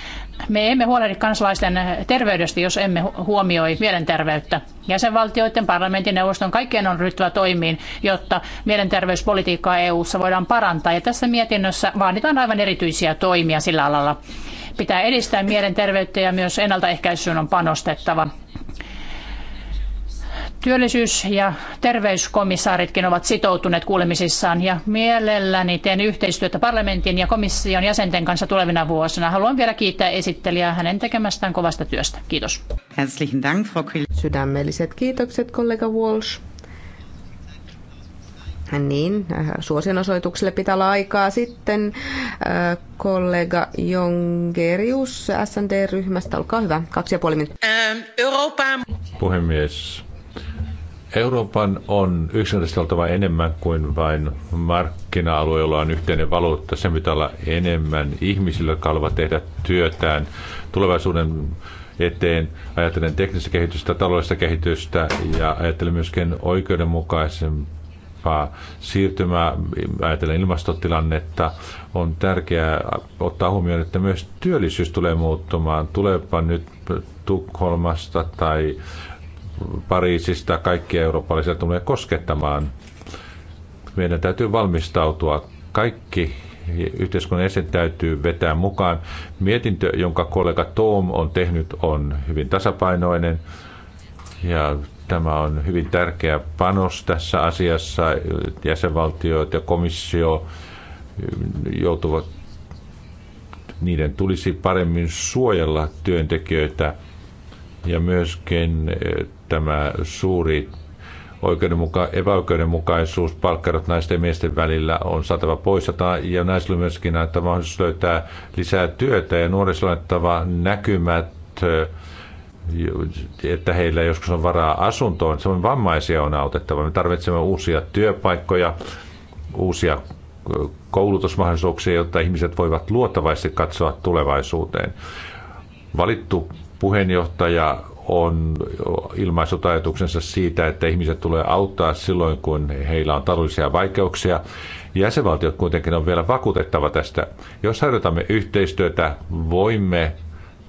me emme huolehdi kansalaisten terveydestä, jos emme huomioi mielenterveyttä. Jäsenvaltioiden, parlamentin, neuvoston, kaikkien on ryhtyvä toimiin, jotta mielenterveyspolitiikkaa EU-ssa voidaan parantaa. Ja tässä mietinnössä vaaditaan aivan erityisiä toimia sillä alalla. Pitää edistää mielenterveyttä ja myös ennaltaehkäisyyn on panostettava. Työllisyys- ja terveyskomissaaritkin ovat sitoutuneet kuulemisissaan ja mielelläni teen yhteistyötä parlamentin ja komission jäsenten kanssa tulevina vuosina. Haluan vielä kiittää esittelijää hänen tekemästään kovasta työstä. Kiitos. Herzlichen Dank, Frau Sydämelliset kiitokset, kollega Walsh. Niin, äh, suosionosoitukselle pitää olla aikaa sitten. Äh, kollega Jongerius SND-ryhmästä, olkaa hyvä. Kaksi ja puoli minuuttia. Ähm, Puhemies, Euroopan on yksinkertaisesti oltava enemmän kuin vain markkina-alue, jolla on yhteinen valuutta. Se pitää olla enemmän ihmisillä, jotka haluavat tehdä työtään tulevaisuuden eteen. Ajattelen teknistä kehitystä, taloudellista kehitystä ja ajattelen myöskin oikeudenmukaisempaa siirtymää. ajatellen ilmastotilannetta. On tärkeää ottaa huomioon, että myös työllisyys tulee muuttumaan. Tuleepa nyt Tukholmasta tai Pariisista kaikkia eurooppalaisia tulee koskettamaan. Meidän täytyy valmistautua. Kaikki yhteiskunnan jäsen täytyy vetää mukaan. Mietintö, jonka kollega Tom on tehnyt, on hyvin tasapainoinen ja tämä on hyvin tärkeä panos tässä asiassa. Jäsenvaltiot ja komissio joutuvat, niiden tulisi paremmin suojella työntekijöitä ja myöskin eh, tämä suuri oikeudenmuka- epäoikeudenmukaisuus palkkarat naisten ja miesten välillä on saatava pois, ja naisilla myöskin että mahdollisuus löytää lisää työtä, ja nuorisolle annettava näkymät, että heillä joskus on varaa asuntoon. Samoin vammaisia on autettava. Me tarvitsemme uusia työpaikkoja, uusia koulutusmahdollisuuksia, jotta ihmiset voivat luottavaisesti katsoa tulevaisuuteen. Valittu puheenjohtaja on ilmaissut ajatuksensa siitä, että ihmiset tulee auttaa silloin, kun heillä on taloudellisia vaikeuksia. Jäsenvaltiot kuitenkin on vielä vakuutettava tästä. Jos harjoitamme yhteistyötä, voimme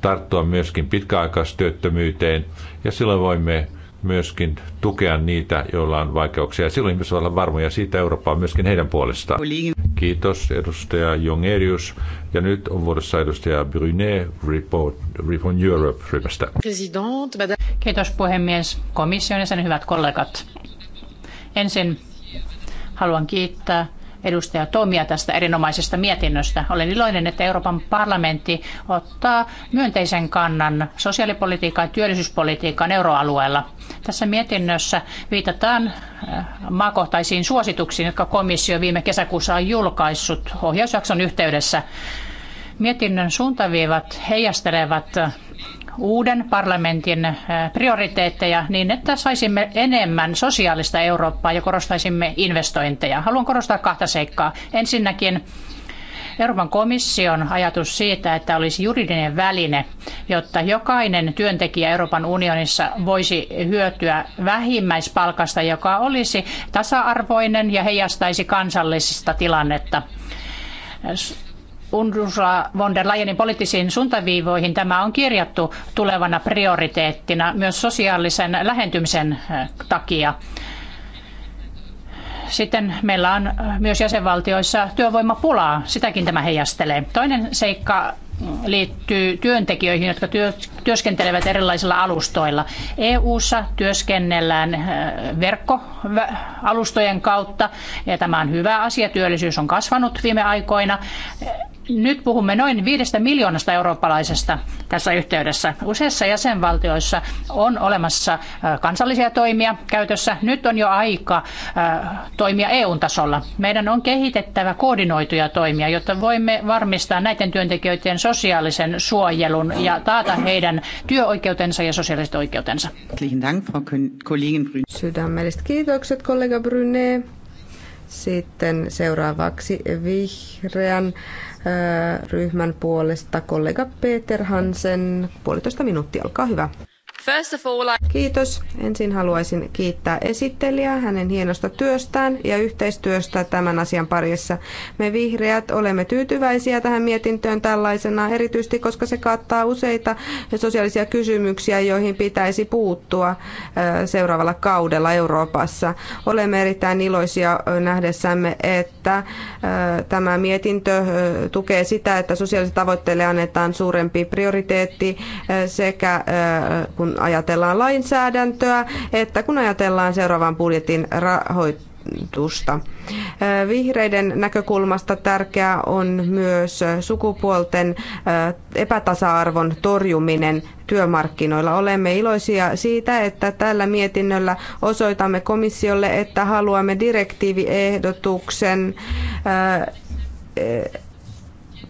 tarttua myöskin pitkäaikaistyöttömyyteen ja silloin voimme myöskin tukea niitä, joilla on vaikeuksia. Silloin ihmiset voivat olla varmoja siitä Eurooppaa myöskin heidän puolestaan. Kiitos edustaja Jongerius. Ja nyt on vuorossa edustaja Brunet Report, Report Europe-ryhmästä. Kiitos puhemies, komission ja sen hyvät kollegat. Ensin haluan kiittää edustaja Tomia tästä erinomaisesta mietinnöstä. Olen iloinen, että Euroopan parlamentti ottaa myönteisen kannan sosiaalipolitiikkaan ja työllisyyspolitiikkaan euroalueella. Tässä mietinnössä viitataan äh, maakohtaisiin suosituksiin, jotka komissio viime kesäkuussa on julkaissut ohjausjakson yhteydessä. Mietinnön suuntaviivat heijastelevat uuden parlamentin äh, prioriteetteja niin, että saisimme enemmän sosiaalista Eurooppaa ja korostaisimme investointeja. Haluan korostaa kahta seikkaa. Ensinnäkin Euroopan komission ajatus siitä, että olisi juridinen väline, jotta jokainen työntekijä Euroopan unionissa voisi hyötyä vähimmäispalkasta, joka olisi tasa-arvoinen ja heijastaisi kansallista tilannetta Ursula von der Leyenin poliittisiin suuntaviivoihin tämä on kirjattu tulevana prioriteettina myös sosiaalisen lähentymisen äh, takia. Sitten meillä on äh, myös jäsenvaltioissa työvoimapulaa, sitäkin tämä heijastelee. Toinen seikka mm, liittyy työntekijöihin, jotka työskentelevät erilaisilla alustoilla. EU-ssa työskennellään äh, verkkoalustojen kautta ja tämä on hyvä asia. Työllisyys on kasvanut viime aikoina nyt puhumme noin viidestä miljoonasta eurooppalaisesta tässä yhteydessä. Useissa jäsenvaltioissa on olemassa kansallisia toimia käytössä. Nyt on jo aika toimia EU-tasolla. Meidän on kehitettävä koordinoituja toimia, jotta voimme varmistaa näiden työntekijöiden sosiaalisen suojelun ja taata heidän työoikeutensa ja sosiaaliset oikeutensa. Sydämelliset kiitokset kollega Bryne. Sitten seuraavaksi vihreän ryhmän puolesta kollega Peter Hansen. Puolitoista minuuttia, olkaa hyvä. Kiitos. Ensin haluaisin kiittää esittelijää hänen hienosta työstään ja yhteistyöstä tämän asian parissa. Me vihreät olemme tyytyväisiä tähän mietintöön tällaisena, erityisesti koska se kattaa useita sosiaalisia kysymyksiä, joihin pitäisi puuttua seuraavalla kaudella Euroopassa. Olemme erittäin iloisia nähdessämme, että tämä mietintö tukee sitä, että sosiaalisille tavoitteille annetaan suurempi prioriteetti sekä kun ajatellaan lainsäädäntöä, että kun ajatellaan seuraavan budjetin rahoitusta. koulutusta. Vihreiden näkökulmasta tärkeää on myös sukupuolten epätasa-arvon torjuminen työmarkkinoilla. Olemme iloisia siitä, että tällä mietinnöllä osoitamme komissiolle, että haluamme direktiiviehdotuksen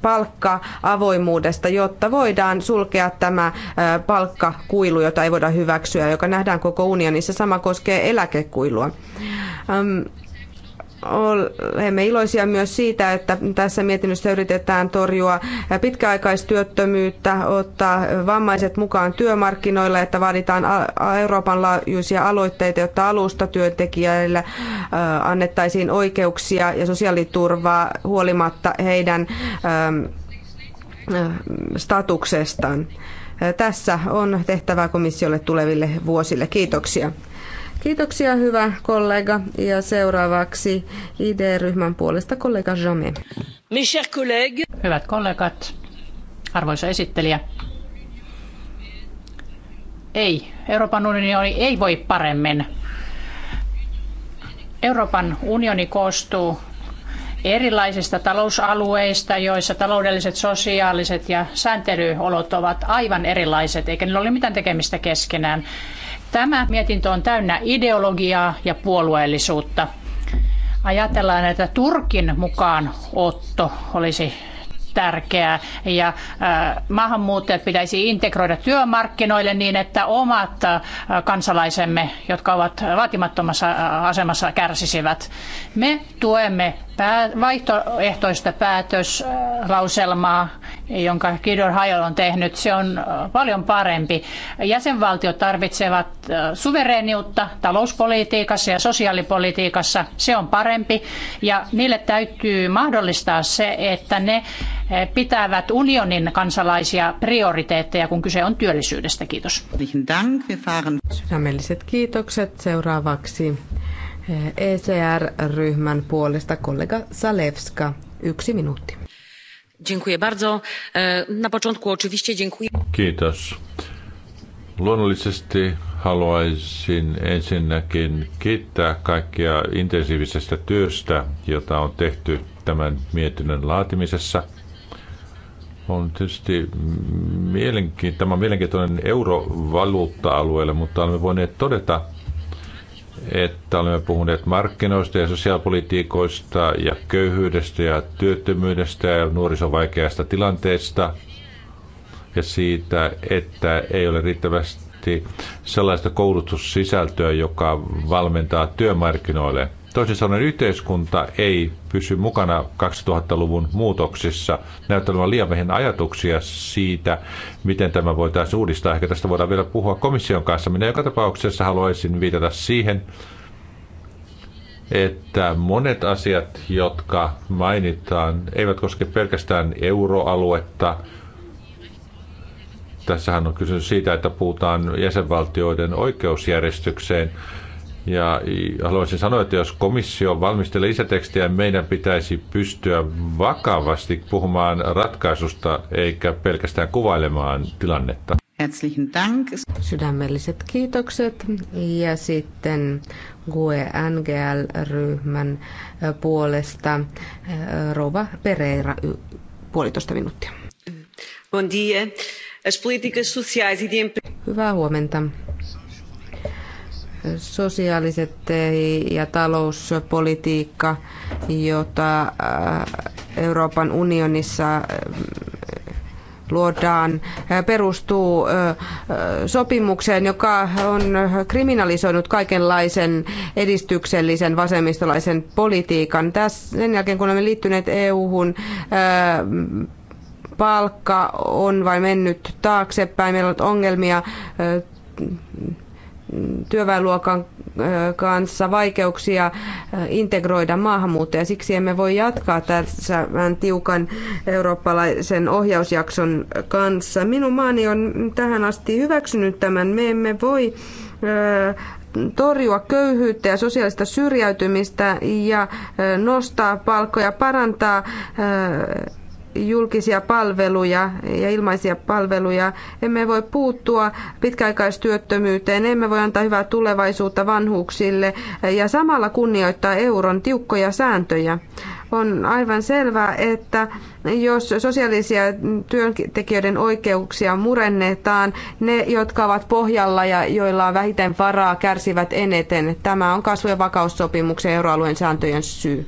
palkka-avoimuudesta, jotta voidaan sulkea tämä palkkakuilu, jota ei voida hyväksyä, joka nähdään koko unionissa. Sama koskee eläkekuilua olemme iloisia myös siitä, että tässä mietinnössä yritetään torjua pitkäaikaistyöttömyyttä, ottaa vammaiset mukaan työmarkkinoilla, että vaaditaan Euroopan laajuisia aloitteita, jotta alustatyöntekijöille äh, annettaisiin oikeuksia ja sosiaaliturvaa huolimatta heidän ähm, äh, statuksestaan. Äh, tässä on tehtävää komissiolle tuleville vuosille. Kiitoksia. Kiitoksia hyvä kollega ja seuraavaksi ID-ryhmän puolesta kollega Jame. Hyvät kollegat, arvoisa esittelijä. Ei, Euroopan unioni ei voi paremmin. Euroopan unioni koostuu erilaisista talousalueista, joissa taloudelliset, sosiaaliset ja sääntelyolot ovat aivan erilaiset, eikä niillä ole mitään tekemistä keskenään. Tämä mietintö on täynnä ideologiaa ja puolueellisuutta. Ajatellaan, että Turkin mukaan otto olisi tärkeää ja äh, maahanmuuttajat pitäisi integroida työmarkkinoille niin, että omat äh, kansalaisemme, jotka ovat vaatimattomassa äh, asemassa, kärsisivät. Me tuemme vaihtoehtoista päätöslauselmaa, jonka Kidor Hajol on tehnyt, se on paljon parempi. Jäsenvaltiot tarvitsevat suvereeniutta talouspolitiikassa ja sosiaalipolitiikassa. Se on parempi ja niille täytyy mahdollistaa se, että ne pitävät unionin kansalaisia prioriteetteja, kun kyse on työllisyydestä. Kiitos. Sydämelliset kiitokset. Seuraavaksi ECR-ryhmän puolesta kollega Salewska. Yksi minuutti. E, Kiitos. Luonnollisesti haluaisin ensinnäkin kiittää kaikkia intensiivisestä työstä, jota on tehty tämän mietinnön laatimisessa. On tietysti mielenki- tämä on mielenkiintoinen eurovaluutta-alueelle, mutta olemme voineet todeta, että olemme puhuneet markkinoista ja sosiaalipolitiikoista ja köyhyydestä ja työttömyydestä ja nuorisovaikeasta tilanteesta ja siitä, että ei ole riittävästi sellaista koulutussisältöä, joka valmentaa työmarkkinoille – Toisin sanoen yhteiskunta ei pysy mukana 2000-luvun muutoksissa. Näyttää olevan liian vähän ajatuksia siitä, miten tämä voitaisiin uudistaa. Ehkä tästä voidaan vielä puhua komission kanssa. Minä joka tapauksessa haluaisin viitata siihen, että monet asiat, jotka mainitaan, eivät koske pelkästään euroaluetta. Tässähän on kysymys siitä, että puhutaan jäsenvaltioiden oikeusjärjestykseen ja haluaisin sanoa, että jos komissio valmistelee lisätekstiä, meidän pitäisi pystyä vakavasti puhumaan ratkaisusta eikä pelkästään kuvailemaan tilannetta. Herzlichen Dank. Sydämelliset kiitokset. Ja sitten GUE NGL-ryhmän puolesta Rova Pereira puolitoista minuuttia. Bon dia. As e de Hyvää huomenta sosiaaliset ja talouspolitiikka, jota äh, Euroopan unionissa äh, luodaan, äh, perustuu sopimukseen, joka on kriminalisoinut kaikenlaisen edistyksellisen vasemmistolaisen politiikan. Tässä, sen jälkeen, kun olemme liittyneet EU-hun, palkka on vain mennyt taaksepäin. Meillä on ongelmia työväenluokan kanssa vaikeuksia integroida maahanmuuttajia. Siksi emme voi jatkaa tässä vähän tiukan eurooppalaisen ohjausjakson kanssa. Minun maani on tähän asti hyväksynyt tämän. Me emme voi torjua köyhyyttä ja sosiaalista syrjäytymistä ja nostaa palkkoja, parantaa julkisia palveluja ja ilmaisia palveluja. Emme voi puuttua pitkäaikaistyöttömyyteen, emme voi antaa hyvää tulevaisuutta vanhuksille ja samalla kunnioittaa euron tiukkoja sääntöjä. On aivan selvää, että jos sosiaalisia työntekijöiden oikeuksia murennetaan, ne, jotka ovat pohjalla ja joilla on vähiten varaa, kärsivät eniten. Tämä on kasvu- ja vakaussopimuksen euroalueen sääntöjen syy.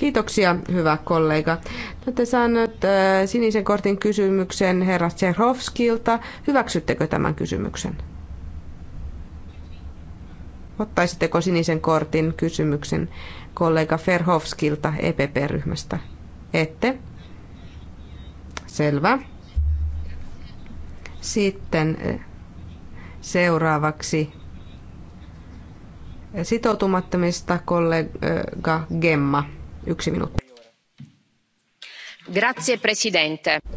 Kiitoksia, hyvä kollega. Olette saaneet äh, sinisen kortin kysymyksen herra Tserhovskilta. Hyväksyttekö tämän kysymyksen? Ottaisitteko sinisen kortin kysymyksen kollega Ferhovskilta EPP-ryhmästä? Ette. Selvä. Sitten äh, seuraavaksi sitoutumattomista kollega Gemma.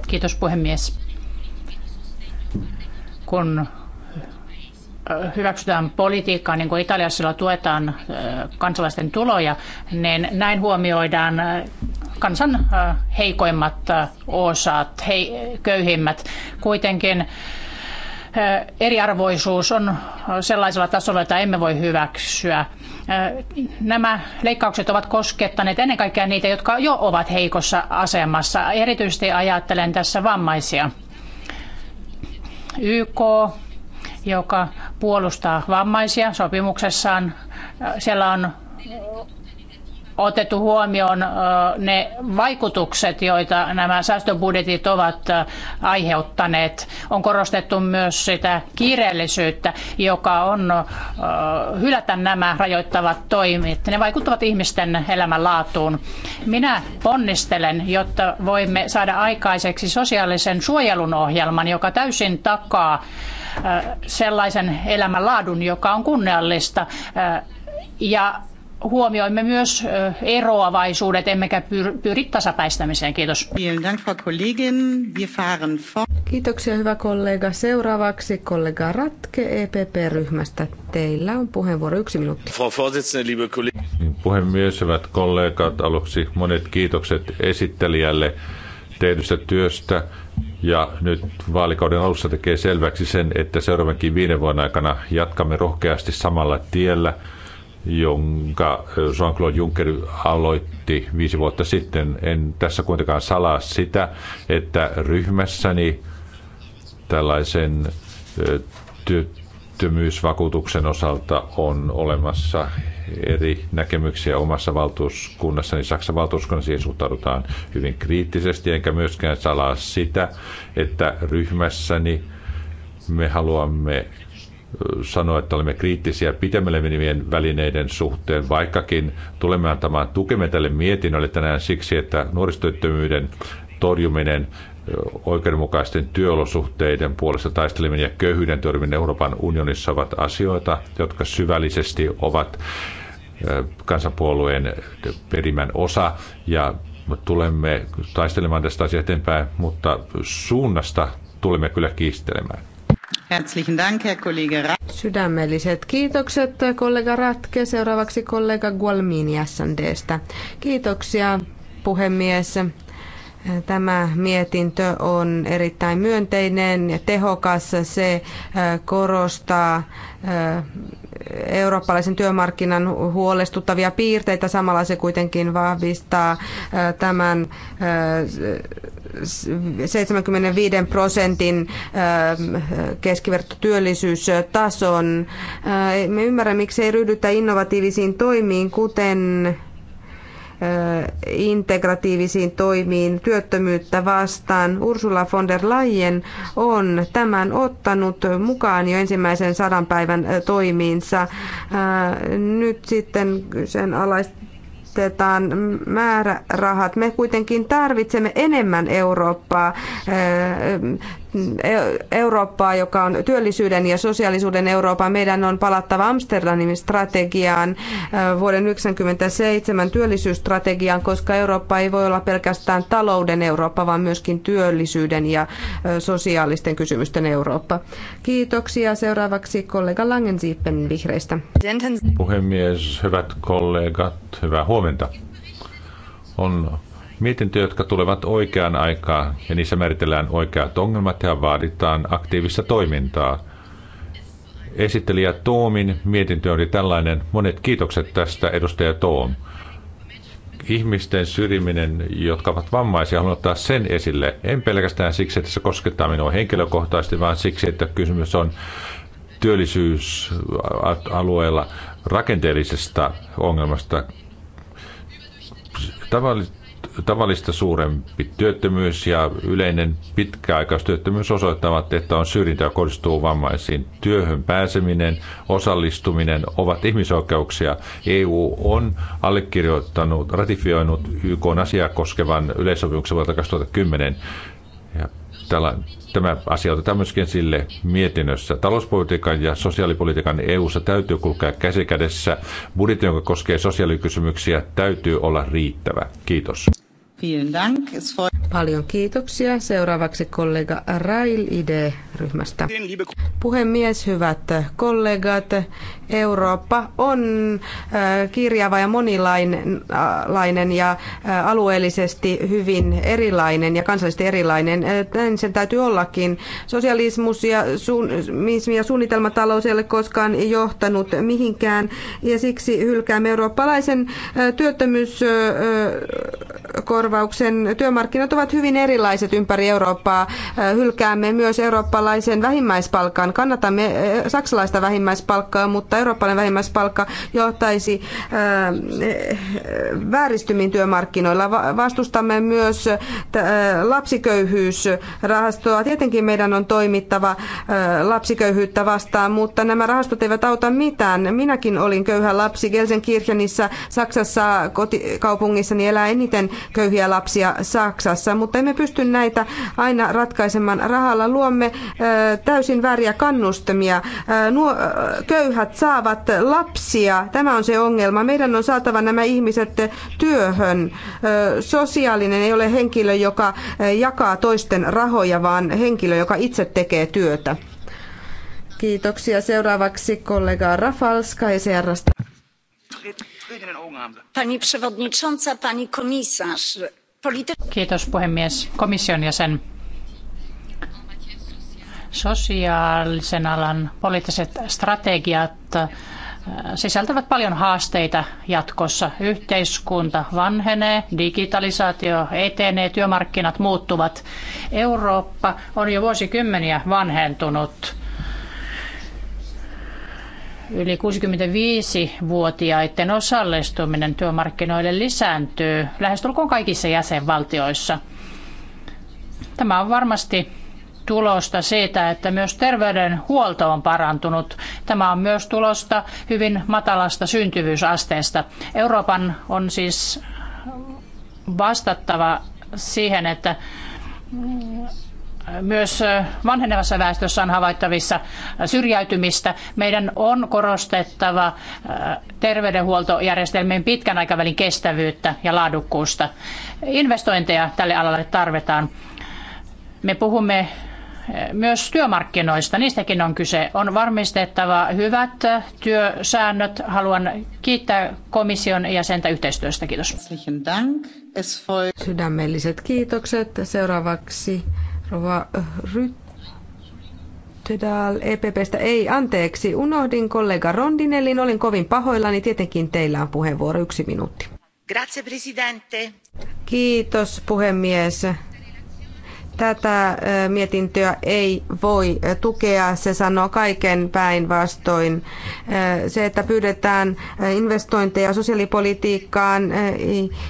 Kiitos puhemies. Kun äh, hyväksytään politiikkaa, niin kuin Italiassa tuetaan äh, kansalaisten tuloja, niin näin huomioidaan äh, kansan heikoimmat osat, köyhimmät. Kuitenkin eriarvoisuus on sellaisella tasolla, jota emme voi hyväksyä. Nämä leikkaukset ovat koskettaneet ennen kaikkea niitä, jotka jo ovat heikossa asemassa. Erityisesti ajattelen tässä vammaisia. YK, joka puolustaa vammaisia sopimuksessaan, siellä on otettu huomioon ne vaikutukset, joita nämä säästöbudjetit ovat aiheuttaneet. On korostettu myös sitä kiireellisyyttä, joka on hylätä nämä rajoittavat toimet, Ne vaikuttavat ihmisten elämänlaatuun. Minä ponnistelen, jotta voimme saada aikaiseksi sosiaalisen suojelun ohjelman, joka täysin takaa sellaisen elämänlaadun, joka on kunniallista ja huomioimme myös eroavaisuudet, emmekä pyri tasapäistämiseen. Kiitos. Kiitoksia hyvä kollega. Seuraavaksi kollega Ratke EPP-ryhmästä. Teillä on puheenvuoro yksi minuutti. Puhemies, hyvät kollegat, aluksi monet kiitokset esittelijälle tehdystä työstä. Ja nyt vaalikauden alussa tekee selväksi sen, että seuraavankin viiden vuoden aikana jatkamme rohkeasti samalla tiellä – jonka Jean-Claude Juncker aloitti viisi vuotta sitten. En tässä kuitenkaan salaa sitä, että ryhmässäni tällaisen työttömyysvakuutuksen osalta on olemassa eri näkemyksiä omassa valtuuskunnassani. Niin Saksan valtuuskunnassa siihen suhtaudutaan hyvin kriittisesti, enkä myöskään salaa sitä, että ryhmässäni me haluamme sanoa, että olemme kriittisiä pitemmälle menevien välineiden suhteen, vaikkakin tulemme antamaan tukemme tälle mietinnölle tänään siksi, että nuoristyöttömyyden torjuminen oikeudenmukaisten työolosuhteiden puolesta taisteleminen ja köyhyyden torjuminen Euroopan unionissa ovat asioita, jotka syvällisesti ovat kansanpuolueen perimän osa ja tulemme taistelemaan tästä asiasta eteenpäin, mutta suunnasta tulemme kyllä kiistelemään. Sydämelliset kiitokset kollega Ratke. Seuraavaksi kollega Gualmini SNDstä. Kiitoksia puhemies. Tämä mietintö on erittäin myönteinen ja tehokas. Se äh, korostaa äh, eurooppalaisen työmarkkinan huolestuttavia piirteitä. Samalla se kuitenkin vahvistaa äh, tämän 75 prosentin ähm, keskivertotyöllisyystason. Äh, me ymmärrämme, miksi ei ryhdytä innovatiivisiin toimiin, kuten äh, integratiivisiin toimiin työttömyyttä vastaan. Ursula von der Leyen on tämän ottanut mukaan jo ensimmäisen sadan päivän äh, toimiinsa. Nyt sitten sen alaista nostetaan määrärahat. Me kuitenkin tarvitsemme enemmän Eurooppaa E- Eurooppaa, joka on työllisyyden ja sosiaalisuuden Eurooppa. Meidän on palattava Amsterdamin strategiaan vuoden 1997 työllisyysstrategiaan, koska Eurooppa ei voi olla pelkästään talouden Eurooppa, vaan myöskin työllisyyden ja sosiaalisten kysymysten Eurooppa. Kiitoksia. Seuraavaksi kollega Langensiepen vihreistä. Puhemies, hyvät kollegat, hyvää huomenta. On mietintöjä, jotka tulevat oikeaan aikaan ja niissä määritellään oikeat ongelmat ja vaaditaan aktiivista toimintaa. Esittelijä Toomin mietintö oli tällainen. Monet kiitokset tästä, edustaja Toom. Ihmisten syrjiminen, jotka ovat vammaisia, haluan ottaa sen esille. En pelkästään siksi, että se koskettaa minua henkilökohtaisesti, vaan siksi, että kysymys on työllisyysalueella rakenteellisesta ongelmasta, tavalliset tavallista suurempi työttömyys ja yleinen pitkäaikaistyöttömyys osoittavat, että on syrjintää kohdistuu vammaisiin. Työhön pääseminen, osallistuminen ovat ihmisoikeuksia. EU on allekirjoittanut, ratifioinut YK asiaa koskevan yleissopimuksen vuodelta 2010. Ja tällä, tämä asia otetaan myöskin sille mietinnössä. Talouspolitiikan ja sosiaalipolitiikan EU-ssa täytyy kulkea käsikädessä. Budjetti, joka koskee sosiaalikysymyksiä, täytyy olla riittävä. Kiitos. Paljon kiitoksia. Seuraavaksi kollega Rail ID-ryhmästä. Puhemies, hyvät kollegat, Eurooppa on kirjava ja monilainen ja alueellisesti hyvin erilainen ja kansallisesti erilainen. Näin sen täytyy ollakin. Sosialismus ja, suun, ja suunnitelmatalous ei ole koskaan johtanut mihinkään ja siksi hylkäämme eurooppalaisen työttömyyskorvauksen. Työmarkkinat ovat hyvin erilaiset ympäri Eurooppaa. Hylkäämme myös eurooppalaisen vähimmäispalkan. Kannatamme saksalaista vähimmäispalkkaa, mutta eurooppalainen vähimmäispalkka johtaisi äh, vääristymiin työmarkkinoilla. Vastustamme myös äh, lapsiköyhyysrahastoa. Tietenkin meidän on toimittava äh, lapsiköyhyyttä vastaan, mutta nämä rahastot eivät auta mitään. Minäkin olin köyhä lapsi Gelsenkirchenissä, Saksassa kotikaupungissani elää eniten köyhiä lapsia Saksassa, mutta emme pysty näitä aina ratkaisemaan rahalla. Luomme täysin vääriä kannustamia. Nuo köyhät saavat lapsia. Tämä on se ongelma. Meidän on saatava nämä ihmiset työhön. Sosiaalinen ei ole henkilö, joka jakaa toisten rahoja, vaan henkilö, joka itse tekee työtä. Kiitoksia. Seuraavaksi kollega Rafalska ECRstä. Pani przewodnicząca, pani komisarz. Kiitos puhemies, komission jäsen Sosiaalisen alan poliittiset strategiat äh, sisältävät paljon haasteita jatkossa. Yhteiskunta vanhenee, digitalisaatio etenee, työmarkkinat muuttuvat. Eurooppa on jo vuosikymmeniä vanhentunut. Yli 65-vuotiaiden osallistuminen työmarkkinoille lisääntyy lähestulkoon kaikissa jäsenvaltioissa. Tämä on varmasti tulosta siitä, että myös terveydenhuolto on parantunut. Tämä on myös tulosta hyvin matalasta syntyvyysasteesta. Euroopan on siis vastattava siihen, että myös vanhenevassa väestössä on havaittavissa syrjäytymistä. Meidän on korostettava terveydenhuoltojärjestelmien pitkän aikavälin kestävyyttä ja laadukkuutta. Investointeja tälle alalle tarvitaan. Me puhumme myös työmarkkinoista, niistäkin on kyse. On varmistettava hyvät työsäännöt. Haluan kiittää komission jäsentä yhteistyöstä. Kiitos. Sydämelliset kiitokset. Seuraavaksi Rova Ryttedal EPPstä. Ei, anteeksi, unohdin kollega Rondinellin. Olin kovin pahoillani. Tietenkin teillä on puheenvuoro yksi minuutti. Grazie, presidente. Kiitos puhemies. Tätä mietintöä ei voi tukea, se sanoo kaiken päinvastoin. Se, että pyydetään investointeja sosiaalipolitiikkaan,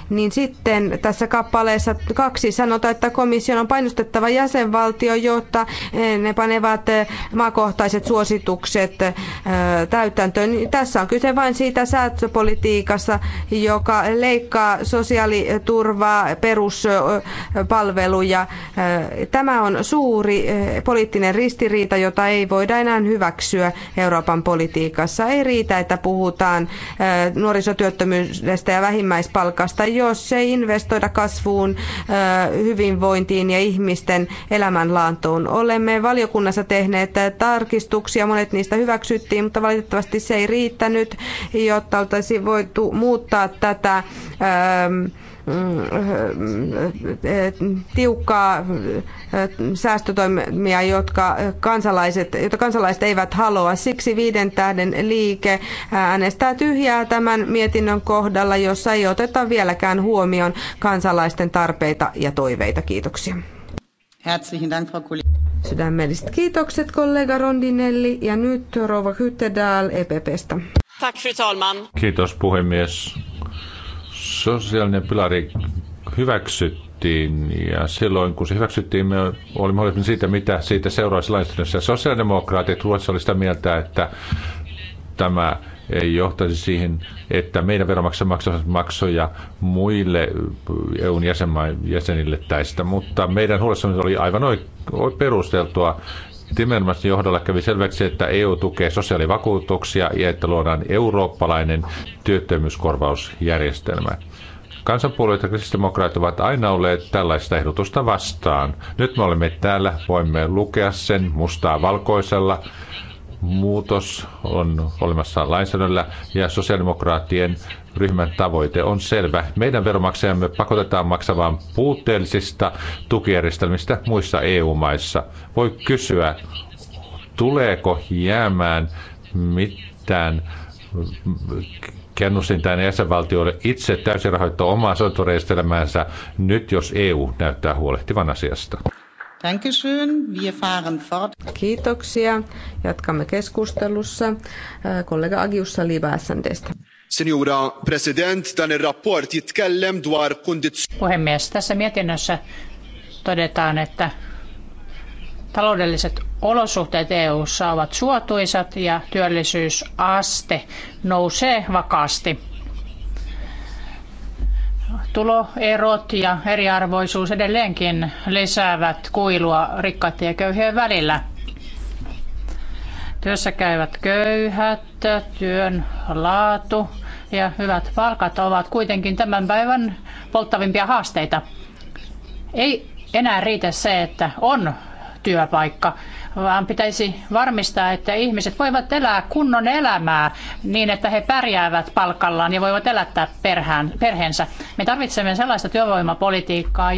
niin sitten tässä kappaleessa kaksi sanotaan, että komission on painostettava jäsenvaltio, jotta ne panevat maakohtaiset suositukset täytäntöön. Tässä on kyse vain siitä säätöpolitiikassa, joka leikkaa sosiaaliturvaa, peruspalveluja, Tämä on suuri poliittinen ristiriita, jota ei voida enää hyväksyä Euroopan politiikassa. Ei riitä, että puhutaan nuorisotyöttömyydestä ja vähimmäispalkasta, jos ei investoida kasvuun, hyvinvointiin ja ihmisten elämänlaantoon. Olemme valiokunnassa tehneet tarkistuksia, monet niistä hyväksyttiin, mutta valitettavasti se ei riittänyt, jotta oltaisiin voitu muuttaa tätä tiukkaa eh, säästötoimia, jotka kansalaiset, jotka kansalaiset eivät halua. Siksi viiden tähden liike äänestää tyhjää tämän mietinnön kohdalla, jossa ei oteta vieläkään huomioon kansalaisten tarpeita ja toiveita. Kiitoksia. Herzlichen Dank, Frau Sydämelliset kiitokset kollega Rondinelli ja nyt Rova Hyttedal EPPstä. Tack, fru talman. Kiitos puhemies sosiaalinen pilari hyväksyttiin ja silloin kun se hyväksyttiin, me olimme huolimatta siitä, mitä siitä seuraavassa lainsäädännössä. Sosiaalidemokraatit Ruotsissa oli sitä mieltä, että tämä ei johtaisi siihen, että meidän veromaksa maksavat maksoja muille EUn jäsenmaiden jäsenille tästä, mutta meidän huolessamme oli aivan perusteltua, Timmermansin johdolla kävi selväksi, että EU tukee sosiaalivakuutuksia ja että luodaan eurooppalainen työttömyyskorvausjärjestelmä. Kansanpuolueet ja kristillisdemokraatit ovat aina olleet tällaista ehdotusta vastaan. Nyt me olemme täällä, voimme lukea sen mustaa valkoisella. Muutos on olemassa lainsäädännöllä ja sosiaalidemokraattien ryhmän tavoite on selvä. Meidän veromaksajamme pakotetaan maksamaan puutteellisista tukijärjestelmistä muissa EU-maissa. Voi kysyä, tuleeko jäämään mitään tämän jäsenvaltioille itse täysin rahoittaa omaa soitorejärjestelmäänsä nyt, jos EU näyttää huolehtivan asiasta. Kiitoksia. Jatkamme keskustelussa. Kollega Agius Salibäsendestä. Signora President, dwar Puhemies, tässä mietinnössä todetaan, että taloudelliset olosuhteet EU:ssa ovat suotuisat ja työllisyysaste nousee vakaasti. Tuloerot ja eriarvoisuus edelleenkin lisäävät kuilua rikkaiden ja köyhien välillä. Työssä käyvät köyhät, työn laatu ja hyvät palkat ovat kuitenkin tämän päivän polttavimpia haasteita. Ei enää riitä se, että on työpaikka vaan pitäisi varmistaa, että ihmiset voivat elää kunnon elämää niin, että he pärjäävät palkallaan ja voivat elättää perhään, perheensä. Me tarvitsemme sellaista työvoimapolitiikkaa,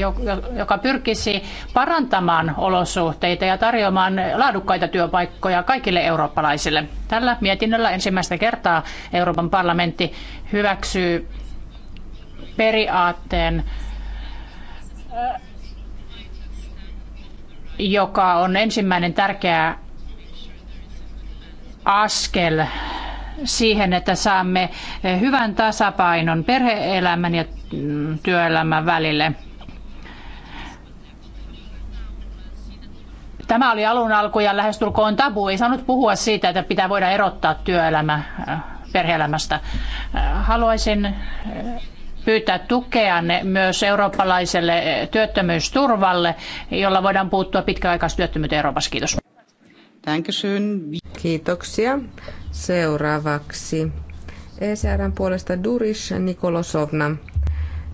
joka pyrkisi parantamaan olosuhteita ja tarjoamaan laadukkaita työpaikkoja kaikille eurooppalaisille. Tällä mietinnöllä ensimmäistä kertaa Euroopan parlamentti hyväksyy periaatteen joka on ensimmäinen tärkeä askel siihen, että saamme hyvän tasapainon perheelämän ja työelämän välille. Tämä oli alun alku ja lähestulkoon tabu. Ei saanut puhua siitä, että pitää voida erottaa työelämä perheelämästä. Haluaisin pyytää tukea myös eurooppalaiselle työttömyysturvalle, jolla voidaan puuttua pitkäaikaistyöttömyyteen Euroopassa. Kiitos. Kiitoksia. Seuraavaksi ECRn puolesta Duris Nikolosovna.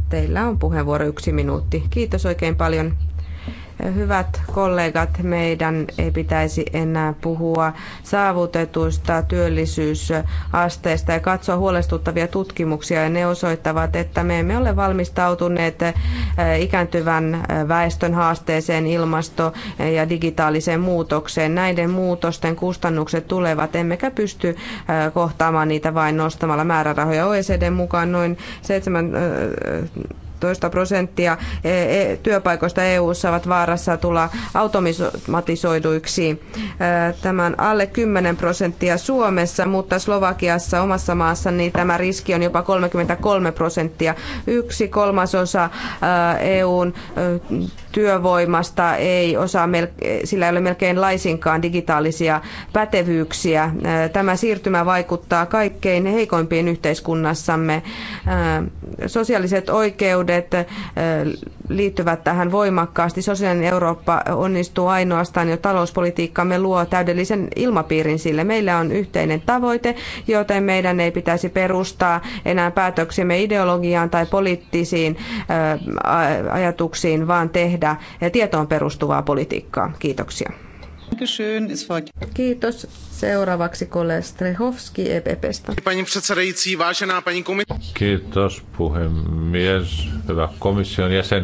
Teillä on puheenvuoro yksi minuutti. Kiitos oikein paljon Hyvät kollegat, meidän ei pitäisi enää puhua saavutetuista työllisyysasteista ja katsoa huolestuttavia tutkimuksia. Ja ne osoittavat, että me emme ole valmistautuneet eh, ikääntyvän eh, väestön haasteeseen, ilmasto- ja digitaaliseen muutokseen. Näiden muutosten kustannukset tulevat, emmekä pysty eh, kohtaamaan niitä vain nostamalla määrärahoja. OECD mukaan noin 7 12 prosenttia e, e, työpaikoista EU-ssa ovat vaarassa tulla automatisoiduiksi. E, tämän alle 10 prosenttia Suomessa, mutta Slovakiassa omassa maassa niin tämä riski on jopa 33 prosenttia. Yksi kolmasosa EUn työvoimasta, ei osaa sillä ei ole melkein laisinkaan digitaalisia pätevyyksiä. Äh, tämä siirtymä vaikuttaa kaikkein heikoimpiin yhteiskunnassamme. Äh, sosiaaliset oikeudet äh, liittyvät tähän voimakkaasti. Sosiaalinen Eurooppa onnistuu ainoastaan, jo talouspolitiikkamme luo täydellisen ilmapiirin sille. Meillä on yhteinen tavoite, joten meidän ei pitäisi perustaa enää päätöksiämme, ideologiaan tai poliittisiin ajatuksiin, vaan tehdä tehdä tietoon perustuvaa politiikkaa. Kiitoksia. Kiitos. Seuraavaksi Kole Strehovski EPPstä. Kiitos puhemies, hyvä komission jäsen.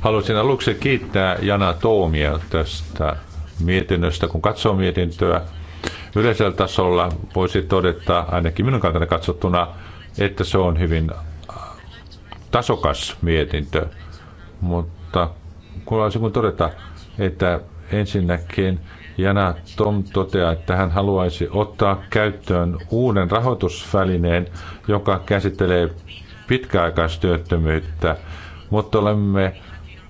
Haluaisin aluksi kiittää Jana Toomia tästä mietinnöstä. Kun katsoo mietintöä yleisellä tasolla, voisi todeta ainakin minun kantani katsottuna, että se on hyvin tasokas mietintö. Mutta kun haluaisin todeta, että ensinnäkin Jana Tom toteaa, että hän haluaisi ottaa käyttöön uuden rahoitusvälineen, joka käsittelee pitkäaikaistyöttömyyttä, mutta olemme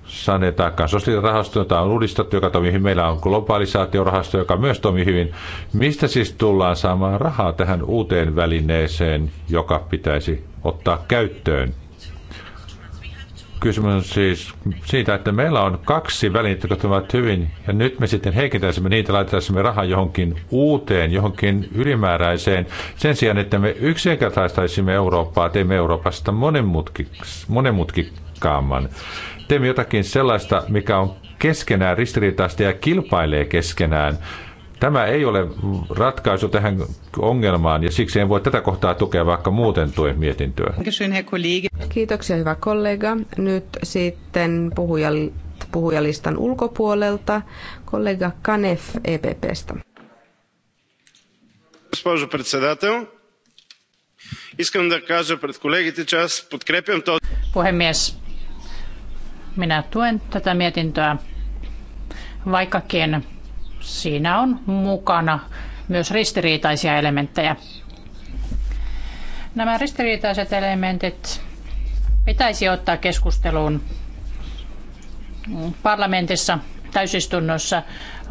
saaneet aikaan sosiaalirahasto, jota on uudistettu, joka toimii hyvin. Meillä on globalisaatiorahasto, joka myös toimii hyvin. Mistä siis tullaan saamaan rahaa tähän uuteen välineeseen, joka pitäisi ottaa käyttöön? kysymys on siis siitä, että meillä on kaksi välinettä, jotka ovat hyvin, ja nyt me sitten heikentäisimme niitä, laittaisimme rahaa johonkin uuteen, johonkin ylimääräiseen, sen sijaan, että me yksinkertaistaisimme Eurooppaa, teemme Euroopasta monenmutkikkaamman. Teemme jotakin sellaista, mikä on keskenään ristiriitaista ja kilpailee keskenään. Tämä ei ole ratkaisu tähän ongelmaan ja siksi en voi tätä kohtaa tukea, vaikka muuten tuen mietintöä. Kiitoksia hyvä kollega. Nyt sitten puhujalistan ulkopuolelta kollega Kanef EPPstä. Puhemies, minä tuen tätä mietintöä, vaikkakin siinä on mukana myös ristiriitaisia elementtejä. Nämä ristiriitaiset elementit pitäisi ottaa keskusteluun parlamentissa täysistunnossa.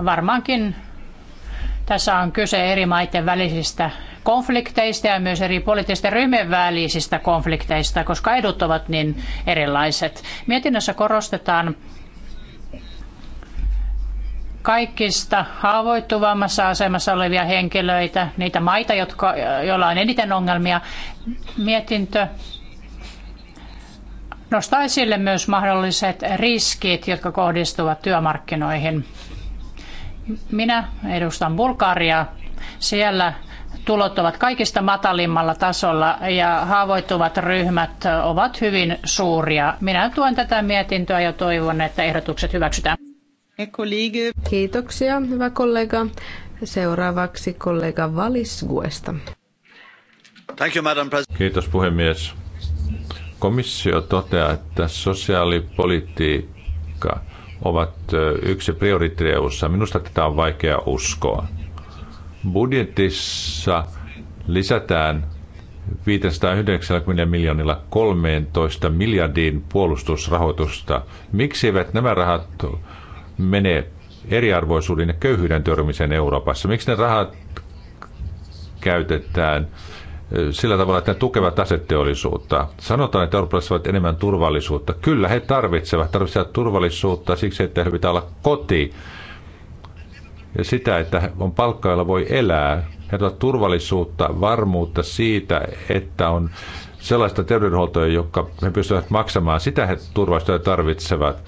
Varmaankin tässä on kyse eri maiden välisistä konflikteista ja myös eri poliittisten ryhmien välisistä konflikteista, koska edut ovat niin erilaiset. Mietinnössä korostetaan kaikista haavoittuvammassa asemassa olevia henkilöitä, niitä maita, jotka, joilla on eniten ongelmia. Mietintö nostaa esille myös mahdolliset riskit, jotka kohdistuvat työmarkkinoihin. Minä edustan Bulgariaa. Siellä tulot ovat kaikista matalimmalla tasolla ja haavoittuvat ryhmät ovat hyvin suuria. Minä tuen tätä mietintöä ja toivon, että ehdotukset hyväksytään. Kiitoksia, hyvä kollega. Seuraavaksi kollega Valis Guesta. Kiitos puhemies. Komissio toteaa, että sosiaalipolitiikka ovat yksi prioriteeussa. Minusta tätä on vaikea uskoa. Budjetissa lisätään 590 miljoonilla 13 miljardiin puolustusrahoitusta. Miksi eivät nämä rahat menee eriarvoisuuden ja köyhyyden törmisen Euroopassa? Miksi ne rahat käytetään sillä tavalla, että ne tukevat aseteollisuutta. Sanotaan, että Euroopassa ovat enemmän turvallisuutta. Kyllä he tarvitsevat, tarvitsevat turvallisuutta siksi, että he pitää olla koti. Ja sitä, että on palkkailla voi elää. He ovat turvallisuutta, varmuutta siitä, että on sellaista terveydenhuoltoa, joka he pystyvät maksamaan. Sitä he turvallisuutta tarvitsevat.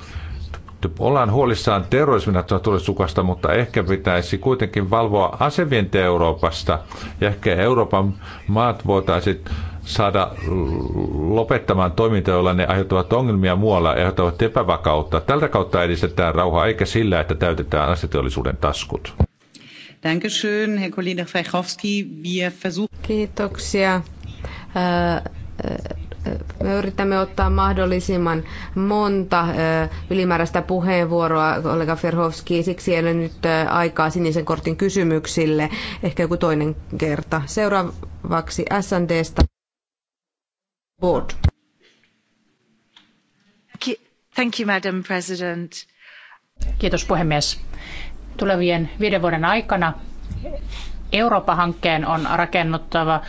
Ollaan huolissaan terrorismin tulisukasta, mutta ehkä pitäisi kuitenkin valvoa asevientiä Euroopasta. Ja ehkä Euroopan maat voitaisiin saada lopettamaan toiminta, jolla ne aiheuttavat ongelmia muualla ja aiheuttavat epävakautta. Tältä kautta edistetään rauhaa, eikä sillä, että täytetään aseteollisuuden taskut. Kiitoksia. Äh, äh me yritämme ottaa mahdollisimman monta ylimääräistä puheenvuoroa, kollega Ferhovski, siksi ei ole nyt aikaa sinisen kortin kysymyksille, ehkä joku toinen kerta. Seuraavaksi SNDstä. Board. Thank you, Madam President. Kiitos puhemies. Tulevien viiden vuoden aikana Eurooppa-hankkeen on rakennuttava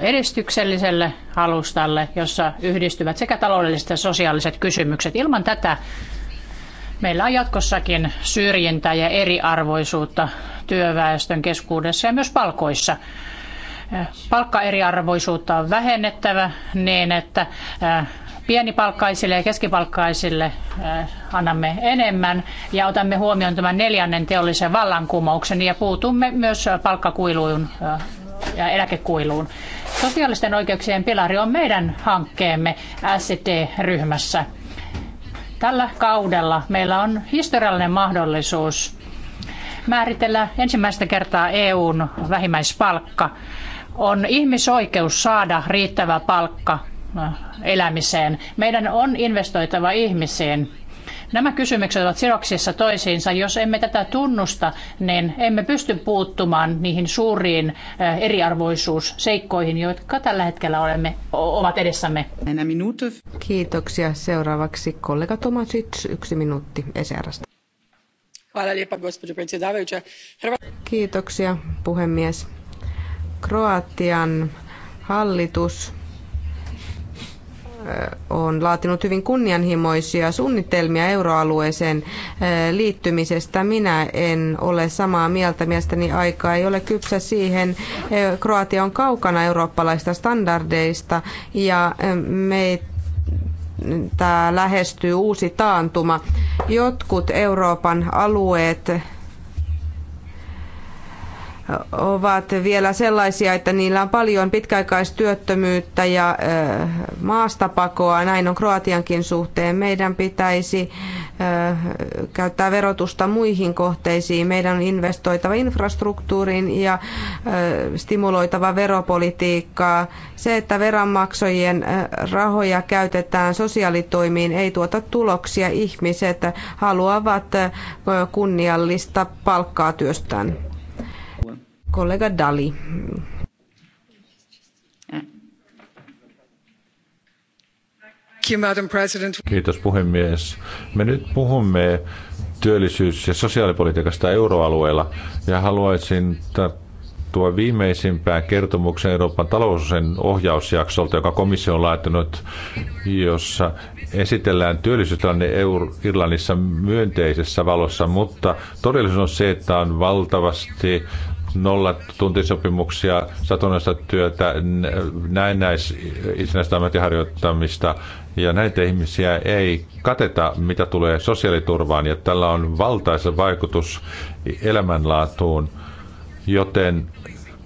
edistykselliselle alustalle, jossa yhdistyvät sekä taloudelliset että sosiaaliset kysymykset. Ilman tätä meillä on jatkossakin syrjintää ja eriarvoisuutta työväestön keskuudessa ja myös palkoissa. Palkkaeriarvoisuutta on vähennettävä niin, että äh, pienipalkkaisille ja keskipalkkaisille äh, annamme enemmän ja otamme huomioon tämän neljännen teollisen vallankumouksen ja puutumme myös palkkakuiluun äh, ja eläkekuiluun. Sosiaalisten oikeuksien pilari on meidän hankkeemme sct ryhmässä Tällä kaudella meillä on historiallinen mahdollisuus määritellä ensimmäistä kertaa EUn vähimmäispalkka. On ihmisoikeus saada riittävä palkka äh, elämiseen. Meidän on investoitava ihmisiin. Nämä kysymykset ovat sidoksissa toisiinsa. Jos emme tätä tunnusta, niin emme pysty puuttumaan niihin suuriin eh, eriarvoisuusseikkoihin, jotka tällä hetkellä olemme, ovat edessämme. Kiitoksia. Seuraavaksi kollega Tomasic, yksi minuutti eserasta. Kiitoksia puhemies. Kroatian hallitus on laatinut hyvin kunnianhimoisia suunnitelmia euroalueeseen liittymisestä. Minä en ole samaa mieltä. Mielestäni aika ei ole kypsä siihen. Kroatia on kaukana eurooppalaista standardeista ja meitä lähestyy uusi taantuma. Jotkut Euroopan alueet ovat vielä sellaisia, että niillä on paljon pitkäaikaistyöttömyyttä ja äh, maastapakoa. Näin on Kroatiankin suhteen. Meidän pitäisi äh, käyttää verotusta muihin kohteisiin. Meidän on investoitava infrastruktuuriin ja äh, stimuloitava veropolitiikkaa. Se, että veronmaksajien rahoja käytetään sosiaalitoimiin, ei tuota tuloksia. Ihmiset haluavat kunniallista palkkaa työstään. Kollega Dali. Kiitos puhemies. Me nyt puhumme työllisyys- ja sosiaalipolitiikasta euroalueella ja haluaisin tarttua viimeisimpään kertomukseen Euroopan talousen ohjausjaksolta, joka komissio on laittanut, jossa esitellään työllisyystilanne Irlannissa myönteisessä valossa, mutta todellisuus on se, että on valtavasti nollatuntisopimuksia, satunnaista työtä, näis, itsenäistä ammattiharjoittamista, ja näitä ihmisiä ei kateta, mitä tulee sosiaaliturvaan, ja tällä on valtaisa vaikutus elämänlaatuun, joten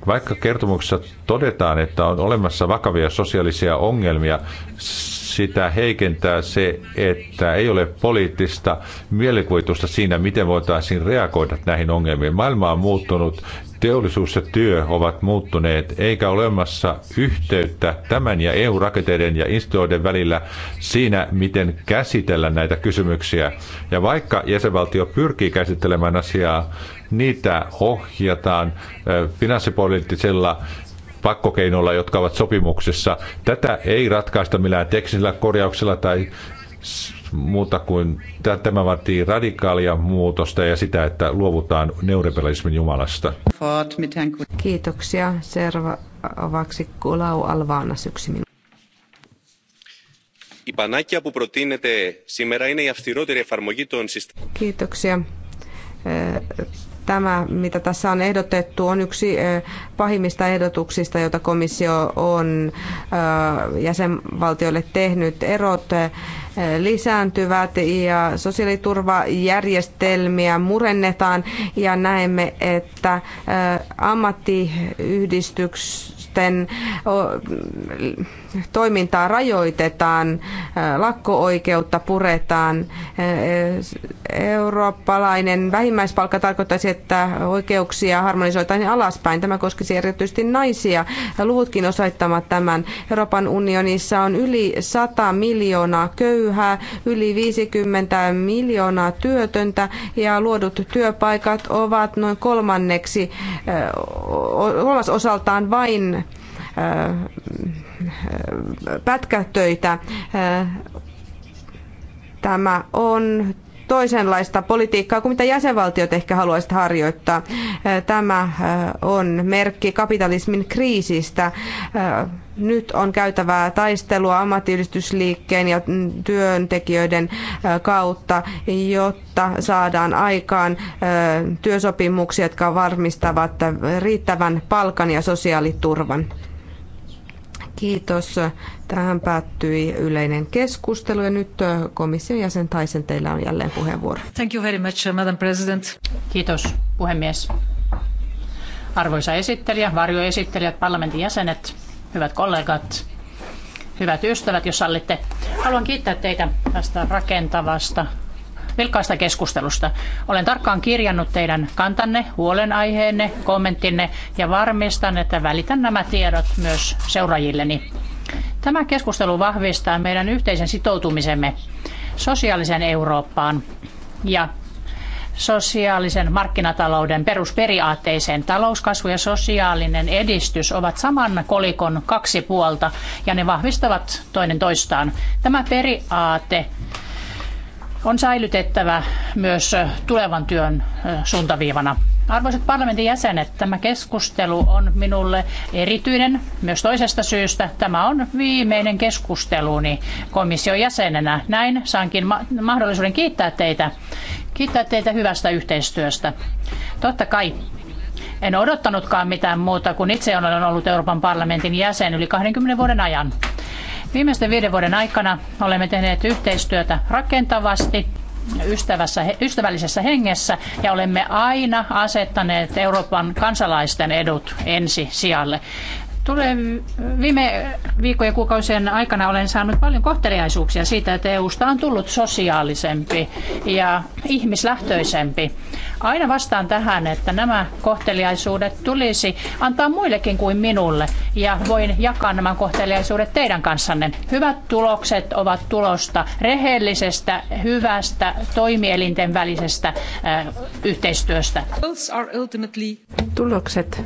vaikka kertomuksessa todetaan, että on olemassa vakavia sosiaalisia ongelmia, sitä heikentää se, että ei ole poliittista mielikuvitusta siinä, miten voitaisiin reagoida näihin ongelmiin. Maailma on muuttunut teollisuus ja työ ovat muuttuneet, eikä ole olemassa yhteyttä tämän ja EU-rakenteiden ja instituoiden välillä siinä, miten käsitellä näitä kysymyksiä. Ja vaikka jäsenvaltio pyrkii käsittelemään asiaa, niitä ohjataan finanssipoliittisella pakkokeinoilla, jotka ovat sopimuksessa. Tätä ei ratkaista millään teknisellä korjauksilla tai muuta kuin tämä vaatii radikaalia muutosta ja sitä, että luovutaan neurepelalismin Jumalasta. Kiitoksia. Seuraavaksi Kulau Alvaana yksi minuutti. Η πανάκια που προτείνεται σήμερα είναι η αυστηρότερη εφαρμογή των συστημάτων. Κοίταξε Tämä, mitä tässä on ehdotettu, on yksi pahimmista ehdotuksista, joita komissio on jäsenvaltioille tehnyt. Erot lisääntyvät ja sosiaaliturvajärjestelmiä murennetaan ja näemme, että ammattiyhdistysten toimintaa rajoitetaan, lakko-oikeutta puretaan. Eurooppalainen vähimmäispalkka tarkoittaisi, että oikeuksia harmonisoitaisiin alaspäin. Tämä koskisi erityisesti naisia. Luvutkin osoittavat tämän. Euroopan unionissa on yli 100 miljoonaa köyhää, yli 50 miljoonaa työtöntä ja luodut työpaikat ovat noin kolmanneksi kolmas osaltaan vain pätkätöitä. Tämä on toisenlaista politiikkaa kuin mitä jäsenvaltiot ehkä haluaisivat harjoittaa. Tämä on merkki kapitalismin kriisistä. Nyt on käytävää taistelua ammattiyhdistysliikkeen ja työntekijöiden kautta, jotta saadaan aikaan työsopimuksia, jotka varmistavat riittävän palkan ja sosiaaliturvan. Kiitos. Tähän päättyi yleinen keskustelu ja nyt komission jäsen Taisen teillä on jälleen puheenvuoro. Thank you very much, Madam President. Kiitos, puhemies. Arvoisa esittelijä, varjoesittelijät, parlamentin jäsenet, hyvät kollegat, hyvät ystävät, jos sallitte. Haluan kiittää teitä tästä rakentavasta vilkkaasta keskustelusta. Olen tarkkaan kirjannut teidän kantanne, huolenaiheenne, kommenttinne ja varmistan, että välitän nämä tiedot myös seuraajilleni. Tämä keskustelu vahvistaa meidän yhteisen sitoutumisemme sosiaaliseen Eurooppaan ja sosiaalisen markkinatalouden perusperiaatteeseen. Talouskasvu ja sosiaalinen edistys ovat saman kolikon kaksi puolta ja ne vahvistavat toinen toistaan. Tämä periaate on säilytettävä myös tulevan työn suuntaviivana. Arvoisat parlamentin jäsenet, tämä keskustelu on minulle erityinen myös toisesta syystä. Tämä on viimeinen keskusteluni komission jäsenenä. Näin saankin ma- mahdollisuuden kiittää teitä. Kiittää teitä hyvästä yhteistyöstä. Totta kai en odottanutkaan mitään muuta, kun itse olen ollut Euroopan parlamentin jäsen yli 20 vuoden ajan. Viimeisten viiden vuoden aikana olemme tehneet yhteistyötä rakentavasti ystävässä, ystävällisessä hengessä ja olemme aina asettaneet Euroopan kansalaisten edut ensi sijalle. Tule, viime viikkojen ja kuukausien aikana olen saanut paljon kohteliaisuuksia siitä, että EUsta on tullut sosiaalisempi ja ihmislähtöisempi. Aina vastaan tähän, että nämä kohteliaisuudet tulisi antaa muillekin kuin minulle ja voin jakaa nämä kohteliaisuudet teidän kanssanne. Hyvät tulokset ovat tulosta rehellisestä, hyvästä, toimielinten välisestä äh, yhteistyöstä. Tulokset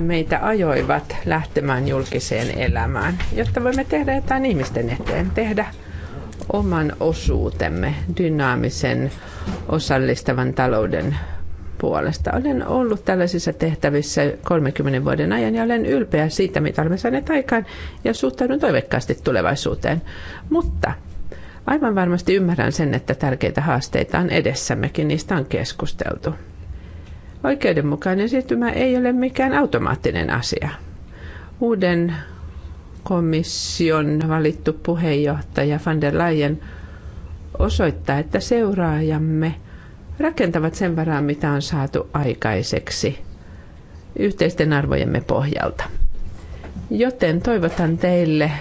meitä ajoivat lähtemään julkiseen elämään, jotta voimme tehdä jotain ihmisten eteen, tehdä oman osuutemme dynaamisen osallistavan talouden puolesta. Olen ollut tällaisissa tehtävissä 30 vuoden ajan ja olen ylpeä siitä, mitä olemme saaneet aikaan ja suhtaudun toiveikkaasti tulevaisuuteen. Mutta aivan varmasti ymmärrän sen, että tärkeitä haasteita on edessämmekin, niistä on keskusteltu. Oikeudenmukainen siirtymä ei ole mikään automaattinen asia. Uuden komission valittu puheenjohtaja van der Leyen osoittaa, että seuraajamme rakentavat sen varaan, mitä on saatu aikaiseksi yhteisten arvojemme pohjalta. Joten toivotan teille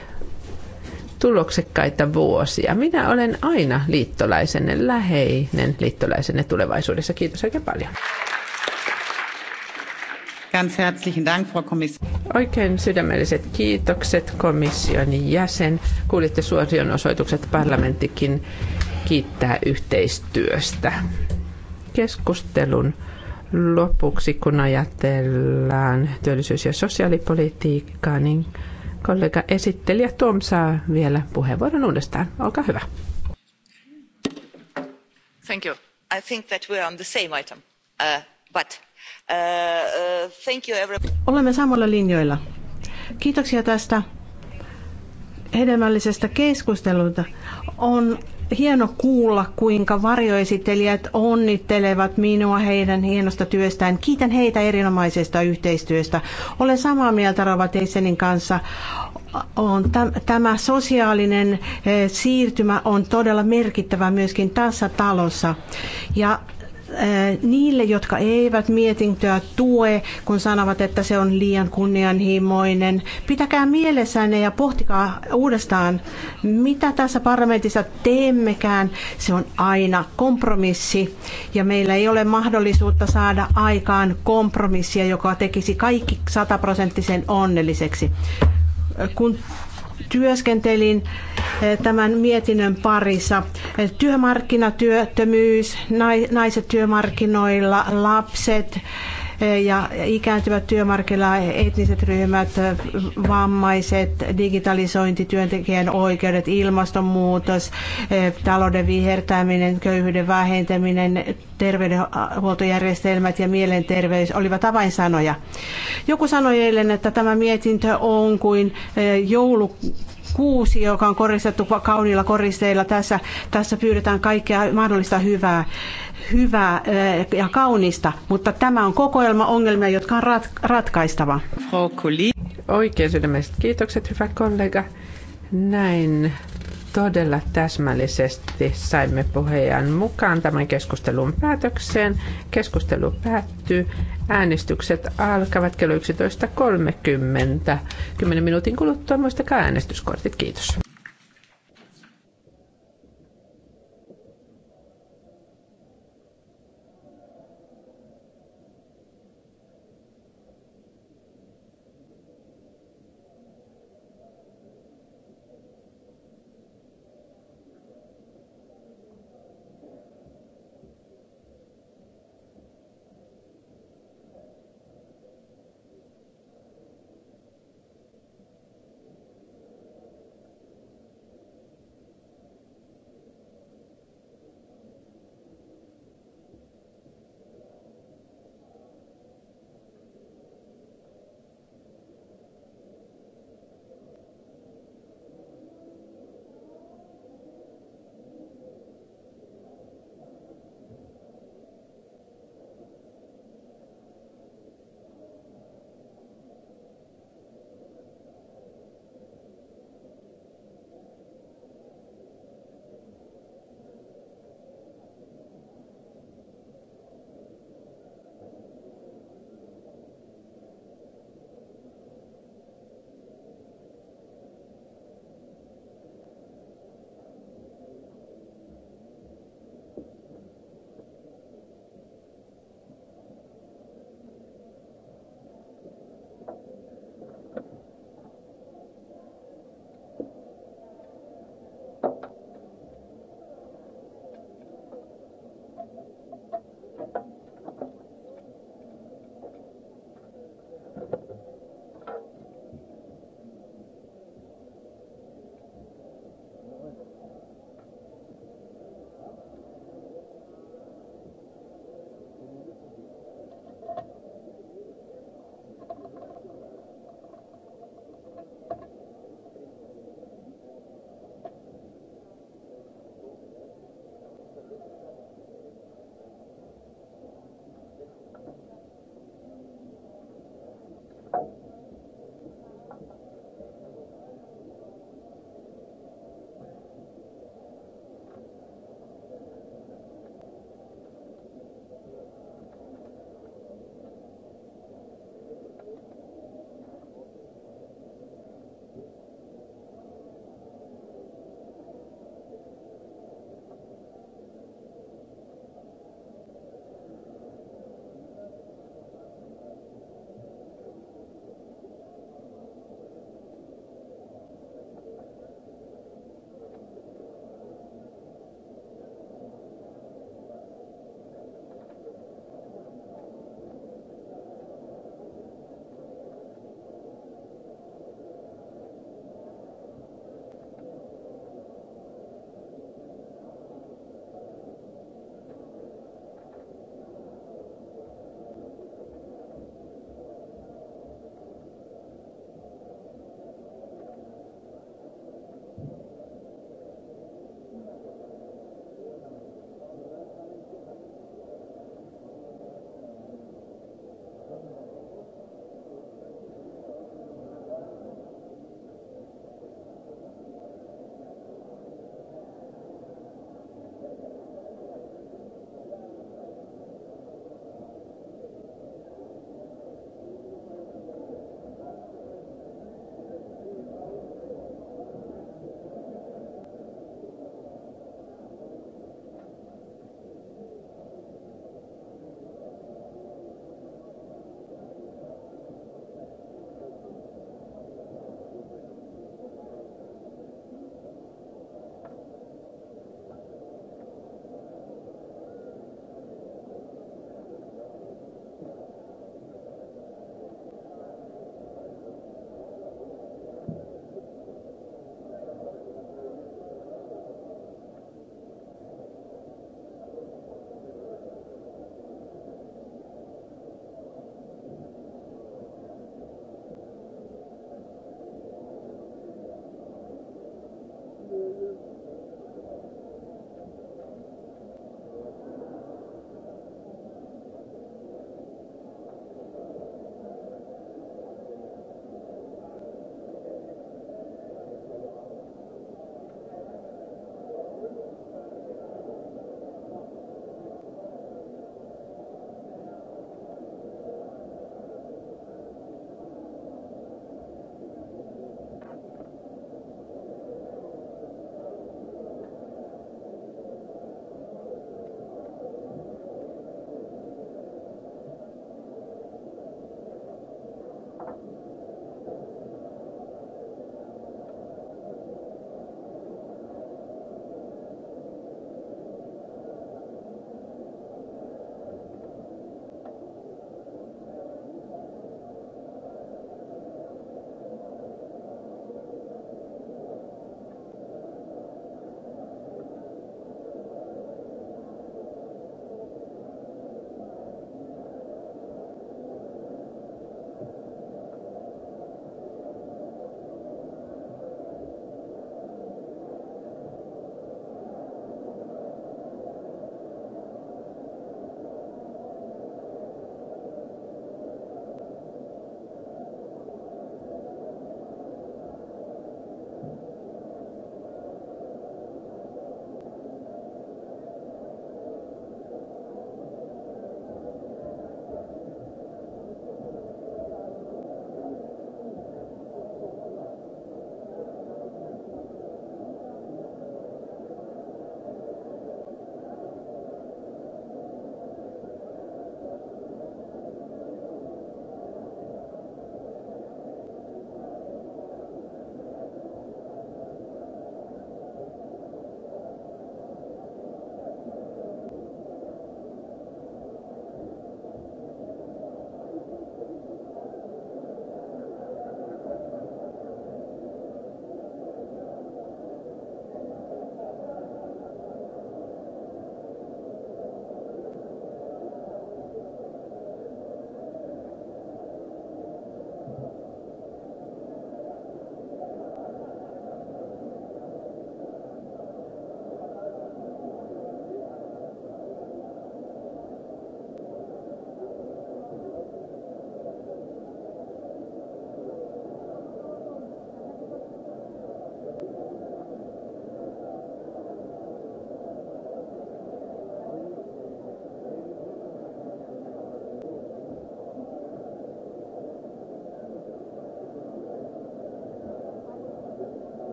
tuloksekkaita vuosia. Minä olen aina liittolaisenne, läheinen liittolaisenne tulevaisuudessa. Kiitos oikein paljon. Ganz herzlichen Dank, Frau Oikein sydämelliset kiitokset komission jäsen. Kuulitte suosion osoitukset parlamenttikin kiittää yhteistyöstä. Keskustelun lopuksi, kun ajatellaan työllisyys- ja sosiaalipolitiikkaa, niin kollega esittelijä Tom saa vielä puheenvuoron uudestaan. Olkaa hyvä. Thank you. I think that we are on the same item, uh, but Uh, uh, Olemme samoilla linjoilla. Kiitoksia tästä hedelmällisestä keskustelusta. On hieno kuulla, kuinka varjoesittelijät onnittelevat minua heidän hienosta työstään. Kiitän heitä erinomaisesta yhteistyöstä. Olen samaa mieltä Rova Teissenin kanssa. On tämä sosiaalinen eh, siirtymä on todella merkittävä myöskin tässä talossa. Ja Äh, niille, jotka eivät mietintöä tue, kun sanovat, että se on liian kunnianhimoinen. Pitäkää mielessänne ja pohtikaa uudestaan, mitä tässä parlamentissa teemmekään. Se on aina kompromissi ja meillä ei ole mahdollisuutta saada aikaan kompromissia, joka tekisi kaikki sataprosenttisen onnelliseksi. Äh, kun työskentelin eh, tämän mietinnön parissa. Eh, työmarkkinatyöttömyys, naiset työmarkkinoilla, lapset, ja ikääntyvät työmarkkina, etniset ryhmät, vammaiset, digitalisointi, työntekijän oikeudet, ilmastonmuutos, eh, talouden vihertäminen, köyhyyden vähentäminen, terveydenhuoltojärjestelmät ja mielenterveys olivat avainsanoja. Joku sanoi eilen, että tämä mietintö on kuin eh, joulu kuusi, joka on koristettu kauniilla koristeilla. Tässä, tässä pyydetään kaikkea mahdollista hyvää hyvää eh, ja kaunista, mutta tämä on kokoelma ongelmia, jotka on ratkaistava. Oikein sydämestä kiitokset, hyvä kollega. Näin todella täsmällisesti saimme puheenjohtajan mukaan tämän keskustelun päätökseen. Keskustelu päättyy. Äänestykset alkavat kello 11.30. 10 minuutin kuluttua muistakaa äänestyskortit. Kiitos.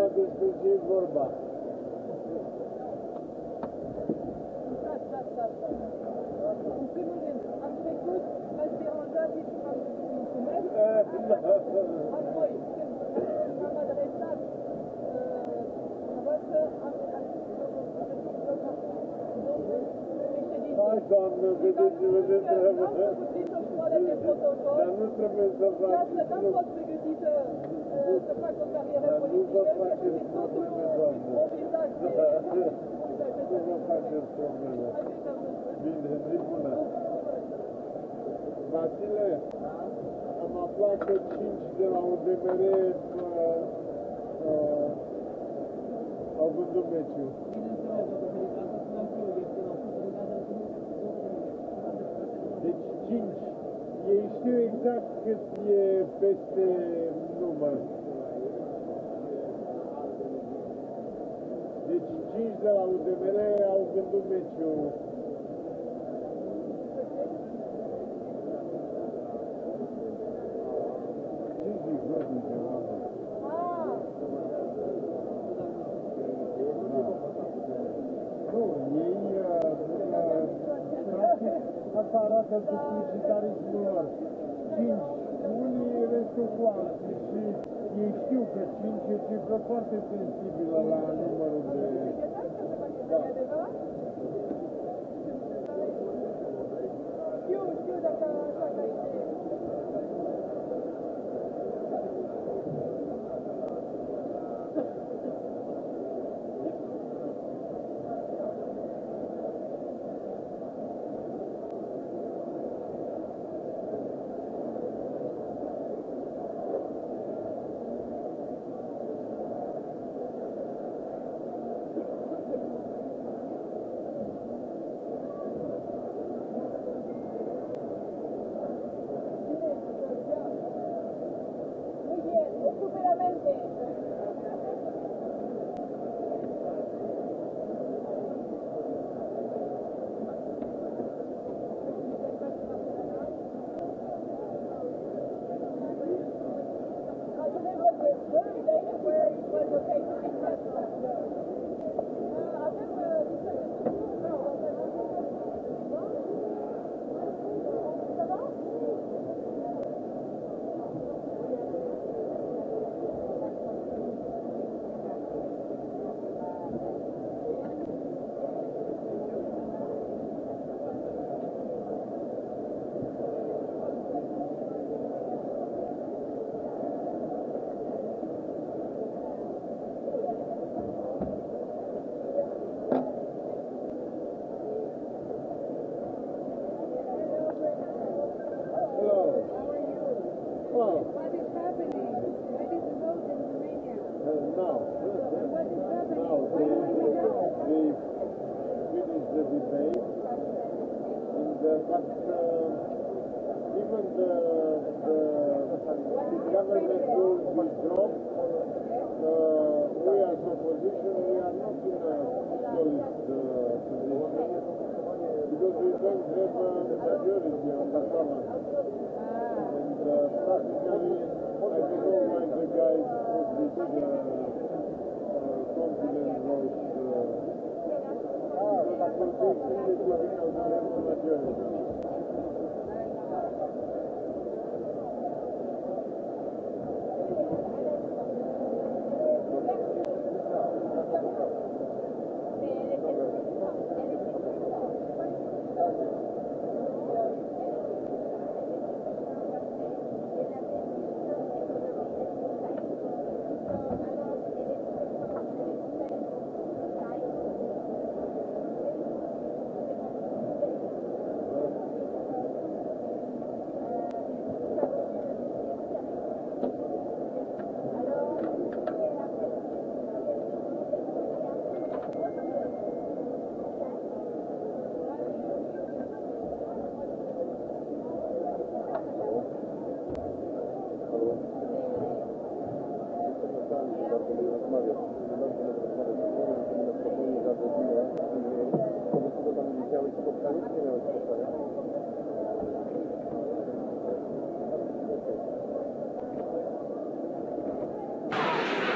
seama despre ce e vorba. În primul rând, am trecut peste erondații și am mulțumesc. Apoi, când m-am adresat dumneavoastră, am Hai, doamnă, vedeți-vă de treabă. Dar nu trebuie să fac. Dar să n-am fost persoanelor din Henry Bună. Vasile, am aflat că 5 de la UDMR uh, uh, au vândut meciul. Deci 5. Ei știu exact cât e peste număr. Giza, la UDMR au gândit meciul. Gigi, nu din ceva. Nu, ei, asta arată publicitarismul lor. 5 unii restul cu alții și știu că 5 e cifră foarte sensibilă la numărul de... Da. Știu, știu, dacă...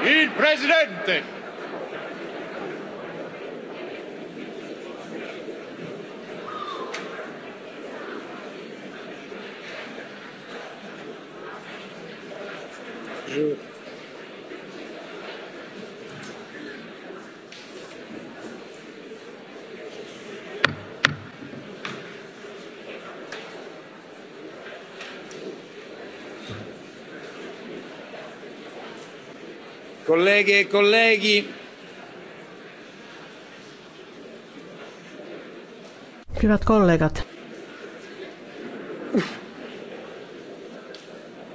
Il presidente Colleghe e colleghi. Hyvät kollegat.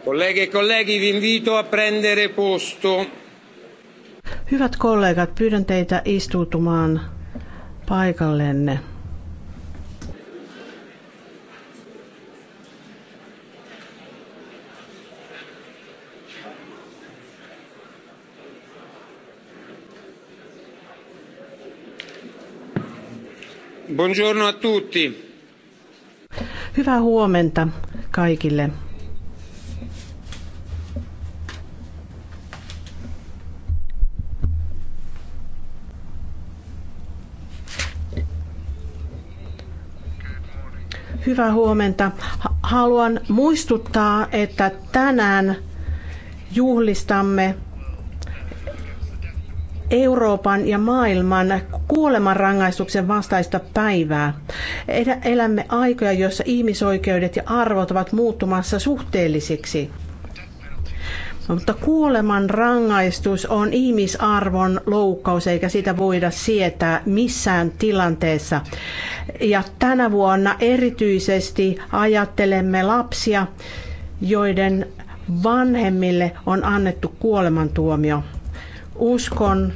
Colleghe e colleghi, vi invito a prendere posto. Hyvät kollegat, pyydän teitä istuutumaan paikallenne. Buongiorno a tutti. Hyvää huomenta kaikille. Hyvää huomenta. Haluan muistuttaa, että tänään juhlistamme Euroopan ja maailman kuolemanrangaistuksen vastaista päivää. Elämme aikoja, joissa ihmisoikeudet ja arvot ovat muuttumassa suhteellisiksi. Mutta kuoleman rangaistus on ihmisarvon loukkaus, eikä sitä voida sietää missään tilanteessa. Ja tänä vuonna erityisesti ajattelemme lapsia, joiden vanhemmille on annettu kuolemantuomio. Uskon,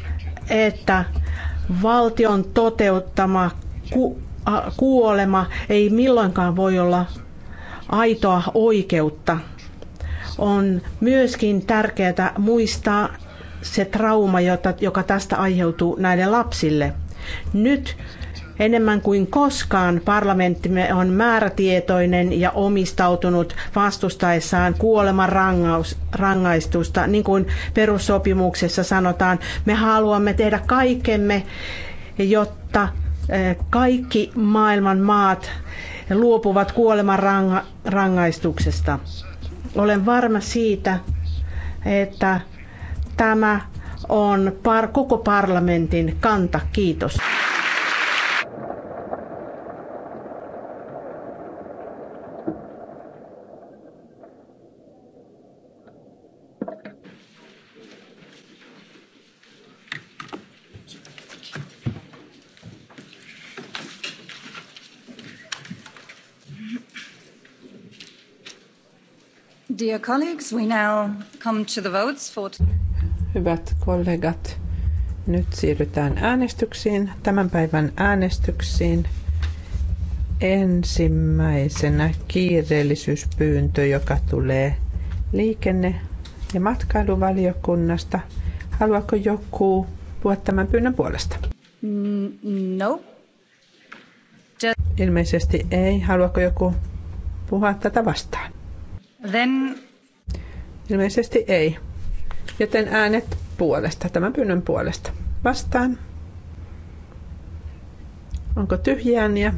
että valtion toteuttama ku, kuolema ei milloinkaan voi olla aitoa oikeutta. On myöskin tärkeää muistaa se trauma, jota, joka tästä aiheutuu näille lapsille. Nyt Enemmän kuin koskaan parlamenttimme on määrätietoinen ja omistautunut vastustaessaan kuoleman rangaus, rangaistusta. Niin kuin perussopimuksessa sanotaan, me haluamme tehdä kaikkemme, jotta eh, kaikki maailman maat luopuvat kuoleman ranga, rangaistuksesta. Olen varma siitä, että tämä on par, koko parlamentin kanta. Kiitos. Dear colleagues, we now come to the votes for... Hyvät kollegat, nyt siirrytään äänestyksiin, tämän päivän äänestyksiin. Ensimmäisenä kiireellisyyspyyntö, joka tulee liikenne- ja matkailuvaliokunnasta. Haluaako joku puhua tämän pyynnön puolesta? Mm, no. Ilmeisesti ei. Haluaako joku puhua tätä vastaan? Then... Ilmeisesti ei. Joten äänet puolesta, tämän pyynnön puolesta. Vastaan. Onko tyhjään ja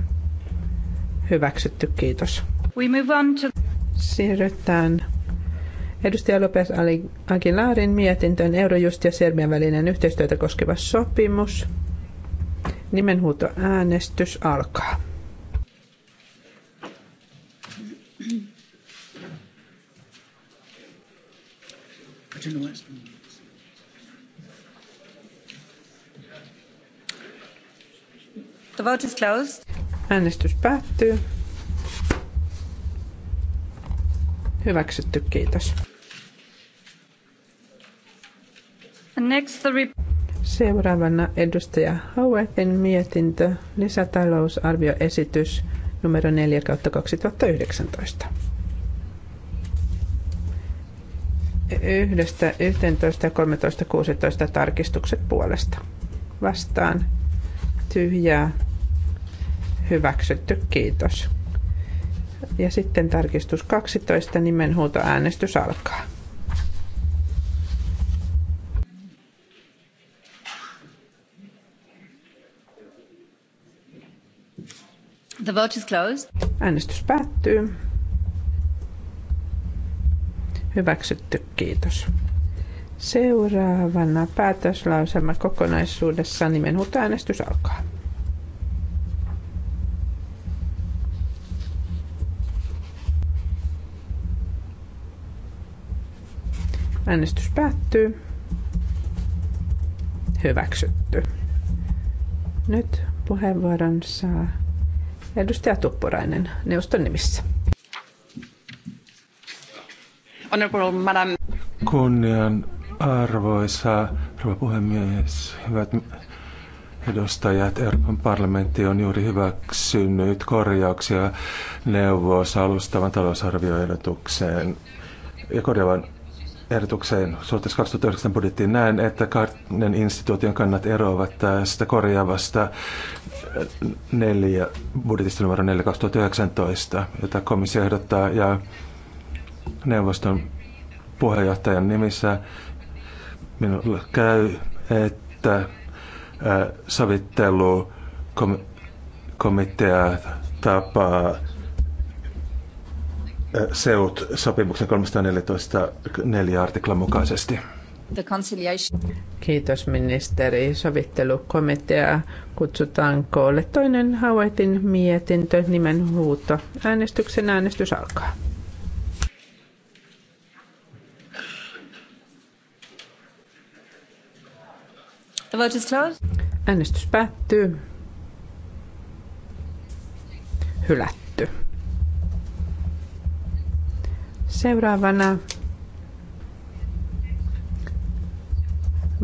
hyväksytty, kiitos. We move on to... Siirrytään edustaja Lopez Aguilarin mietintöön Eurojust ja Serbian välinen yhteistyötä koskeva sopimus. Nimenhuuto äänestys alkaa. The vote is closed. Äänestys päättyy. Hyväksytty, kiitos. Next the rep- Seuraavana edustaja Hauetin mietintö, lisätalousarvioesitys numero 4 kautta 2019. yhdestä 11 13 16 tarkistukset puolesta. Vastaan tyhjää hyväksytty, kiitos. Ja sitten tarkistus 12, nimenhuutoäänestys alkaa. The vote is closed. Äänestys päättyy. Hyväksytty, kiitos. Seuraavana päätöslauselma kokonaisuudessaan äänestys alkaa. Äänestys päättyy. Hyväksytty. Nyt puheenvuoron saa edustaja Tuppurainen neuvoston nimissä. Honorable Madam. Kunnian arvoisa rouva puhemies, hyvät edustajat, Euroopan parlamentti on juuri hyväksynyt korjauksia neuvos alustavan talousarvioehdotukseen ja korjaavan ehdotukseen suhteessa 2009 budjettiin näen, että kahden instituution kannat eroavat tästä korjaavasta neljä, budjetista numero 4 2019, jota komissio ehdottaa ja neuvoston puheenjohtajan nimissä. Minulle käy, että sovittelukomitea tapaa SEUT-sopimuksen 314.4 artiklan mukaisesti. Kiitos ministeri. Sovittelukomitea kutsutaan koolle. Toinen Hawaitin mietintö nimen huuto. Äänestyksen äänestys alkaa. The vote is closed. Äänestys päättyy. Hylätty. Seuraavana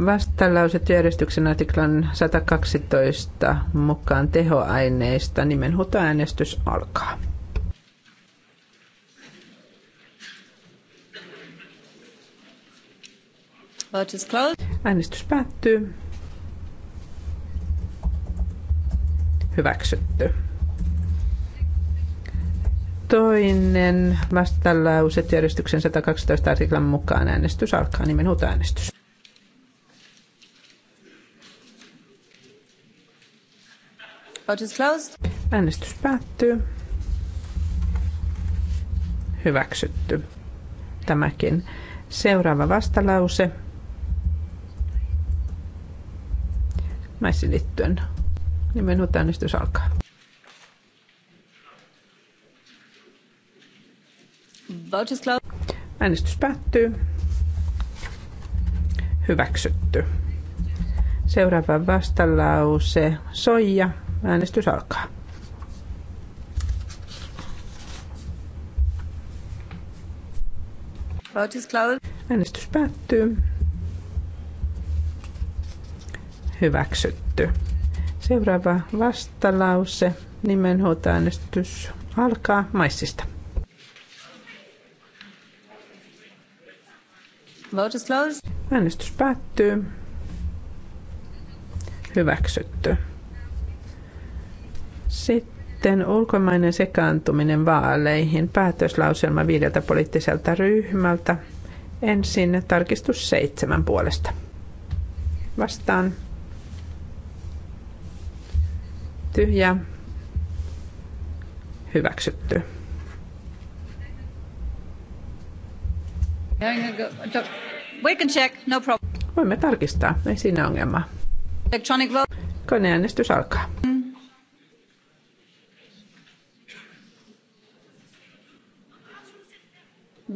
vastalauset järjestyksen artiklan 112 mukaan tehoaineista nimenhuutoäänestys alkaa. Äänestys päättyy. hyväksytty. Toinen vastalauset järjestyksen 112 artiklan mukaan äänestys alkaa minuut äänestys. Äänestys päättyy. Hyväksytty. Tämäkin. Seuraava vastalause. Mä liittyen niin Nimenhuutoäänestys alkaa. Äänestys päättyy. Hyväksytty. Seuraava vastalause Soija. Äänestys alkaa. Äänestys päättyy. Hyväksytty. Seuraava vastalause, nimenhuutoäänestys alkaa maissista. Vote is closed. Äänestys päättyy. Hyväksytty. Sitten ulkomainen sekaantuminen vaaleihin. Päätöslauselma viideltä poliittiselta ryhmältä. Ensin tarkistus seitsemän puolesta. Vastaan tyhjää hyväksytty. We can check, no problem. Voimme tarkistaa, ei siinä ongelmaa. Electronic vote. Koneäänestys alkaa.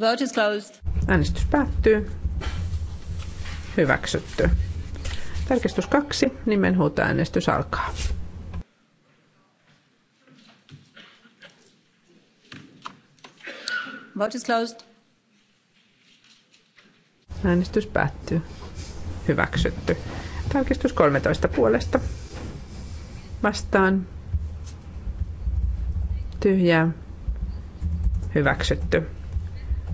Vote is closed. Äänestys päättyy. Hyväksytty. Tarkistus kaksi, nimenhuutoäänestys alkaa. Vote is closed. Äänestys päättyy. Hyväksytty. Tarkistus 13 puolesta. Vastaan. Tyhjää. Hyväksytty.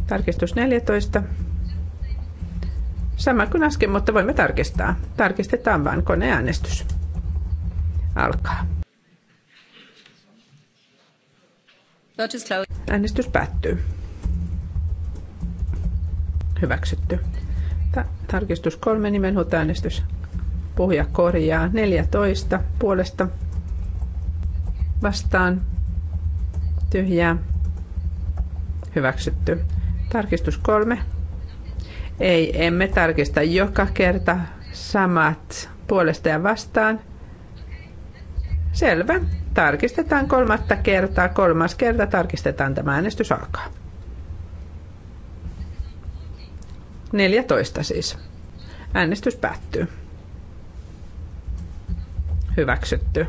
Tarkistus 14. Sama kuin äsken, mutta voimme tarkistaa. Tarkistetaan vain koneäänestys. Alkaa. Äänestys päättyy. Hyväksytty. Ta- tarkistus kolme nimenhuutoäänestys. Puhuja korjaa 14 puolesta vastaan tyhjää. Hyväksytty. Tarkistus kolme. Ei, emme tarkista joka kerta samat puolesta ja vastaan. Selvä. Tarkistetaan kolmatta kertaa. Kolmas kerta tarkistetaan tämä äänestys alkaa. 14 siis. Äänestys päättyy. Hyväksytty.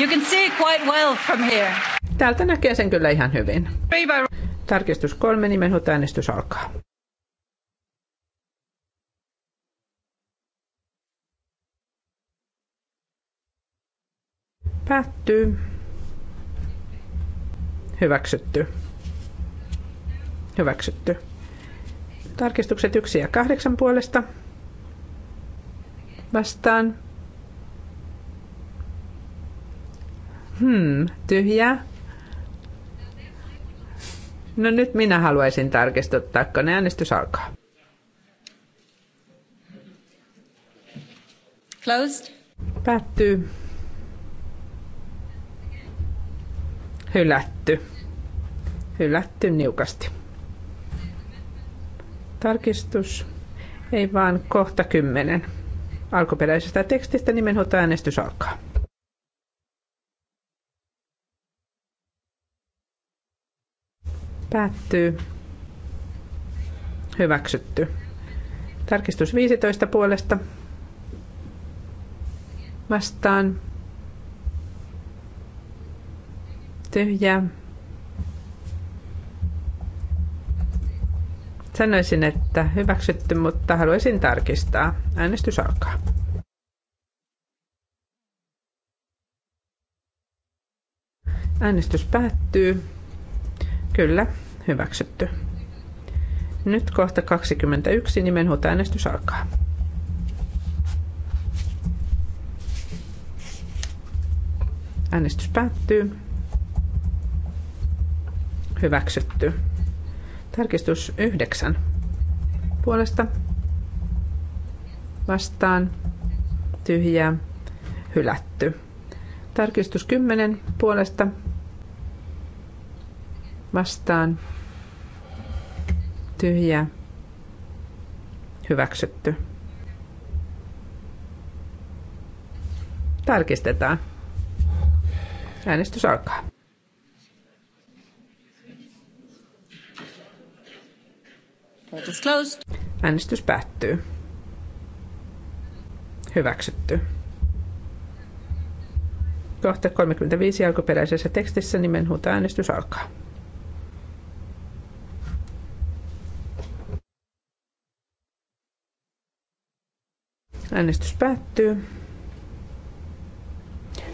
You can see quite well from here. Täältä näkee sen kyllä ihan hyvin. Tarkistus kolme, nimen äänestys alkaa. Päättyy. Hyväksytty. Hyväksytty. Tarkistukset 1 ja 8 puolesta vastaan. Hmm, tyhjä. No nyt minä haluaisin tarkistuttaa, kun äänestys alkaa. Closed. Päättyy. Hylätty. Hylätty niukasti. Tarkistus. Ei vaan kohta kymmenen. Alkuperäisestä tekstistä äänestys alkaa. Päättyy. Hyväksytty. Tarkistus 15 puolesta. Vastaan. Tyhjää Sanoisin, että hyväksytty, mutta haluaisin tarkistaa. Äänestys alkaa. Äänestys päättyy. Kyllä, hyväksytty. Nyt kohta 21 äänestys alkaa. Äänestys päättyy. Hyväksytty. Tarkistus yhdeksän puolesta vastaan tyhjää hylätty. Tarkistus 10 puolesta vastaan tyhjää hyväksytty. Tarkistetaan. Äänestys alkaa. Vote is closed. Äänestys päättyy. Hyväksytty. Kohta 35 alkuperäisessä tekstissä huuta äänestys alkaa. Äänestys päättyy.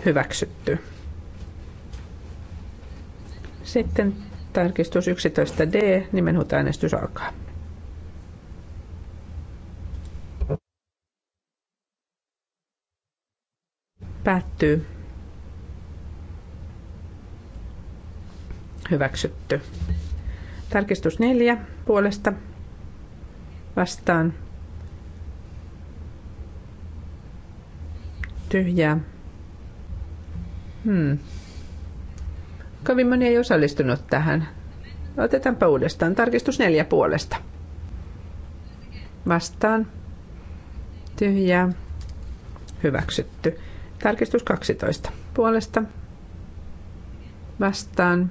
Hyväksytty. Sitten tarkistus 11d, nimenhuuta äänestys alkaa. Päättyy. Hyväksytty. Tarkistus neljä puolesta vastaan. Tyhjää. Hmm. Kovin moni ei osallistunut tähän. Otetaanpa uudestaan. Tarkistus neljä puolesta. Vastaan. Tyhjää. Hyväksytty. Tarkistus 12. Puolesta vastaan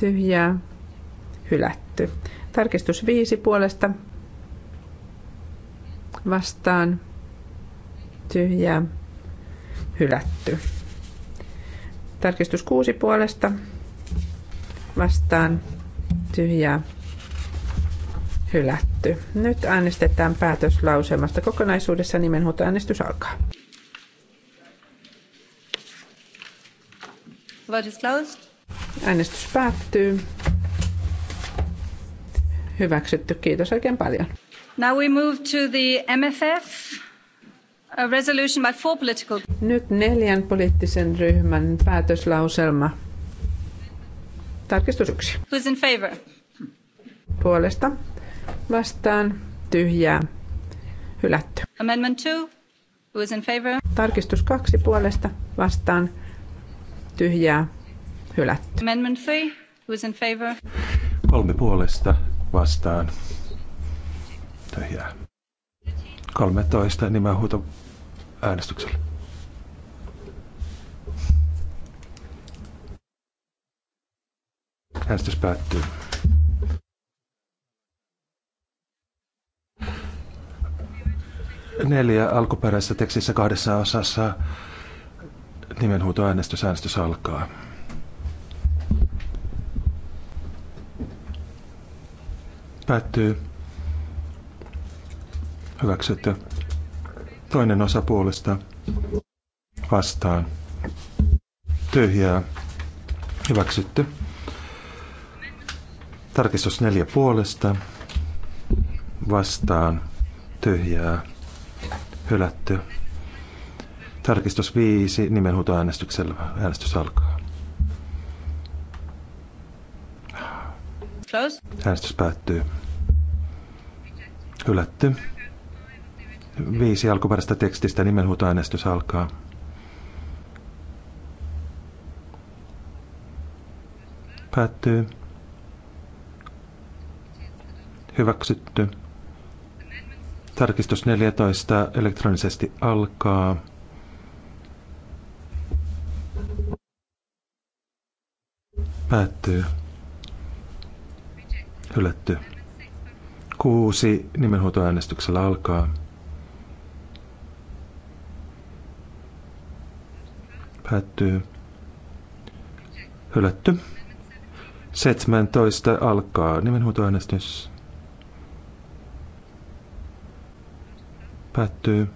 tyhjää hylätty. Tarkistus 5 puolesta vastaan tyhjää hylätty. Tarkistus 6 puolesta vastaan tyhjää hylätty. Nyt äänestetään päätöslauselmasta kokonaisuudessa. Nimenhuutoäänestys alkaa. Vote is closed. Äänestys päättyy. Hyväksytty. Kiitos oikein paljon. Now we move to the MFF. A resolution by four political... Nyt neljän poliittisen ryhmän päätöslauselma. Tarkistus yksi. Who's in favor? Puolesta. Vastaan. Tyhjää. Hylätty. Amendment two. Who's in favor? Tarkistus kaksi puolesta. Vastaan tyhjää, hylätty. Amendment 3, who's in favor? Kolme puolesta vastaan, tyhjää. 13 nimenhuuto äänestyksellä. Äänestys päättyy. Neljä alkuperäisessä tekstissä kahdessa osassa nimenhuutoäänestysäänestys alkaa. Päättyy. Hyväksytty. Toinen osa puolesta. Vastaan. Tyhjää. Hyväksytty. Tarkistus neljä puolesta. Vastaan. Tyhjää. Hylätty. Tarkistus 5 nimenhuutoäänestyksellä. Äänestys alkaa. Close. Äänestys päättyy. Hylätty. Viisi alkuperäistä tekstistä nimenhuutoäänestys alkaa. Päättyy. Hyväksytty. Tarkistus 14 elektronisesti alkaa. Päättyy. Hylätty. Kuusi nimenhuutoäänestyksellä alkaa. Päättyy. Hylätty. 17 alkaa nimenhuutoäänestys. Päättyy.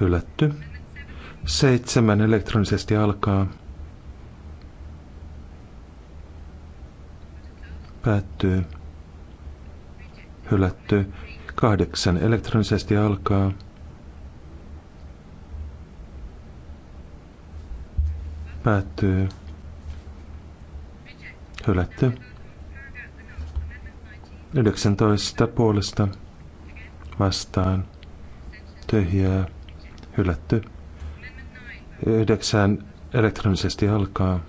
Hylätty. Seitsemän elektronisesti alkaa. Päättyy. Hylätty. Kahdeksan. Elektronisesti alkaa. Päättyy. Hylätty. 19 puolesta vastaan tyhjää hylätty. 9 elektronisesti alkaa.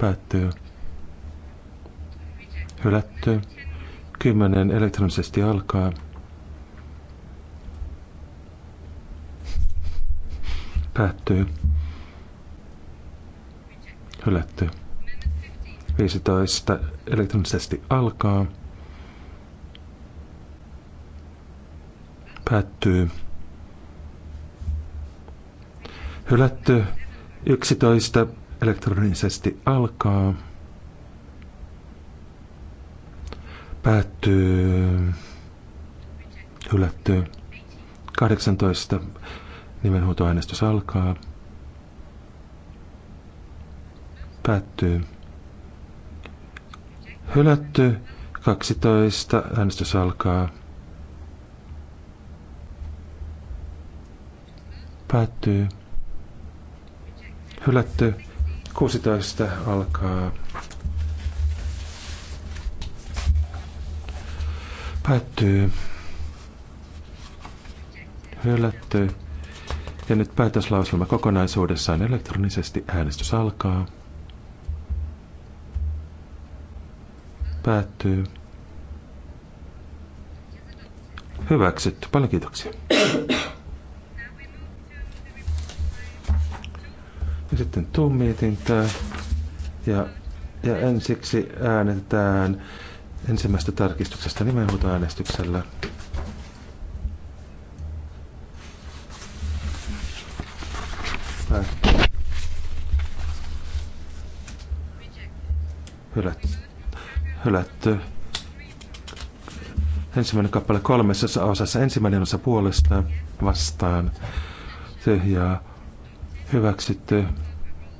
Päättyy. Hylätty. Kymmenen elektronisesti alkaa. Päättyy. Hylätty. 15 elektronisesti alkaa. Päättyy. Hylätty. 11 elektronisesti alkaa. Päättyy. hylättyy, 18. Nimenhuutoäänestys alkaa. Päättyy. Hylätty. 12. Äänestys alkaa. Päättyy. Hylätty. 16 alkaa. Päättyy. Hylätty. Ja nyt päätöslauselma kokonaisuudessaan elektronisesti. Äänestys alkaa. Päättyy. Hyväksytty. Paljon kiitoksia. Ja sitten tummietintöä. Ja, ja ensiksi äänetään ensimmäistä tarkistuksesta nimenhuutoäänestyksellä. Päättyy. Hylätty. Hylätty. Ensimmäinen kappale kolmessa osassa. Ensimmäinen osa puolesta vastaan. Tyhjää Hyväksytty.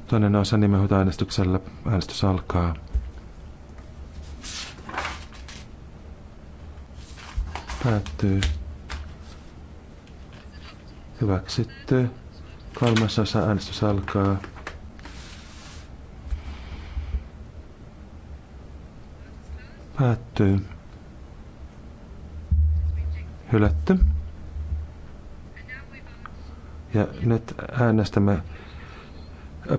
Toinen osa nimenhuutoäänestyksellä. Äänestys alkaa. Päättyy. Hyväksytty. Kolmas osa äänestys alkaa. Päättyy. Hylätty. Ja nyt äänestämme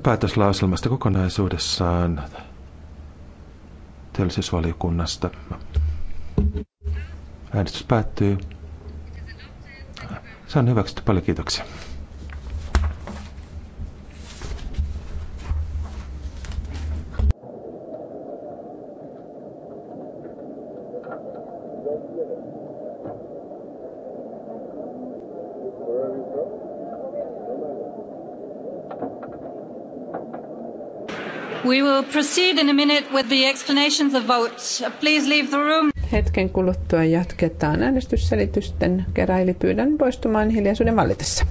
päätöslauselmasta kokonaisuudessaan teollisuusvaliokunnasta. Äänestys päättyy. Se on hyväksytty. Paljon kiitoksia. proceed in a minute with the explanations of votes. Please leave the room. Hetken kuluttua jatketaan äänestysselitysten keräilipyydän poistumaan hiljaisuuden vallitessa.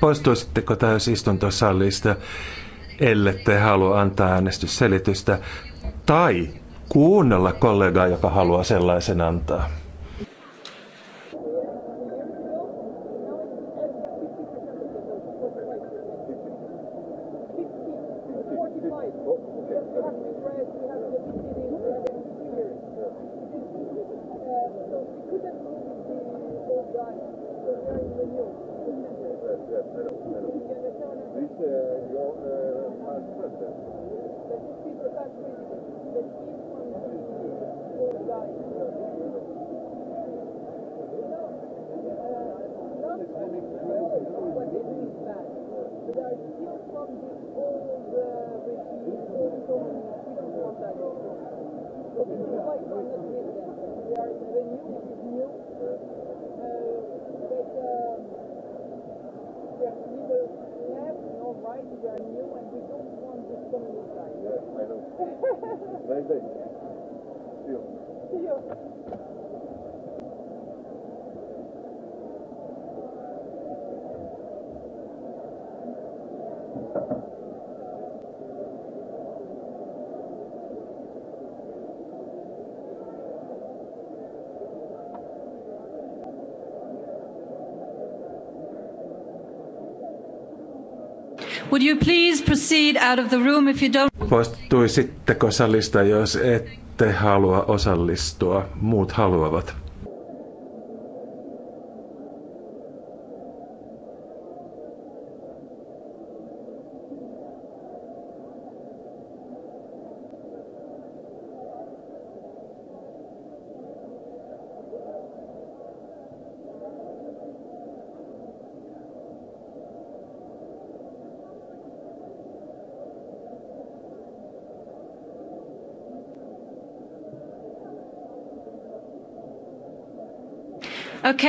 Poistuisitteko täysistuntosallista, ellette halua antaa äänestysselitystä tai kuunnella kollegaa, joka haluaa sellaisen antaa? out of the room if you don't... Poistuisitteko salista, jos ette halua osallistua? Muut haluavat.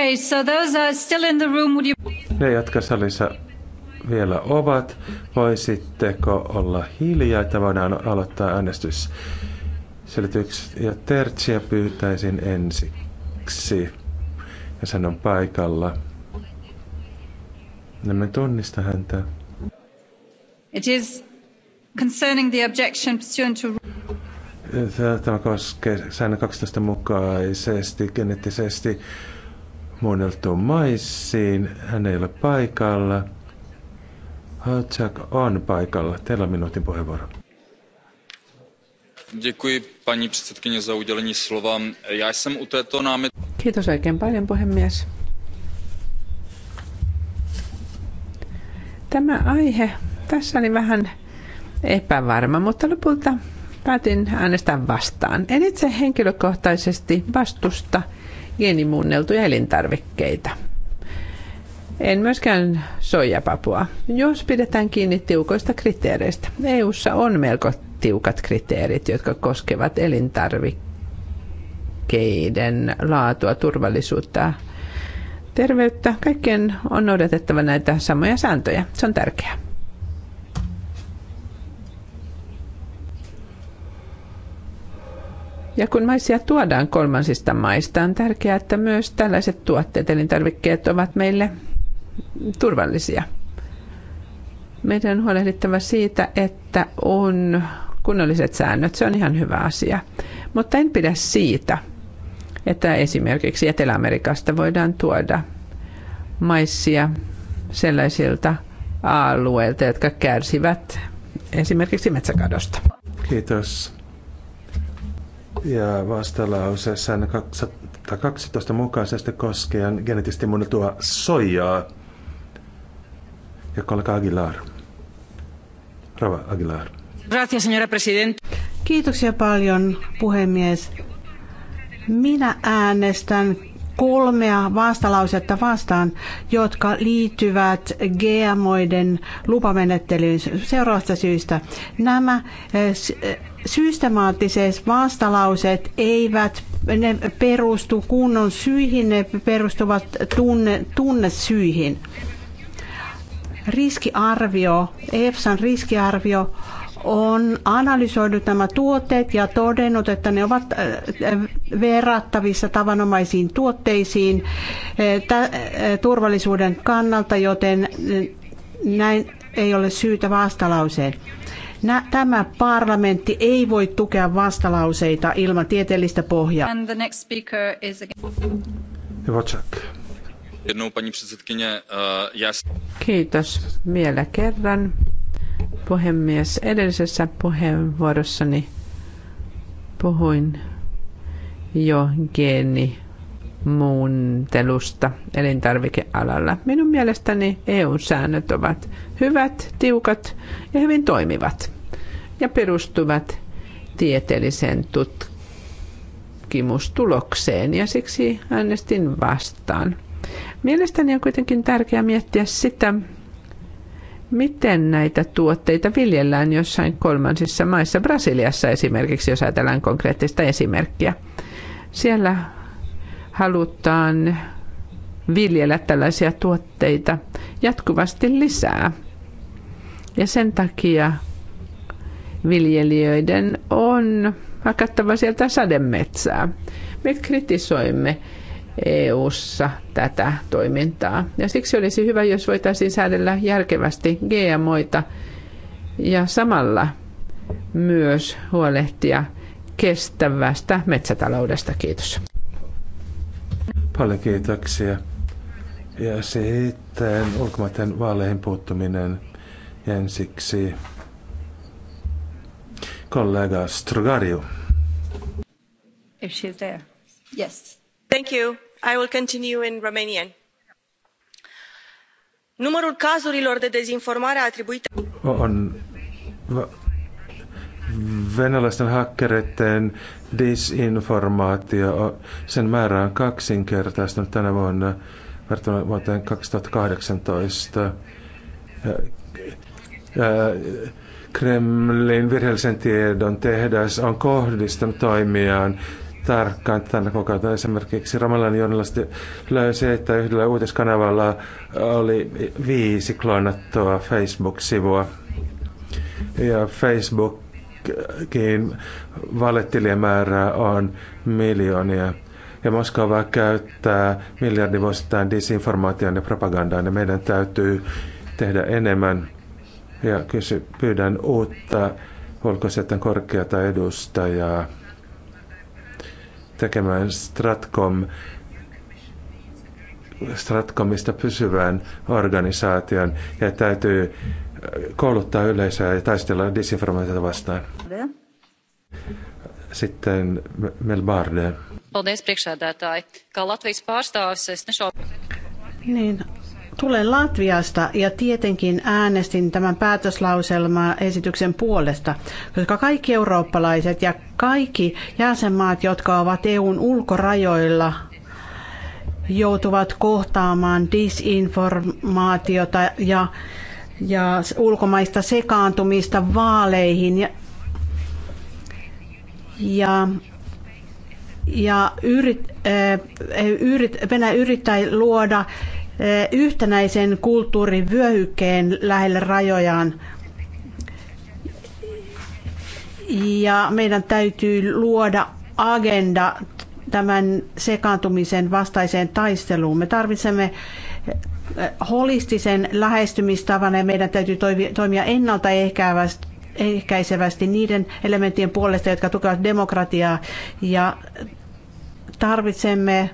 Okay, so those are still in the room. Would you... Ne, jotka salissa vielä ovat, voisitteko olla hiljaa, että voidaan aloittaa äänestys. Selityks ja tertsiä pyytäisin ensiksi. Ja on paikalla. No, me tunnista häntä. It is concerning the objection pursuant to Tämä koskee säännön 12 mukaisesti geneettisesti muunneltu maissiin. Hän ei ole paikalla. Hatsak on paikalla. Teillä on minuutin puheenvuoro. Kiitos oikein paljon puhemies. Tämä aihe tässä oli vähän epävarma, mutta lopulta päätin äänestää vastaan. En itse henkilökohtaisesti vastusta geenimuunneltuja elintarvikkeita. En myöskään soijapapua, jos pidetään kiinni tiukoista kriteereistä. EU:ssa on melko tiukat kriteerit, jotka koskevat elintarvikkeiden laatua, turvallisuutta, terveyttä. Kaikkien on noudatettava näitä samoja sääntöjä. Se on tärkeää. Ja kun maisia tuodaan kolmansista maista, on tärkeää, että myös tällaiset tuotteet, elintarvikkeet ovat meille turvallisia. Meidän on huolehdittava siitä, että on kunnolliset säännöt. Se on ihan hyvä asia. Mutta en pidä siitä, että esimerkiksi Etelä-Amerikasta voidaan tuoda maissia sellaisilta alueilta, jotka kärsivät esimerkiksi metsäkadosta. Kiitos ja vastalause säännön 212 mukaisesti koskee genetisesti muunneltua soijaa. Ja kollega Aguilar. Rava Aguilar. Gracias, señora presidente. Kiitoksia paljon, puhemies. Minä äänestän kolmea vastalausetta vastaan, jotka liittyvät GMOiden lupamenettelyyn seuraavasta syystä. Nämä eh, systemaattiset vastalauset eivät ne perustu kunnon syihin, ne perustuvat tunne, tunnesyihin. Riskiarvio, EFSAn riskiarvio on analysoinut nämä tuotteet ja todennut, että ne ovat äh, verrattavissa tavanomaisiin tuotteisiin äh, äh, turvallisuuden kannalta, joten näin ei ole syytä vastalauseen. Tämä parlamentti ei voi tukea vastalauseita ilman tieteellistä pohjaa. Eh, Kiitos vielä kerran puhemies. Edellisessä puheenvuorossani puhuin jo geenimuuntelusta elintarvikealalla. Minun mielestäni EU-säännöt ovat hyvät, tiukat ja hyvin toimivat ja perustuvat tieteelliseen tutkimustulokseen ja siksi äänestin vastaan. Mielestäni on kuitenkin tärkeää miettiä sitä, miten näitä tuotteita viljellään jossain kolmansissa maissa, Brasiliassa esimerkiksi, jos ajatellaan konkreettista esimerkkiä. Siellä halutaan viljellä tällaisia tuotteita jatkuvasti lisää. Ja sen takia viljelijöiden on hakattava sieltä sademetsää. Me kritisoimme EU:ssa tätä toimintaa. Ja siksi olisi hyvä, jos voitaisiin säädellä järkevästi GMOita ja samalla myös huolehtia kestävästä metsätaloudesta. Kiitos. Paljon kiitoksia. Ja sitten ulkomaiden vaaleihin puuttuminen ensiksi kollega Strugariu. Is she there. Yes. Thank you. I will continue in Romanian. Numărul cazurilor de dezinformare atribuite... On venäläisten hakkereiden disinformaatio, sen määrä on kaksinkertaistunut tänä vuonna verrattuna vuoteen 2018. Kremlin virheellisen tiedon tehdas on kohdistanut toimiaan tarkkaan tänne ajan. Esimerkiksi Ramelan journalisti löysi, että yhdellä uutiskanavalla oli viisi kloonattua Facebook-sivua. Ja Facebookin valettilijamäärää on miljoonia. Ja Moskova käyttää miljardi vuosittain disinformaation ja propagandaan, ja meidän täytyy tehdä enemmän. Ja kysy, pyydän uutta ulkoisten korkeata edustajaa tekemään Stratcom, Stratcomista pysyvään organisaation ja täytyy kouluttaa yleisöä ja taistella disinformaatiota vastaan. Sitten Mel Barde. Paldies, priekšsēdētāji. Kā Latvijas pārstāvis, es nešaubu. Niin, tulen Latviasta ja tietenkin äänestin tämän päätöslauselman esityksen puolesta, koska kaikki eurooppalaiset ja kaikki jäsenmaat, jotka ovat EUn ulkorajoilla, joutuvat kohtaamaan disinformaatiota ja, ja ulkomaista sekaantumista vaaleihin ja, ja ja yrit, äh, yrit, Venäjä yrittää luoda Eh, yhtenäisen kulttuurivyöhykkeen lähelle rajojaan. Ja meidän täytyy luoda agenda tämän sekaantumisen vastaiseen taisteluun. Me tarvitsemme eh, holistisen lähestymistavan ja meidän täytyy toimia ennaltaehkäisevästi niiden elementtien puolesta, jotka tukevat demokratiaa ja tarvitsemme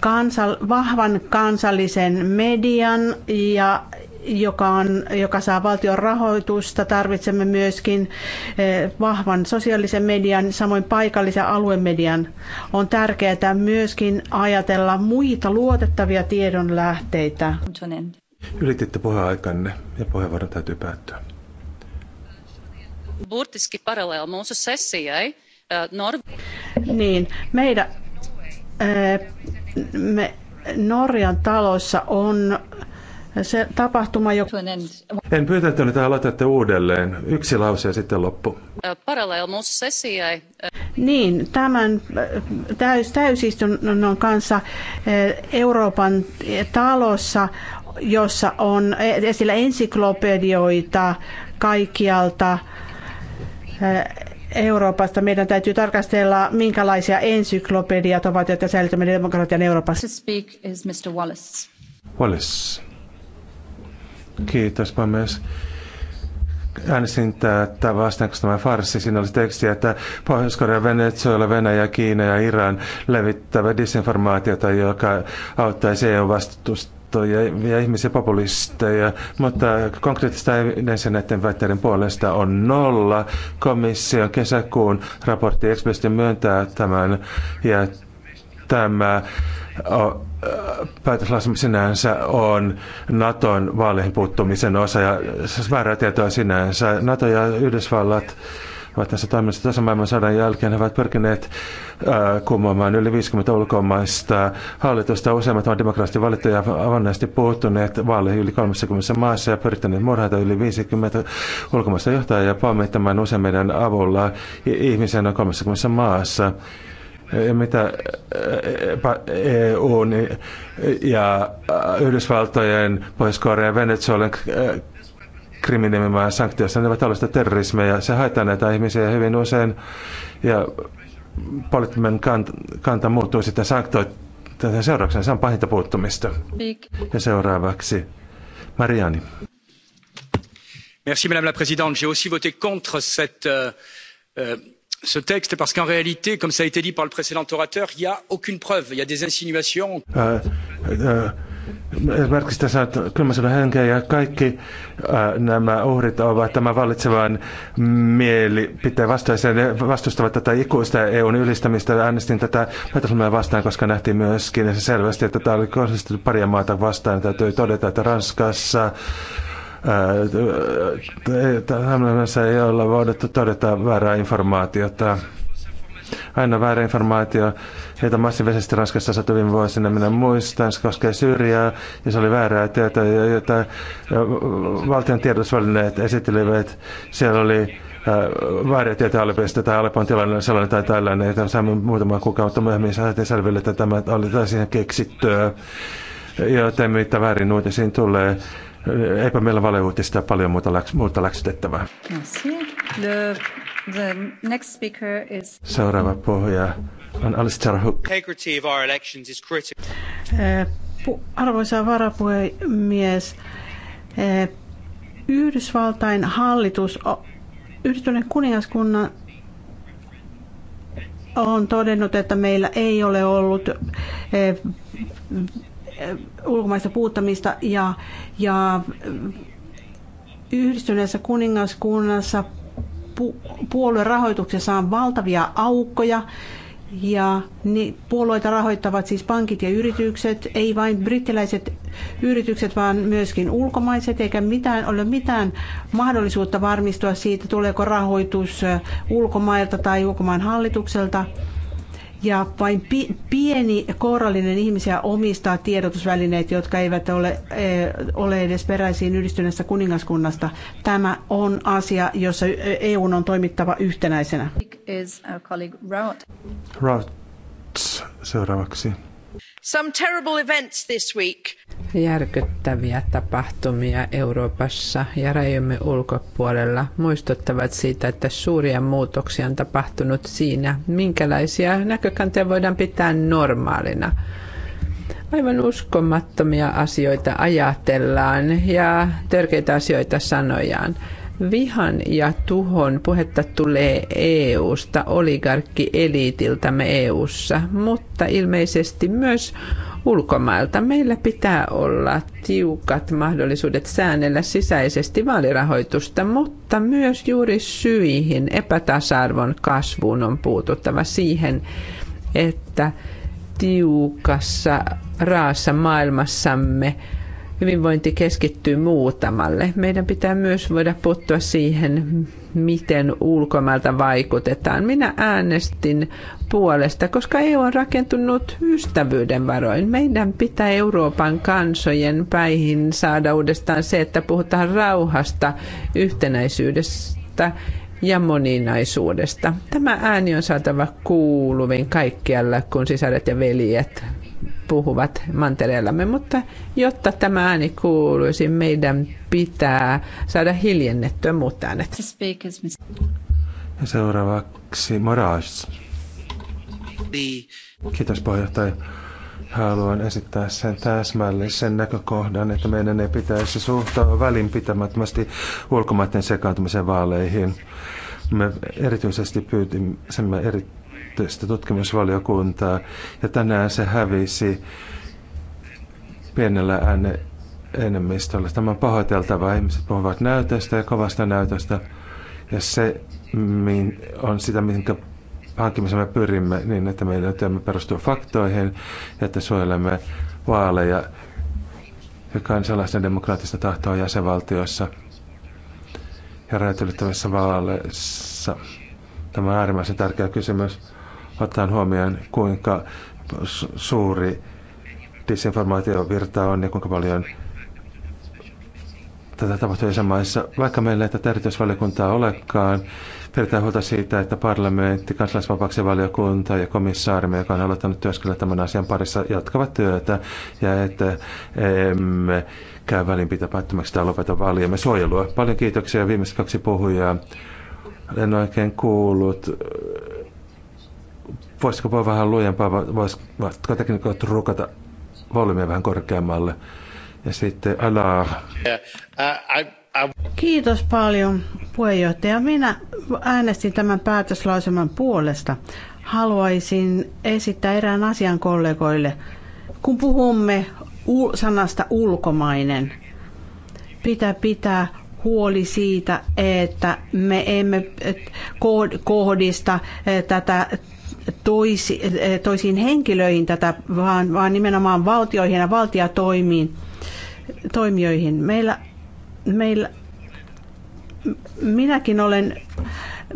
kansal, vahvan kansallisen median, ja joka, on, joka saa valtion rahoitusta. Tarvitsemme myöskin eh, vahvan sosiaalisen median, samoin paikallisen aluemedian. On tärkeää myöskin ajatella muita luotettavia tiedonlähteitä. Ylititte puheaikanne ja puheenvuoron täytyy päättyä. Burtiski parallel mūsu sesijai. Eh, niin, meidän eh, me Norjan talossa on se tapahtuma, joka... En pyytä, että nyt aloitatte uudelleen. Yksi lause ja sitten loppu. Niin, tämän täys, täysistunnon kanssa Euroopan talossa, jossa on esillä ensiklopedioita kaikkialta, Euroopasta. Meidän täytyy tarkastella, minkälaisia ensyklopediat ovat, jotka säilytämme demokratian Euroopassa. To speak is Mr. Wallace. Wallace. Kiitos, mä myös äänestin tätä vastaan, koska tämä farsi, siinä oli teksti, että Pohjois-Korea, Venezuela, Venäjä, Kiina ja Iran levittävät disinformaatiota, joka auttaisi EU-vastustusta ja ihmisiä populisteja, mutta konkreettista yleensä näiden väitteiden puolesta on nolla. Komissio kesäkuun raportti eksplisesti myöntää tämän ja tämä päätöslausuma sinänsä on Naton vaaleihin puuttumisen osa ja väärää tietoa sinänsä. Nato ja Yhdysvallat ovat tässä toiminnassa maailman sodan jälkeen. He ovat pyrkineet äh, kumoamaan yli 50 ulkomaista hallitusta. Useimmat ovat demokraattisesti valittuja avannaisesti puuttuneet vaaleihin yli 30 maassa ja pyrittäneet murhata yli 50 ulkomaista johtajaa ja pommittamaan usein meidän avulla ihmisen 30 maassa mitä EU ja Yhdysvaltojen, Pohjois-Korean, Venezuelan, kriminoimaan sanktioissa. Ne ovat tällaista terrorismia ja se haittaa näitä ihmisiä hyvin usein. Ja poliittinen kanta, kanta muuttuu sitten sanktioiden seurauksena. Se on pahinta puuttumista. Ja seuraavaksi Mariani. Merci Madame la Présidente. J'ai aussi voté contre cette, euh, euh ce texte parce qu'en réalité, comme ça a été dit par le précédent orateur, il n'y a aucune preuve, il y a des insinuations. Euh, euh, Merkistä saa kylmäsodan henkeä ja kaikki ää, äh, nämä uhrit ovat tämän vallitsevan mielipiteen vastaiseen ja vastustavat tätä ikuista EUn ylistämistä. Äänestin tätä päätöslomaa vastaan, koska nähtiin myöskin se selvästi, että tämä oli kohdistettu paria maata vastaan. Täytyy todeta, että Ranskassa Hämeenmässä äh, ei olla voidettu todeta väärää informaatiota aina väärä informaatio, heitä massiivisesti Ranskassa satoi viime vuosina. Minä muistan, se koskee syrjää ja se oli väärää tietoa, jota valtion tiedotusvälineet esittelivät. Siellä oli väärä tietoja Alepista tai Alepon tilanne sellainen tai tällainen. Ja saimme muutama kuukautta myöhemmin saatiin selville, että tämä oli täysin keksittyä. Joten mitä väärin uutisiin tulee, eipä meillä valeuutista paljon muuta, läks, muuta läksytettävää. Merci. Le The next speaker is... Seuraava puhuja on Alistair Hook. Integrity of our elections is critical. Arvoisa varapuhemies, Yhdysvaltain hallitus, Yhdistyneen kuningaskunnan on todennut, että meillä ei ole ollut ulkomaista puuttamista ja, ja yhdistyneessä kuningaskunnassa puoluerahoituksessa on valtavia aukkoja ja puolueita rahoittavat siis pankit ja yritykset, ei vain brittiläiset yritykset, vaan myöskin ulkomaiset, eikä mitään, ole mitään mahdollisuutta varmistua siitä, tuleeko rahoitus ulkomailta tai ulkomaan hallitukselta ja vain pi- pieni kourallinen ihmisiä omistaa tiedotusvälineet, jotka eivät ole, eh, ole edes peräisin yhdistyneestä kuningaskunnasta. Tämä on asia, jossa EU on toimittava yhtenäisenä. seuraavaksi. Some terrible events this week. Järkyttäviä tapahtumia Euroopassa ja rajojemme ulkopuolella muistuttavat siitä, että suuria muutoksia on tapahtunut siinä, minkälaisia näkökantoja voidaan pitää normaalina aivan uskomattomia asioita ajatellaan ja törkeitä asioita sanojaan. Vihan ja tuhon puhetta tulee EU-sta, oligarkkieliitiltämme EU-ssa, mutta ilmeisesti myös ulkomailta. Meillä pitää olla tiukat mahdollisuudet säännellä sisäisesti vaalirahoitusta, mutta myös juuri syihin epätasa-arvon kasvuun on puututtava siihen, että tiukassa raassa maailmassamme – hyvinvointi keskittyy muutamalle. Meidän pitää myös voida puuttua siihen, miten ulkomailta vaikutetaan. Minä äänestin puolesta, koska EU on rakentunut ystävyyden varoin. Meidän pitää Euroopan kansojen päihin saada uudestaan se, että puhutaan rauhasta, yhtenäisyydestä ja moninaisuudesta. Tämä ääni on saatava kuuluvin kaikkialla, kun sisaret ja veljet puhuvat mantereellamme, mutta jotta tämä ääni kuuluisi, meidän pitää saada hiljennettyä muut äänet. Ja seuraavaksi Moraes. Kiitos puheenjohtaja. Haluan esittää sen täsmällisen näkökohdan, että meidän ei pitäisi suhtautua välinpitämättömästi ulkomaiden sekaantumisen vaaleihin. Me erityisesti me eri tästä tutkimusvaliokuntaa, ja tänään se hävisi pienellä ääne enemmistöllä. Tämä on pahoiteltava. Ihmiset puhuvat näytöstä ja kovasta näytöstä, ja se on sitä, minkä hankimisen me pyrimme niin, että meidän työmme perustuu faktoihin ja että suojelemme vaaleja ja kansalaisten demokraattista tahtoa jäsenvaltioissa ja rajatylittävissä vaaleissa. Tämä on äärimmäisen tärkeä kysymys ottaen huomioon, kuinka suuri disinformaatiovirta on ja kuinka paljon tätä tapahtuu jäsenmaissa. Vaikka meillä ei tätä erityisvaliokuntaa olekaan, pidetään huolta siitä, että parlamentti, kansalaisvapauksien valiokunta ja komissaarimme, joka on aloittanut työskennellä tämän asian parissa, jatkavat työtä ja että emme käy välinpitämättömäksi tai lopeta valiomme suojelua. Paljon kiitoksia viimeiset kaksi puhujaa. En oikein kuullut Voisiko voi vähän lujempaa, voisiko tekniikot rukata volyymiä vähän korkeammalle? Ja sitten ala. Kiitos paljon puheenjohtaja. Minä äänestin tämän päätöslauseman puolesta. Haluaisin esittää erään asian kollegoille. Kun puhumme sanasta ulkomainen, pitää pitää huoli siitä, että me emme kohdista eh, tätä toisi, eh, toisiin henkilöihin tätä, vaan, vaan nimenomaan valtioihin ja valtiatoimiin toimijoihin. Meillä, meillä, minäkin olen,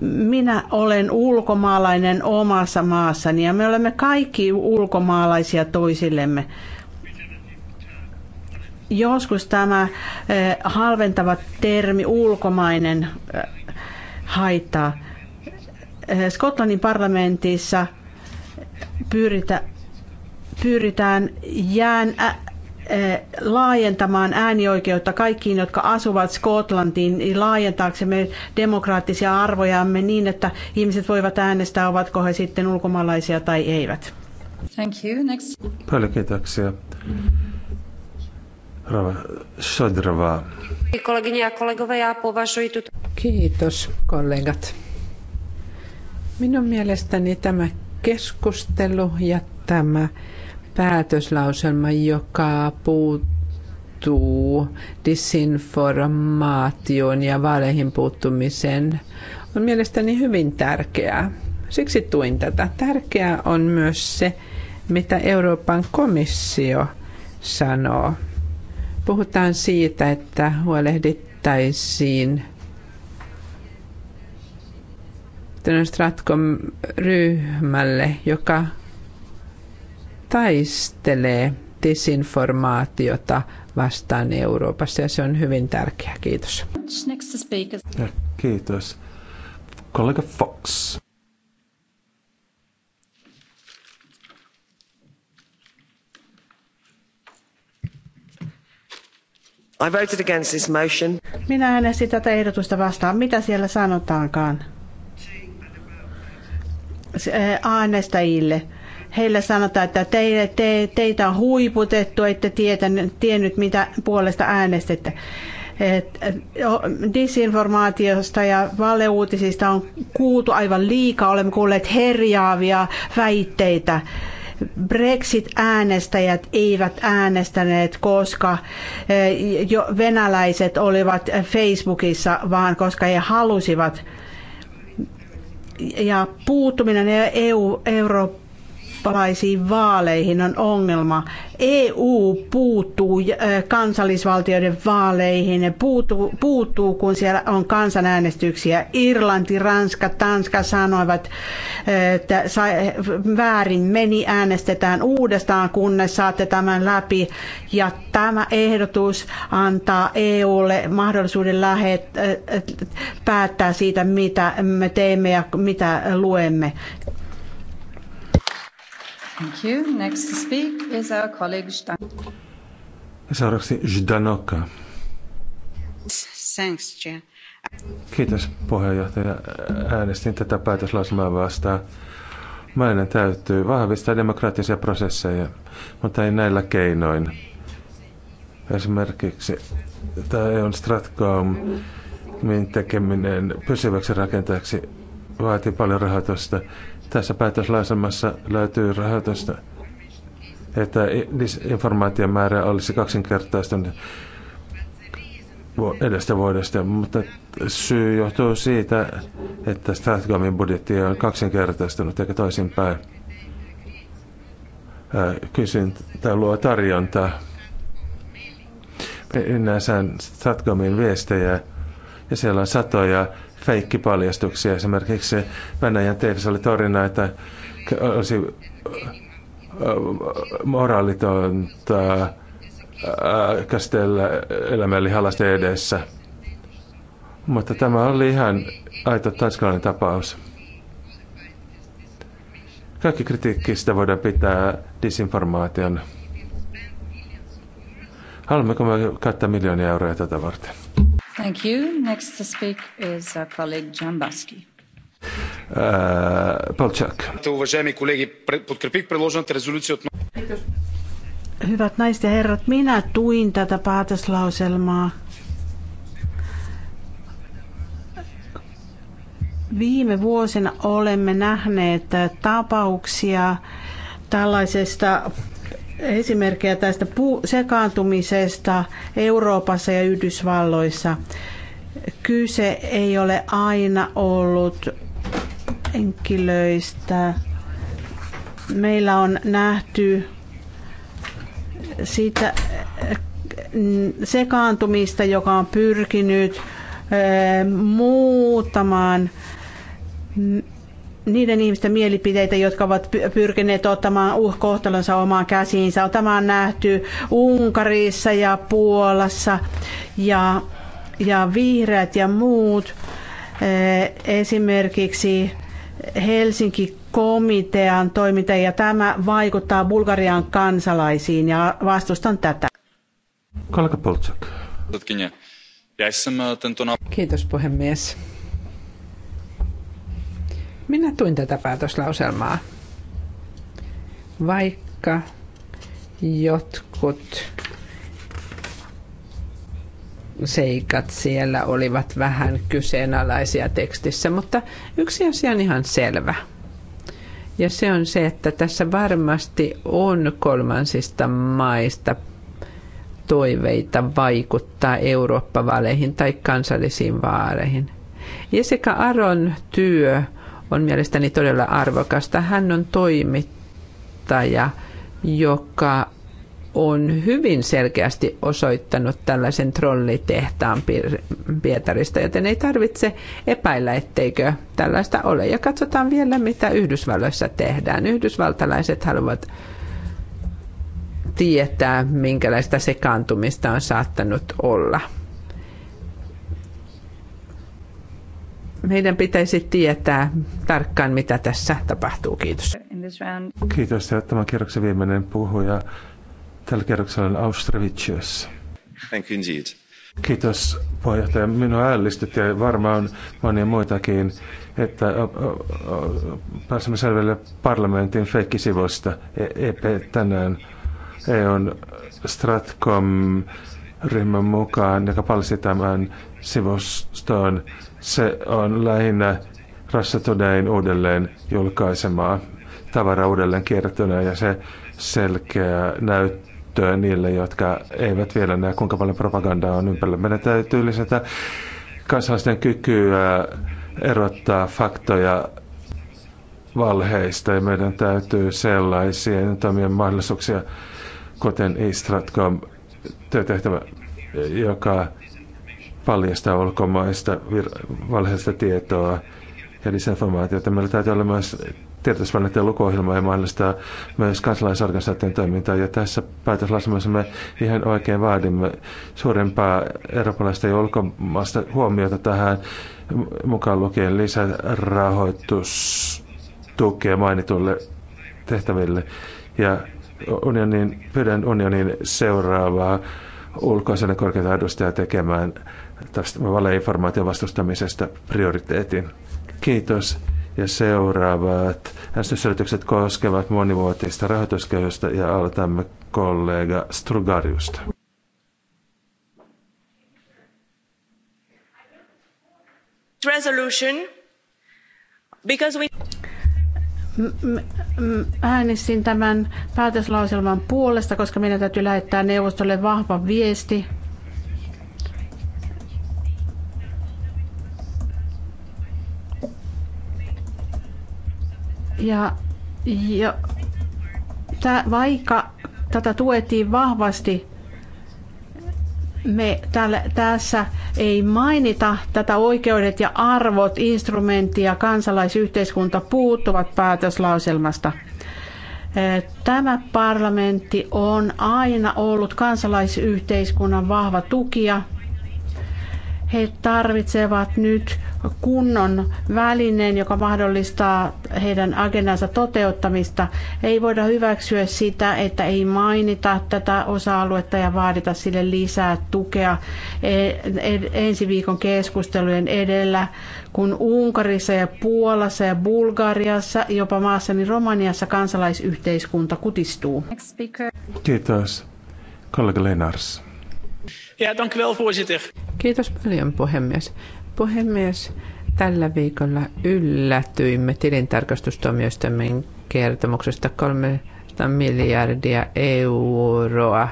minä olen ulkomaalainen omassa maassani ja me olemme kaikki ulkomaalaisia toisillemme. Joskus tämä eh, halventava termi ulkomainen eh, haittaa Eh, Skotlannin parlamentissa pyritä, pyritään jään, ä, eh, laajentamaan äänioikeutta kaikkiin, jotka asuvat Skotlantiin, niin laajentaaksemme demokraattisia arvojamme niin, että ihmiset voivat äänestää, ovatko he sitten ulkomaalaisia tai eivät. Thank you. Next. Paljon kiitoksia. Rava Shodrova. Kiitos kollegat. Minun mielestäni tämä keskustelu ja tämä päätöslauselma, joka puuttuu disinformaatioon ja vaaleihin puuttumiseen, on mielestäni hyvin tärkeää. Siksi tuin tätä. Tärkeää on myös se, mitä Euroopan komissio sanoo. Puhutaan siitä, että huolehdittaisiin siirtynyt Stratcom-ryhmälle, joka taistelee disinformaatiota vastaan Euroopassa ja se on hyvin tärkeä Kiitos. Ja kiitos. Kollega Fox. I voted against this motion. Minä äänestin tätä ehdotusta vastaan. Mitä siellä sanotaankaan? äänestäjille. Heillä sanotaan, että teille, te, teitä on huiputettu, ette tietänyt, tiennyt mitä puolesta äänestätte. Et disinformaatiosta ja valeuutisista on kuultu aivan liikaa, olemme kuulleet herjaavia väitteitä. Brexit-äänestäjät eivät äänestäneet, koska jo venäläiset olivat Facebookissa, vaan koska he halusivat ja puuttuminen EU, eurooppalaisiin vaaleihin on ongelma. EU puuttuu kansallisvaltioiden vaaleihin, ne puuttuu, puuttuu kun siellä on kansanäänestyksiä. Irlanti, Ranska, Tanska sanoivat, että väärin meni, äänestetään uudestaan, kunnes saatte tämän läpi. Ja tämä ehdotus antaa EUlle mahdollisuuden lähet, päättää siitä, mitä me teemme ja mitä luemme. Thank you. Next to speak is our colleague Stan- Seuraavaksi Zdanoka. Thanks, Chair. Kiitos puheenjohtaja. Äänestin tätä päätöslausumaa vastaan. Meidän täytyy vahvistaa demokraattisia prosesseja, mutta ei näillä keinoin. Esimerkiksi tämä on e Stratcomin tekeminen pysyväksi rakentajaksi vaatii paljon rahoitusta. Tässä päätöslauselmassa löytyy rahoitusta, että informaation määrä olisi kaksinkertaistunut edestä vuodesta, mutta syy johtuu siitä, että Stratcomin budjetti on kaksinkertaistunut eikä toisinpäin. Kysyntä luo tarjontaa. Minä saan Stratcomin viestejä ja siellä on satoja feikkipaljastuksia. Esimerkiksi Venäjän TVssä oli torina, että olisi äh, moraalitonta äh, käsitellä elämällä halasten edessä. Mutta tämä oli ihan aito tanskalainen tapaus. Kaikki kritiikki sitä voidaan pitää disinformaation. Haluammeko me käyttää miljoonia euroja tätä varten? Hyvät naiset ja herrat, minä tuin tätä päätöslauselmaa Viime vuosina olemme nähneet tapauksia tällaisesta esimerkkejä tästä sekaantumisesta Euroopassa ja Yhdysvalloissa. Kyse ei ole aina ollut henkilöistä. Meillä on nähty sitä mm, sekaantumista, joka on pyrkinyt eh, muuttamaan mm, niiden ihmisten mielipiteitä, jotka ovat pyrkineet ottamaan uh, kohtalonsa omaan käsiinsä. Tämä on nähty Unkarissa ja Puolassa ja, ja vihreät ja muut. Eh, esimerkiksi Helsinki komitean toiminta ja tämä vaikuttaa Bulgarian kansalaisiin ja vastustan tätä. Kalka Poltsak. Eh, Kiitos puhemies minä tuin tätä päätöslauselmaa, vaikka jotkut seikat siellä olivat vähän kyseenalaisia tekstissä, mutta yksi asia on ihan selvä. Ja se on se, että tässä varmasti on kolmansista maista toiveita vaikuttaa Eurooppa-vaaleihin tai kansallisiin vaaleihin. sekä Aron työ on mielestäni todella arvokasta. Hän on toimittaja, joka on hyvin selkeästi osoittanut tällaisen trollitehtaan Pietarista, joten ei tarvitse epäillä, etteikö tällaista ole. Ja katsotaan vielä, mitä Yhdysvalloissa tehdään. Yhdysvaltalaiset haluavat tietää, minkälaista sekaantumista on saattanut olla. meidän pitäisi tietää tarkkaan, mitä tässä tapahtuu. Kiitos. Kiitos. Ja tämän kierroksen viimeinen puhuja tällä kierroksella on Austravicius. Thank you indeed. Kiitos puheenjohtaja. Minua ällistytti ja varmaan monia muitakin, että pääsemme selville parlamentin feikkisivuista EP e tänään. EUn Stratcom ryhmän mukaan, joka palsi tämän sivuston se on lähinnä rassatoneen uudelleen julkaisemaa tavara uudelleen kiertona ja se selkeä näyttö niille, jotka eivät vielä näe, kuinka paljon propagandaa on ympärillä. Meidän täytyy lisätä kansalaisten kykyä erottaa faktoja valheista ja meidän täytyy sellaisia toimien mahdollisuuksia, kuten Istratcom työtehtävä, joka paljastaa ulkomaista vir- valheellista tietoa ja disinformaatiota. Meillä täytyy olla myös tietoisvälineiden lukuohjelma ja mahdollistaa myös kansalaisorganisaation toimintaa. Ja tässä päätöslausumassa me ihan oikein vaadimme suurempaa eurooppalaista ja ulkomaista huomiota tähän mukaan lukien lisärahoitus tukea tehtäville. Ja unionin, pyydän unionin seuraavaa ulkoisen korkeita edustajaa tekemään tästä valeinformaation vastustamisesta prioriteetin. Kiitos. Ja seuraavat äänestysselitykset koskevat monivuotista rahoituskehystä ja aloitamme kollega Strugariusta. Resolution because we äänestin tämän päätöslauselman puolesta, koska meidän täytyy lähettää neuvostolle vahva viesti Ja, ja tä, vaikka tätä tuettiin vahvasti, me täällä, tässä ei mainita tätä oikeudet ja arvot instrumenttia kansalaisyhteiskunta puuttuvat päätöslauselmasta. Tämä parlamentti on aina ollut kansalaisyhteiskunnan vahva tukija he tarvitsevat nyt kunnon välineen, joka mahdollistaa heidän agendansa toteuttamista. Ei voida hyväksyä sitä, että ei mainita tätä osa-aluetta ja vaadita sille lisää tukea e, e, ensi viikon keskustelujen edellä, kun Unkarissa ja Puolassa ja Bulgariassa, jopa maassani Romaniassa kansalaisyhteiskunta kutistuu. Kiitos. Kollega Lenars. Ja, dank wel, voorzitter. Kiitos paljon, puhemies. Puhemies, tällä viikolla yllätyimme tilintarkastustuomioistuimen kertomuksesta 300 miljardia euroa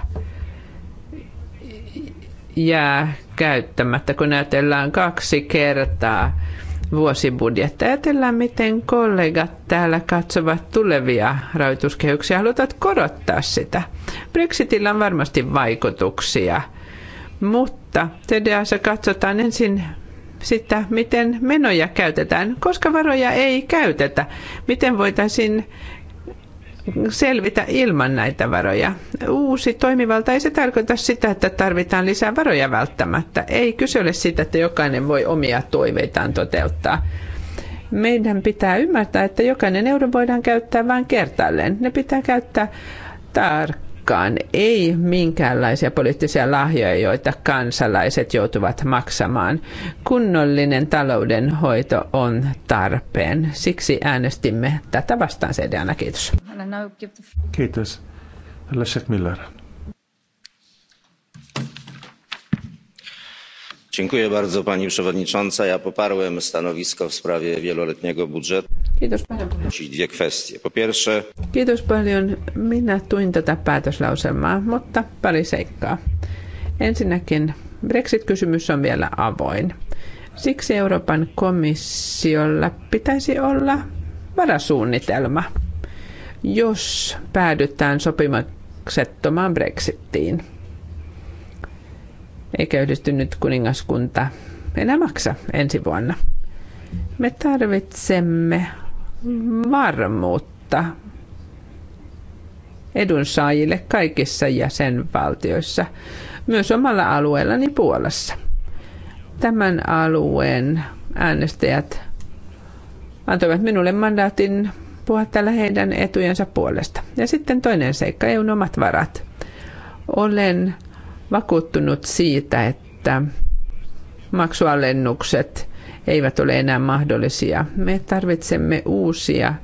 jää käyttämättä, kun ajatellaan kaksi kertaa vuosibudjettia. Ajatellaan, miten kollegat täällä katsovat tulevia rahoituskehyksiä. Halutaan korottaa sitä. Brexitillä on varmasti vaikutuksia – mutta TDAssa katsotaan ensin sitä, miten menoja käytetään, koska varoja ei käytetä. Miten voitaisiin selvitä ilman näitä varoja. Uusi toimivalta ei se tarkoita sitä, että tarvitaan lisää varoja välttämättä. Ei kyse ole siitä, että jokainen voi omia toiveitaan toteuttaa. Meidän pitää ymmärtää, että jokainen euro voidaan käyttää vain kertaalleen. Ne pitää käyttää tarkkaan olekaan, ei minkäänlaisia poliittisia lahjoja, joita kansalaiset joutuvat maksamaan. Kunnollinen taloudenhoito on tarpeen. Siksi äänestimme tätä vastaan CDAna. Kiitos. Kiitos. Leszek Miller. pani przewodnicząca! ja poparłem stanowisko w sprawie wieloletniego budżetu. haluan podkreślić dwie kwestie. po pierwsze minä tuin tätä päätöslauselmaa mutta pari seikkaa. ensinnäkin brexit kysymys on vielä avoin. siksi euroopan komissiolla pitäisi olla varasuunnitelma jos päädytään sopimuksettomaan brexittiin eikä yhdistynyt kuningaskunta enää maksa ensi vuonna. Me tarvitsemme varmuutta edunsaajille kaikissa jäsenvaltioissa, myös omalla alueellani Puolassa. Tämän alueen äänestäjät antoivat minulle mandaatin puhua täällä heidän etujensa puolesta. Ja sitten toinen seikka, EUn omat varat. Olen vakuuttunut siitä, että maksualennukset eivät ole enää mahdollisia. Me tarvitsemme uusia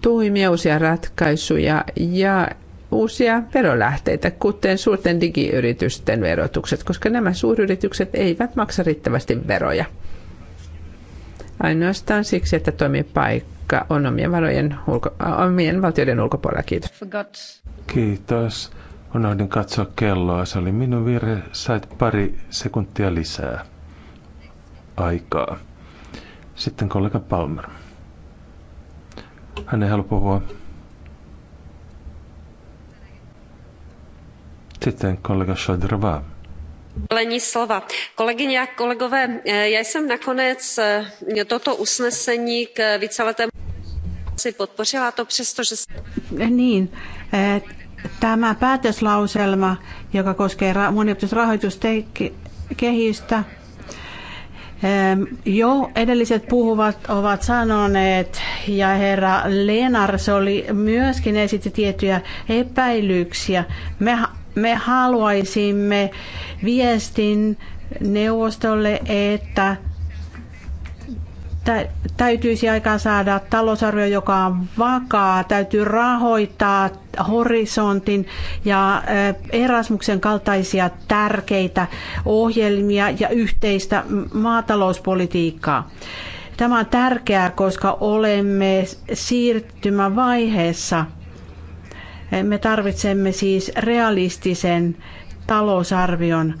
toimia, uusia ratkaisuja ja uusia verolähteitä, kuten suurten digiyritysten verotukset, koska nämä suuryritykset eivät maksa riittävästi veroja. Ainoastaan siksi, että toimipaikka on omien, varojen ulko, omien valtioiden ulkopuolella. Kiitos. Kiitos. Unohdin katsoa kelloa. Se oli minun virhe. Sait pari sekuntia lisää aikaa. Sitten kollega Palmer. Hän ei halua puhua. Sitten kollega Shadrava. Lení slova. Kolegyně a kolegové, já jsem nakonec eh, toto usnesení k víceletému si podpořila to přesto, že... Niin, eh, Tämä päätöslauselma, joka koskee monivuotisrahoituskehistä, jo edelliset puhuvat ovat sanoneet, ja herra Lenars oli myöskin esitti tiettyjä epäilyksiä. Me, me haluaisimme viestin neuvostolle, että täytyisi aikaan saada talousarvio, joka on vakaa, täytyy rahoittaa horisontin ja eh, Erasmuksen kaltaisia tärkeitä ohjelmia ja yhteistä maatalouspolitiikkaa. Tämä on tärkeää, koska olemme siirtymävaiheessa. Me tarvitsemme siis realistisen talousarvion.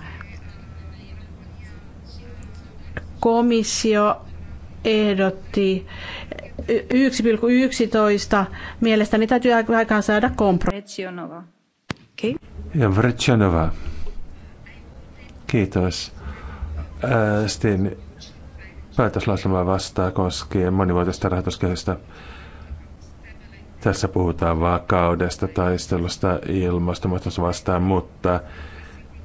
Komissio ehdotti 1,11. Mielestäni täytyy aikaan saada kompromissi. Vrtsjanova. Kiitos. Sitten päätöslauselma vastaa koskien monivuotista rahoituskehystä. Tässä puhutaan vakaudesta, taistelusta, ilmastonmuutosta vastaan, mutta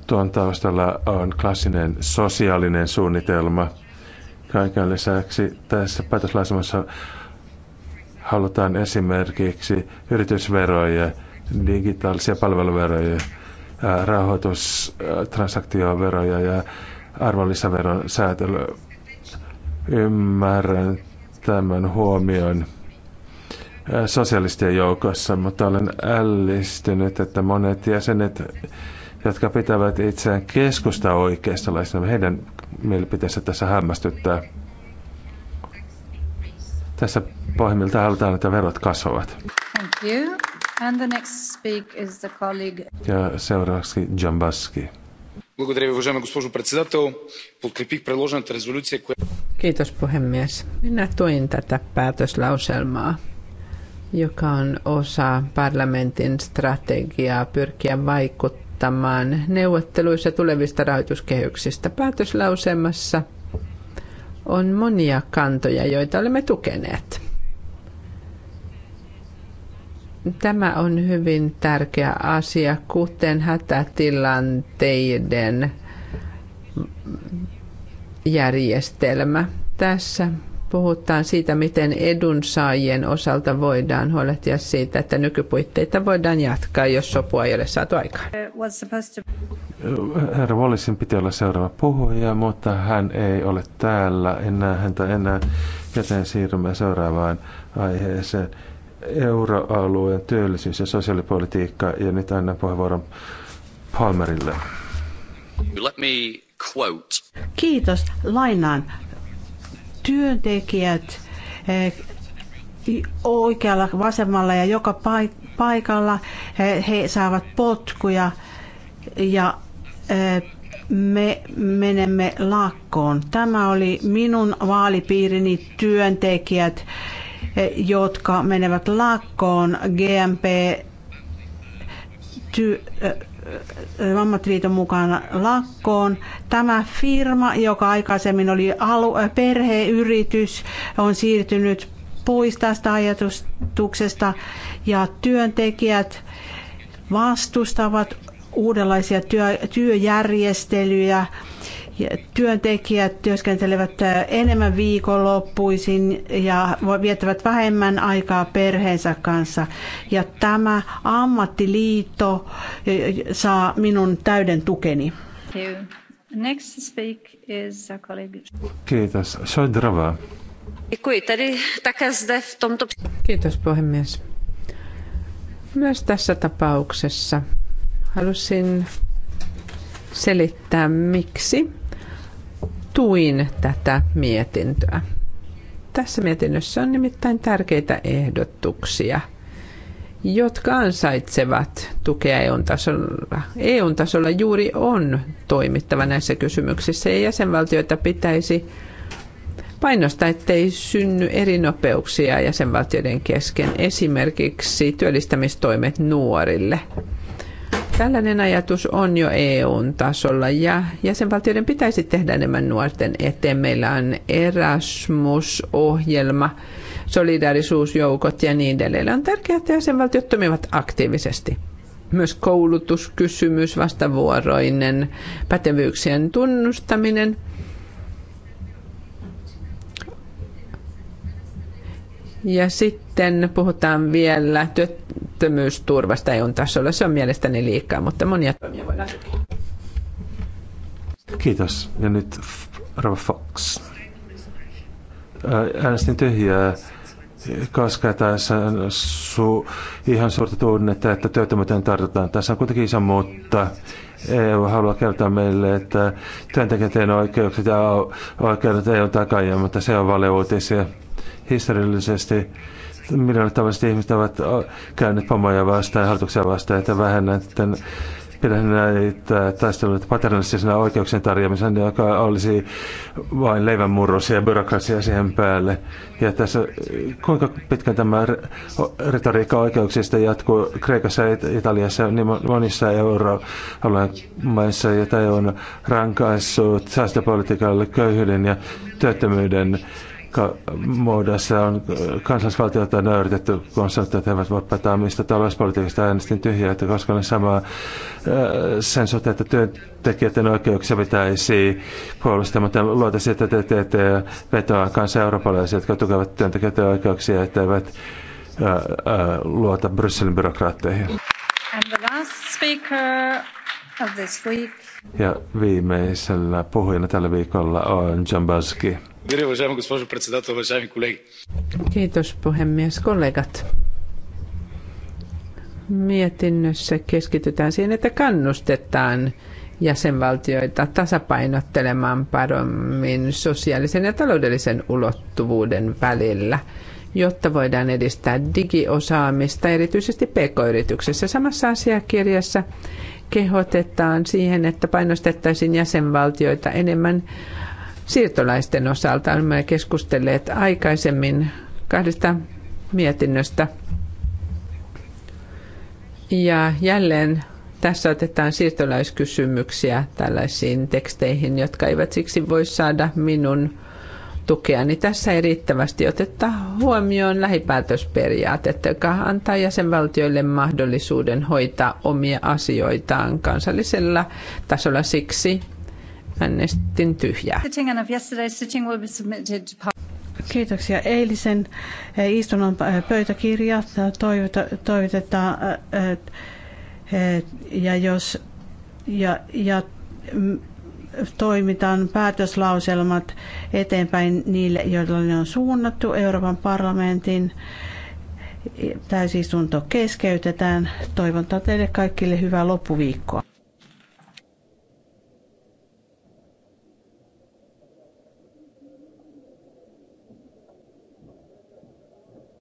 tuon taustalla on klassinen sosiaalinen suunnitelma – Kaiken lisäksi tässä päätöslausemassa halutaan esimerkiksi yritysveroja, digitaalisia palveluveroja, rahoitustransaktioveroja ja arvonlisäveron säätely. Ymmärrän tämän huomion sosialistien joukossa, mutta olen ällistynyt, että monet jäsenet, jotka pitävät itseään keskusta oikeistolaisena, heidän mielipiteessä tässä hämmästyttää. Tässä pahimmilta halutaan, että verot kasvavat. Thank you. And the next speak is the colleague. Ja seuraavaksi Jambaski. Благодаря Kiitos puhemies. Minä tuin tätä päätöslauselmaa, joka on osa parlamentin strategiaa pyrkiä vaikuttamaan ottamaan neuvotteluissa tulevista rahoituskehyksistä. Päätöslausemassa on monia kantoja, joita olemme tukeneet. Tämä on hyvin tärkeä asia, kuten hätätilanteiden järjestelmä. Tässä puhutaan siitä, miten edunsaajien osalta voidaan huolehtia siitä, että nykypuitteita voidaan jatkaa, jos sopua ei ole saatu aikaan. Herra Wallisin piti olla seuraava puhuja, mutta hän ei ole täällä enää häntä enää, joten siirrymme seuraavaan aiheeseen. Euroalueen työllisyys- ja sosiaalipolitiikka, ja nyt annan puheenvuoron Palmerille. Kiitos. Lainaan työntekijät eh, oikealla, vasemmalla ja joka paikalla eh, he saavat potkuja ja eh, me menemme lakkoon. Tämä oli minun vaalipiirini työntekijät, jotka menevät lakkoon GMP ammattiliiton mukaan lakkoon. Tämä firma, joka aikaisemmin oli alue, perheyritys, on siirtynyt pois tästä ajatuksesta ja työntekijät vastustavat uudenlaisia työ, työjärjestelyjä työntekijät työskentelevät äh, enemmän viikonloppuisin ja viettävät vähemmän aikaa perheensä kanssa. Ja tämä ammattiliitto äh, saa minun täyden tukeni. Next speak is a colleague. Kiitos. Shodrava. Kiitos puhemies. Myös tässä tapauksessa halusin selittää, miksi tuin tätä mietintöä. Tässä mietinnössä on nimittäin tärkeitä ehdotuksia, jotka ansaitsevat tukea EUn tasolla. EUn tasolla juuri on toimittava näissä kysymyksissä ja jäsenvaltioita pitäisi painosta, ettei synny eri nopeuksia jäsenvaltioiden kesken, esimerkiksi työllistämistoimet nuorille – Tällainen ajatus on jo eu tasolla ja jäsenvaltioiden pitäisi tehdä enemmän nuorten eteen. Meillä on Erasmus-ohjelma, solidaarisuusjoukot ja niin edelleen. On tärkeää, että jäsenvaltiot toimivat aktiivisesti. Myös koulutuskysymys, vastavuoroinen pätevyyksien tunnustaminen – Ja sitten puhutaan vielä työttömyysturvasta EUn tasolla. Se on mielestäni liikaa, mutta monia toimia voidaan Kiitos. Ja nyt Rova Fox. Äänestin tyhjää, koska tässä on su, ihan suurta tunnetta, että työttömyyteen tartutaan. Tässä on kuitenkin iso mutta. EU haluaa kertoa meille, että työntekijöiden oikeukset ja oikeudet ei ole takajia, mutta se on valeuutisia historiallisesti miljoonat tavalliset ihmiset ovat käyneet pomoja vastaan ja hallituksia vastaan, että vähennän tämän pidän näitä taisteluita paternalistisena oikeuksien tarjoamisen, joka olisi vain leivänmurros ja byrokratia siihen päälle. Ja tässä, kuinka pitkään tämä retoriikka oikeuksista jatkuu Kreikassa, Italiassa niin monissa euroalueen maissa, joita on rankaissut säästöpolitiikalle köyhyyden ja työttömyyden ka- muodossa on kansallisvaltiota nöyritetty, kun sanottu, että he eivät voi päätää mistä talouspolitiikasta äänestin tyhjää, että koska on sama äh, sen suhteen, että työntekijöiden oikeuksia pitäisi puolustaa, mutta luota siitä, että TTT vetoaa kanssa eurooppalaisia, jotka tukevat työntekijöiden oikeuksia, että eivät äh, äh, luota Brysselin byrokraatteihin. Ja viimeisellä puhujana tällä viikolla on John Buski. Kiitos puhemies, kollegat. Mietinnössä keskitytään siihen, että kannustetaan jäsenvaltioita tasapainottelemaan paremmin sosiaalisen ja taloudellisen ulottuvuuden välillä, jotta voidaan edistää digiosaamista erityisesti pk-yrityksessä. Samassa asiakirjassa kehotetaan siihen, että painostettaisiin jäsenvaltioita enemmän siirtolaisten osalta. Olemme keskustelleet aikaisemmin kahdesta mietinnöstä. Ja jälleen tässä otetaan siirtolaiskysymyksiä tällaisiin teksteihin, jotka eivät siksi voi saada minun tukea, niin tässä ei riittävästi oteta huomioon lähipäätösperiaatetta, joka antaa jäsenvaltioille mahdollisuuden hoitaa omia asioitaan kansallisella tasolla. Siksi Äänestin tyhjää. Kiitoksia. Eilisen eh, istunnon eh, pöytäkirja eh, toivotetaan ja jos ja, ja mm, toimitaan päätöslauselmat eteenpäin niille, joille ne on suunnattu Euroopan parlamentin. Täysistunto keskeytetään. Toivon teille kaikille hyvää loppuviikkoa.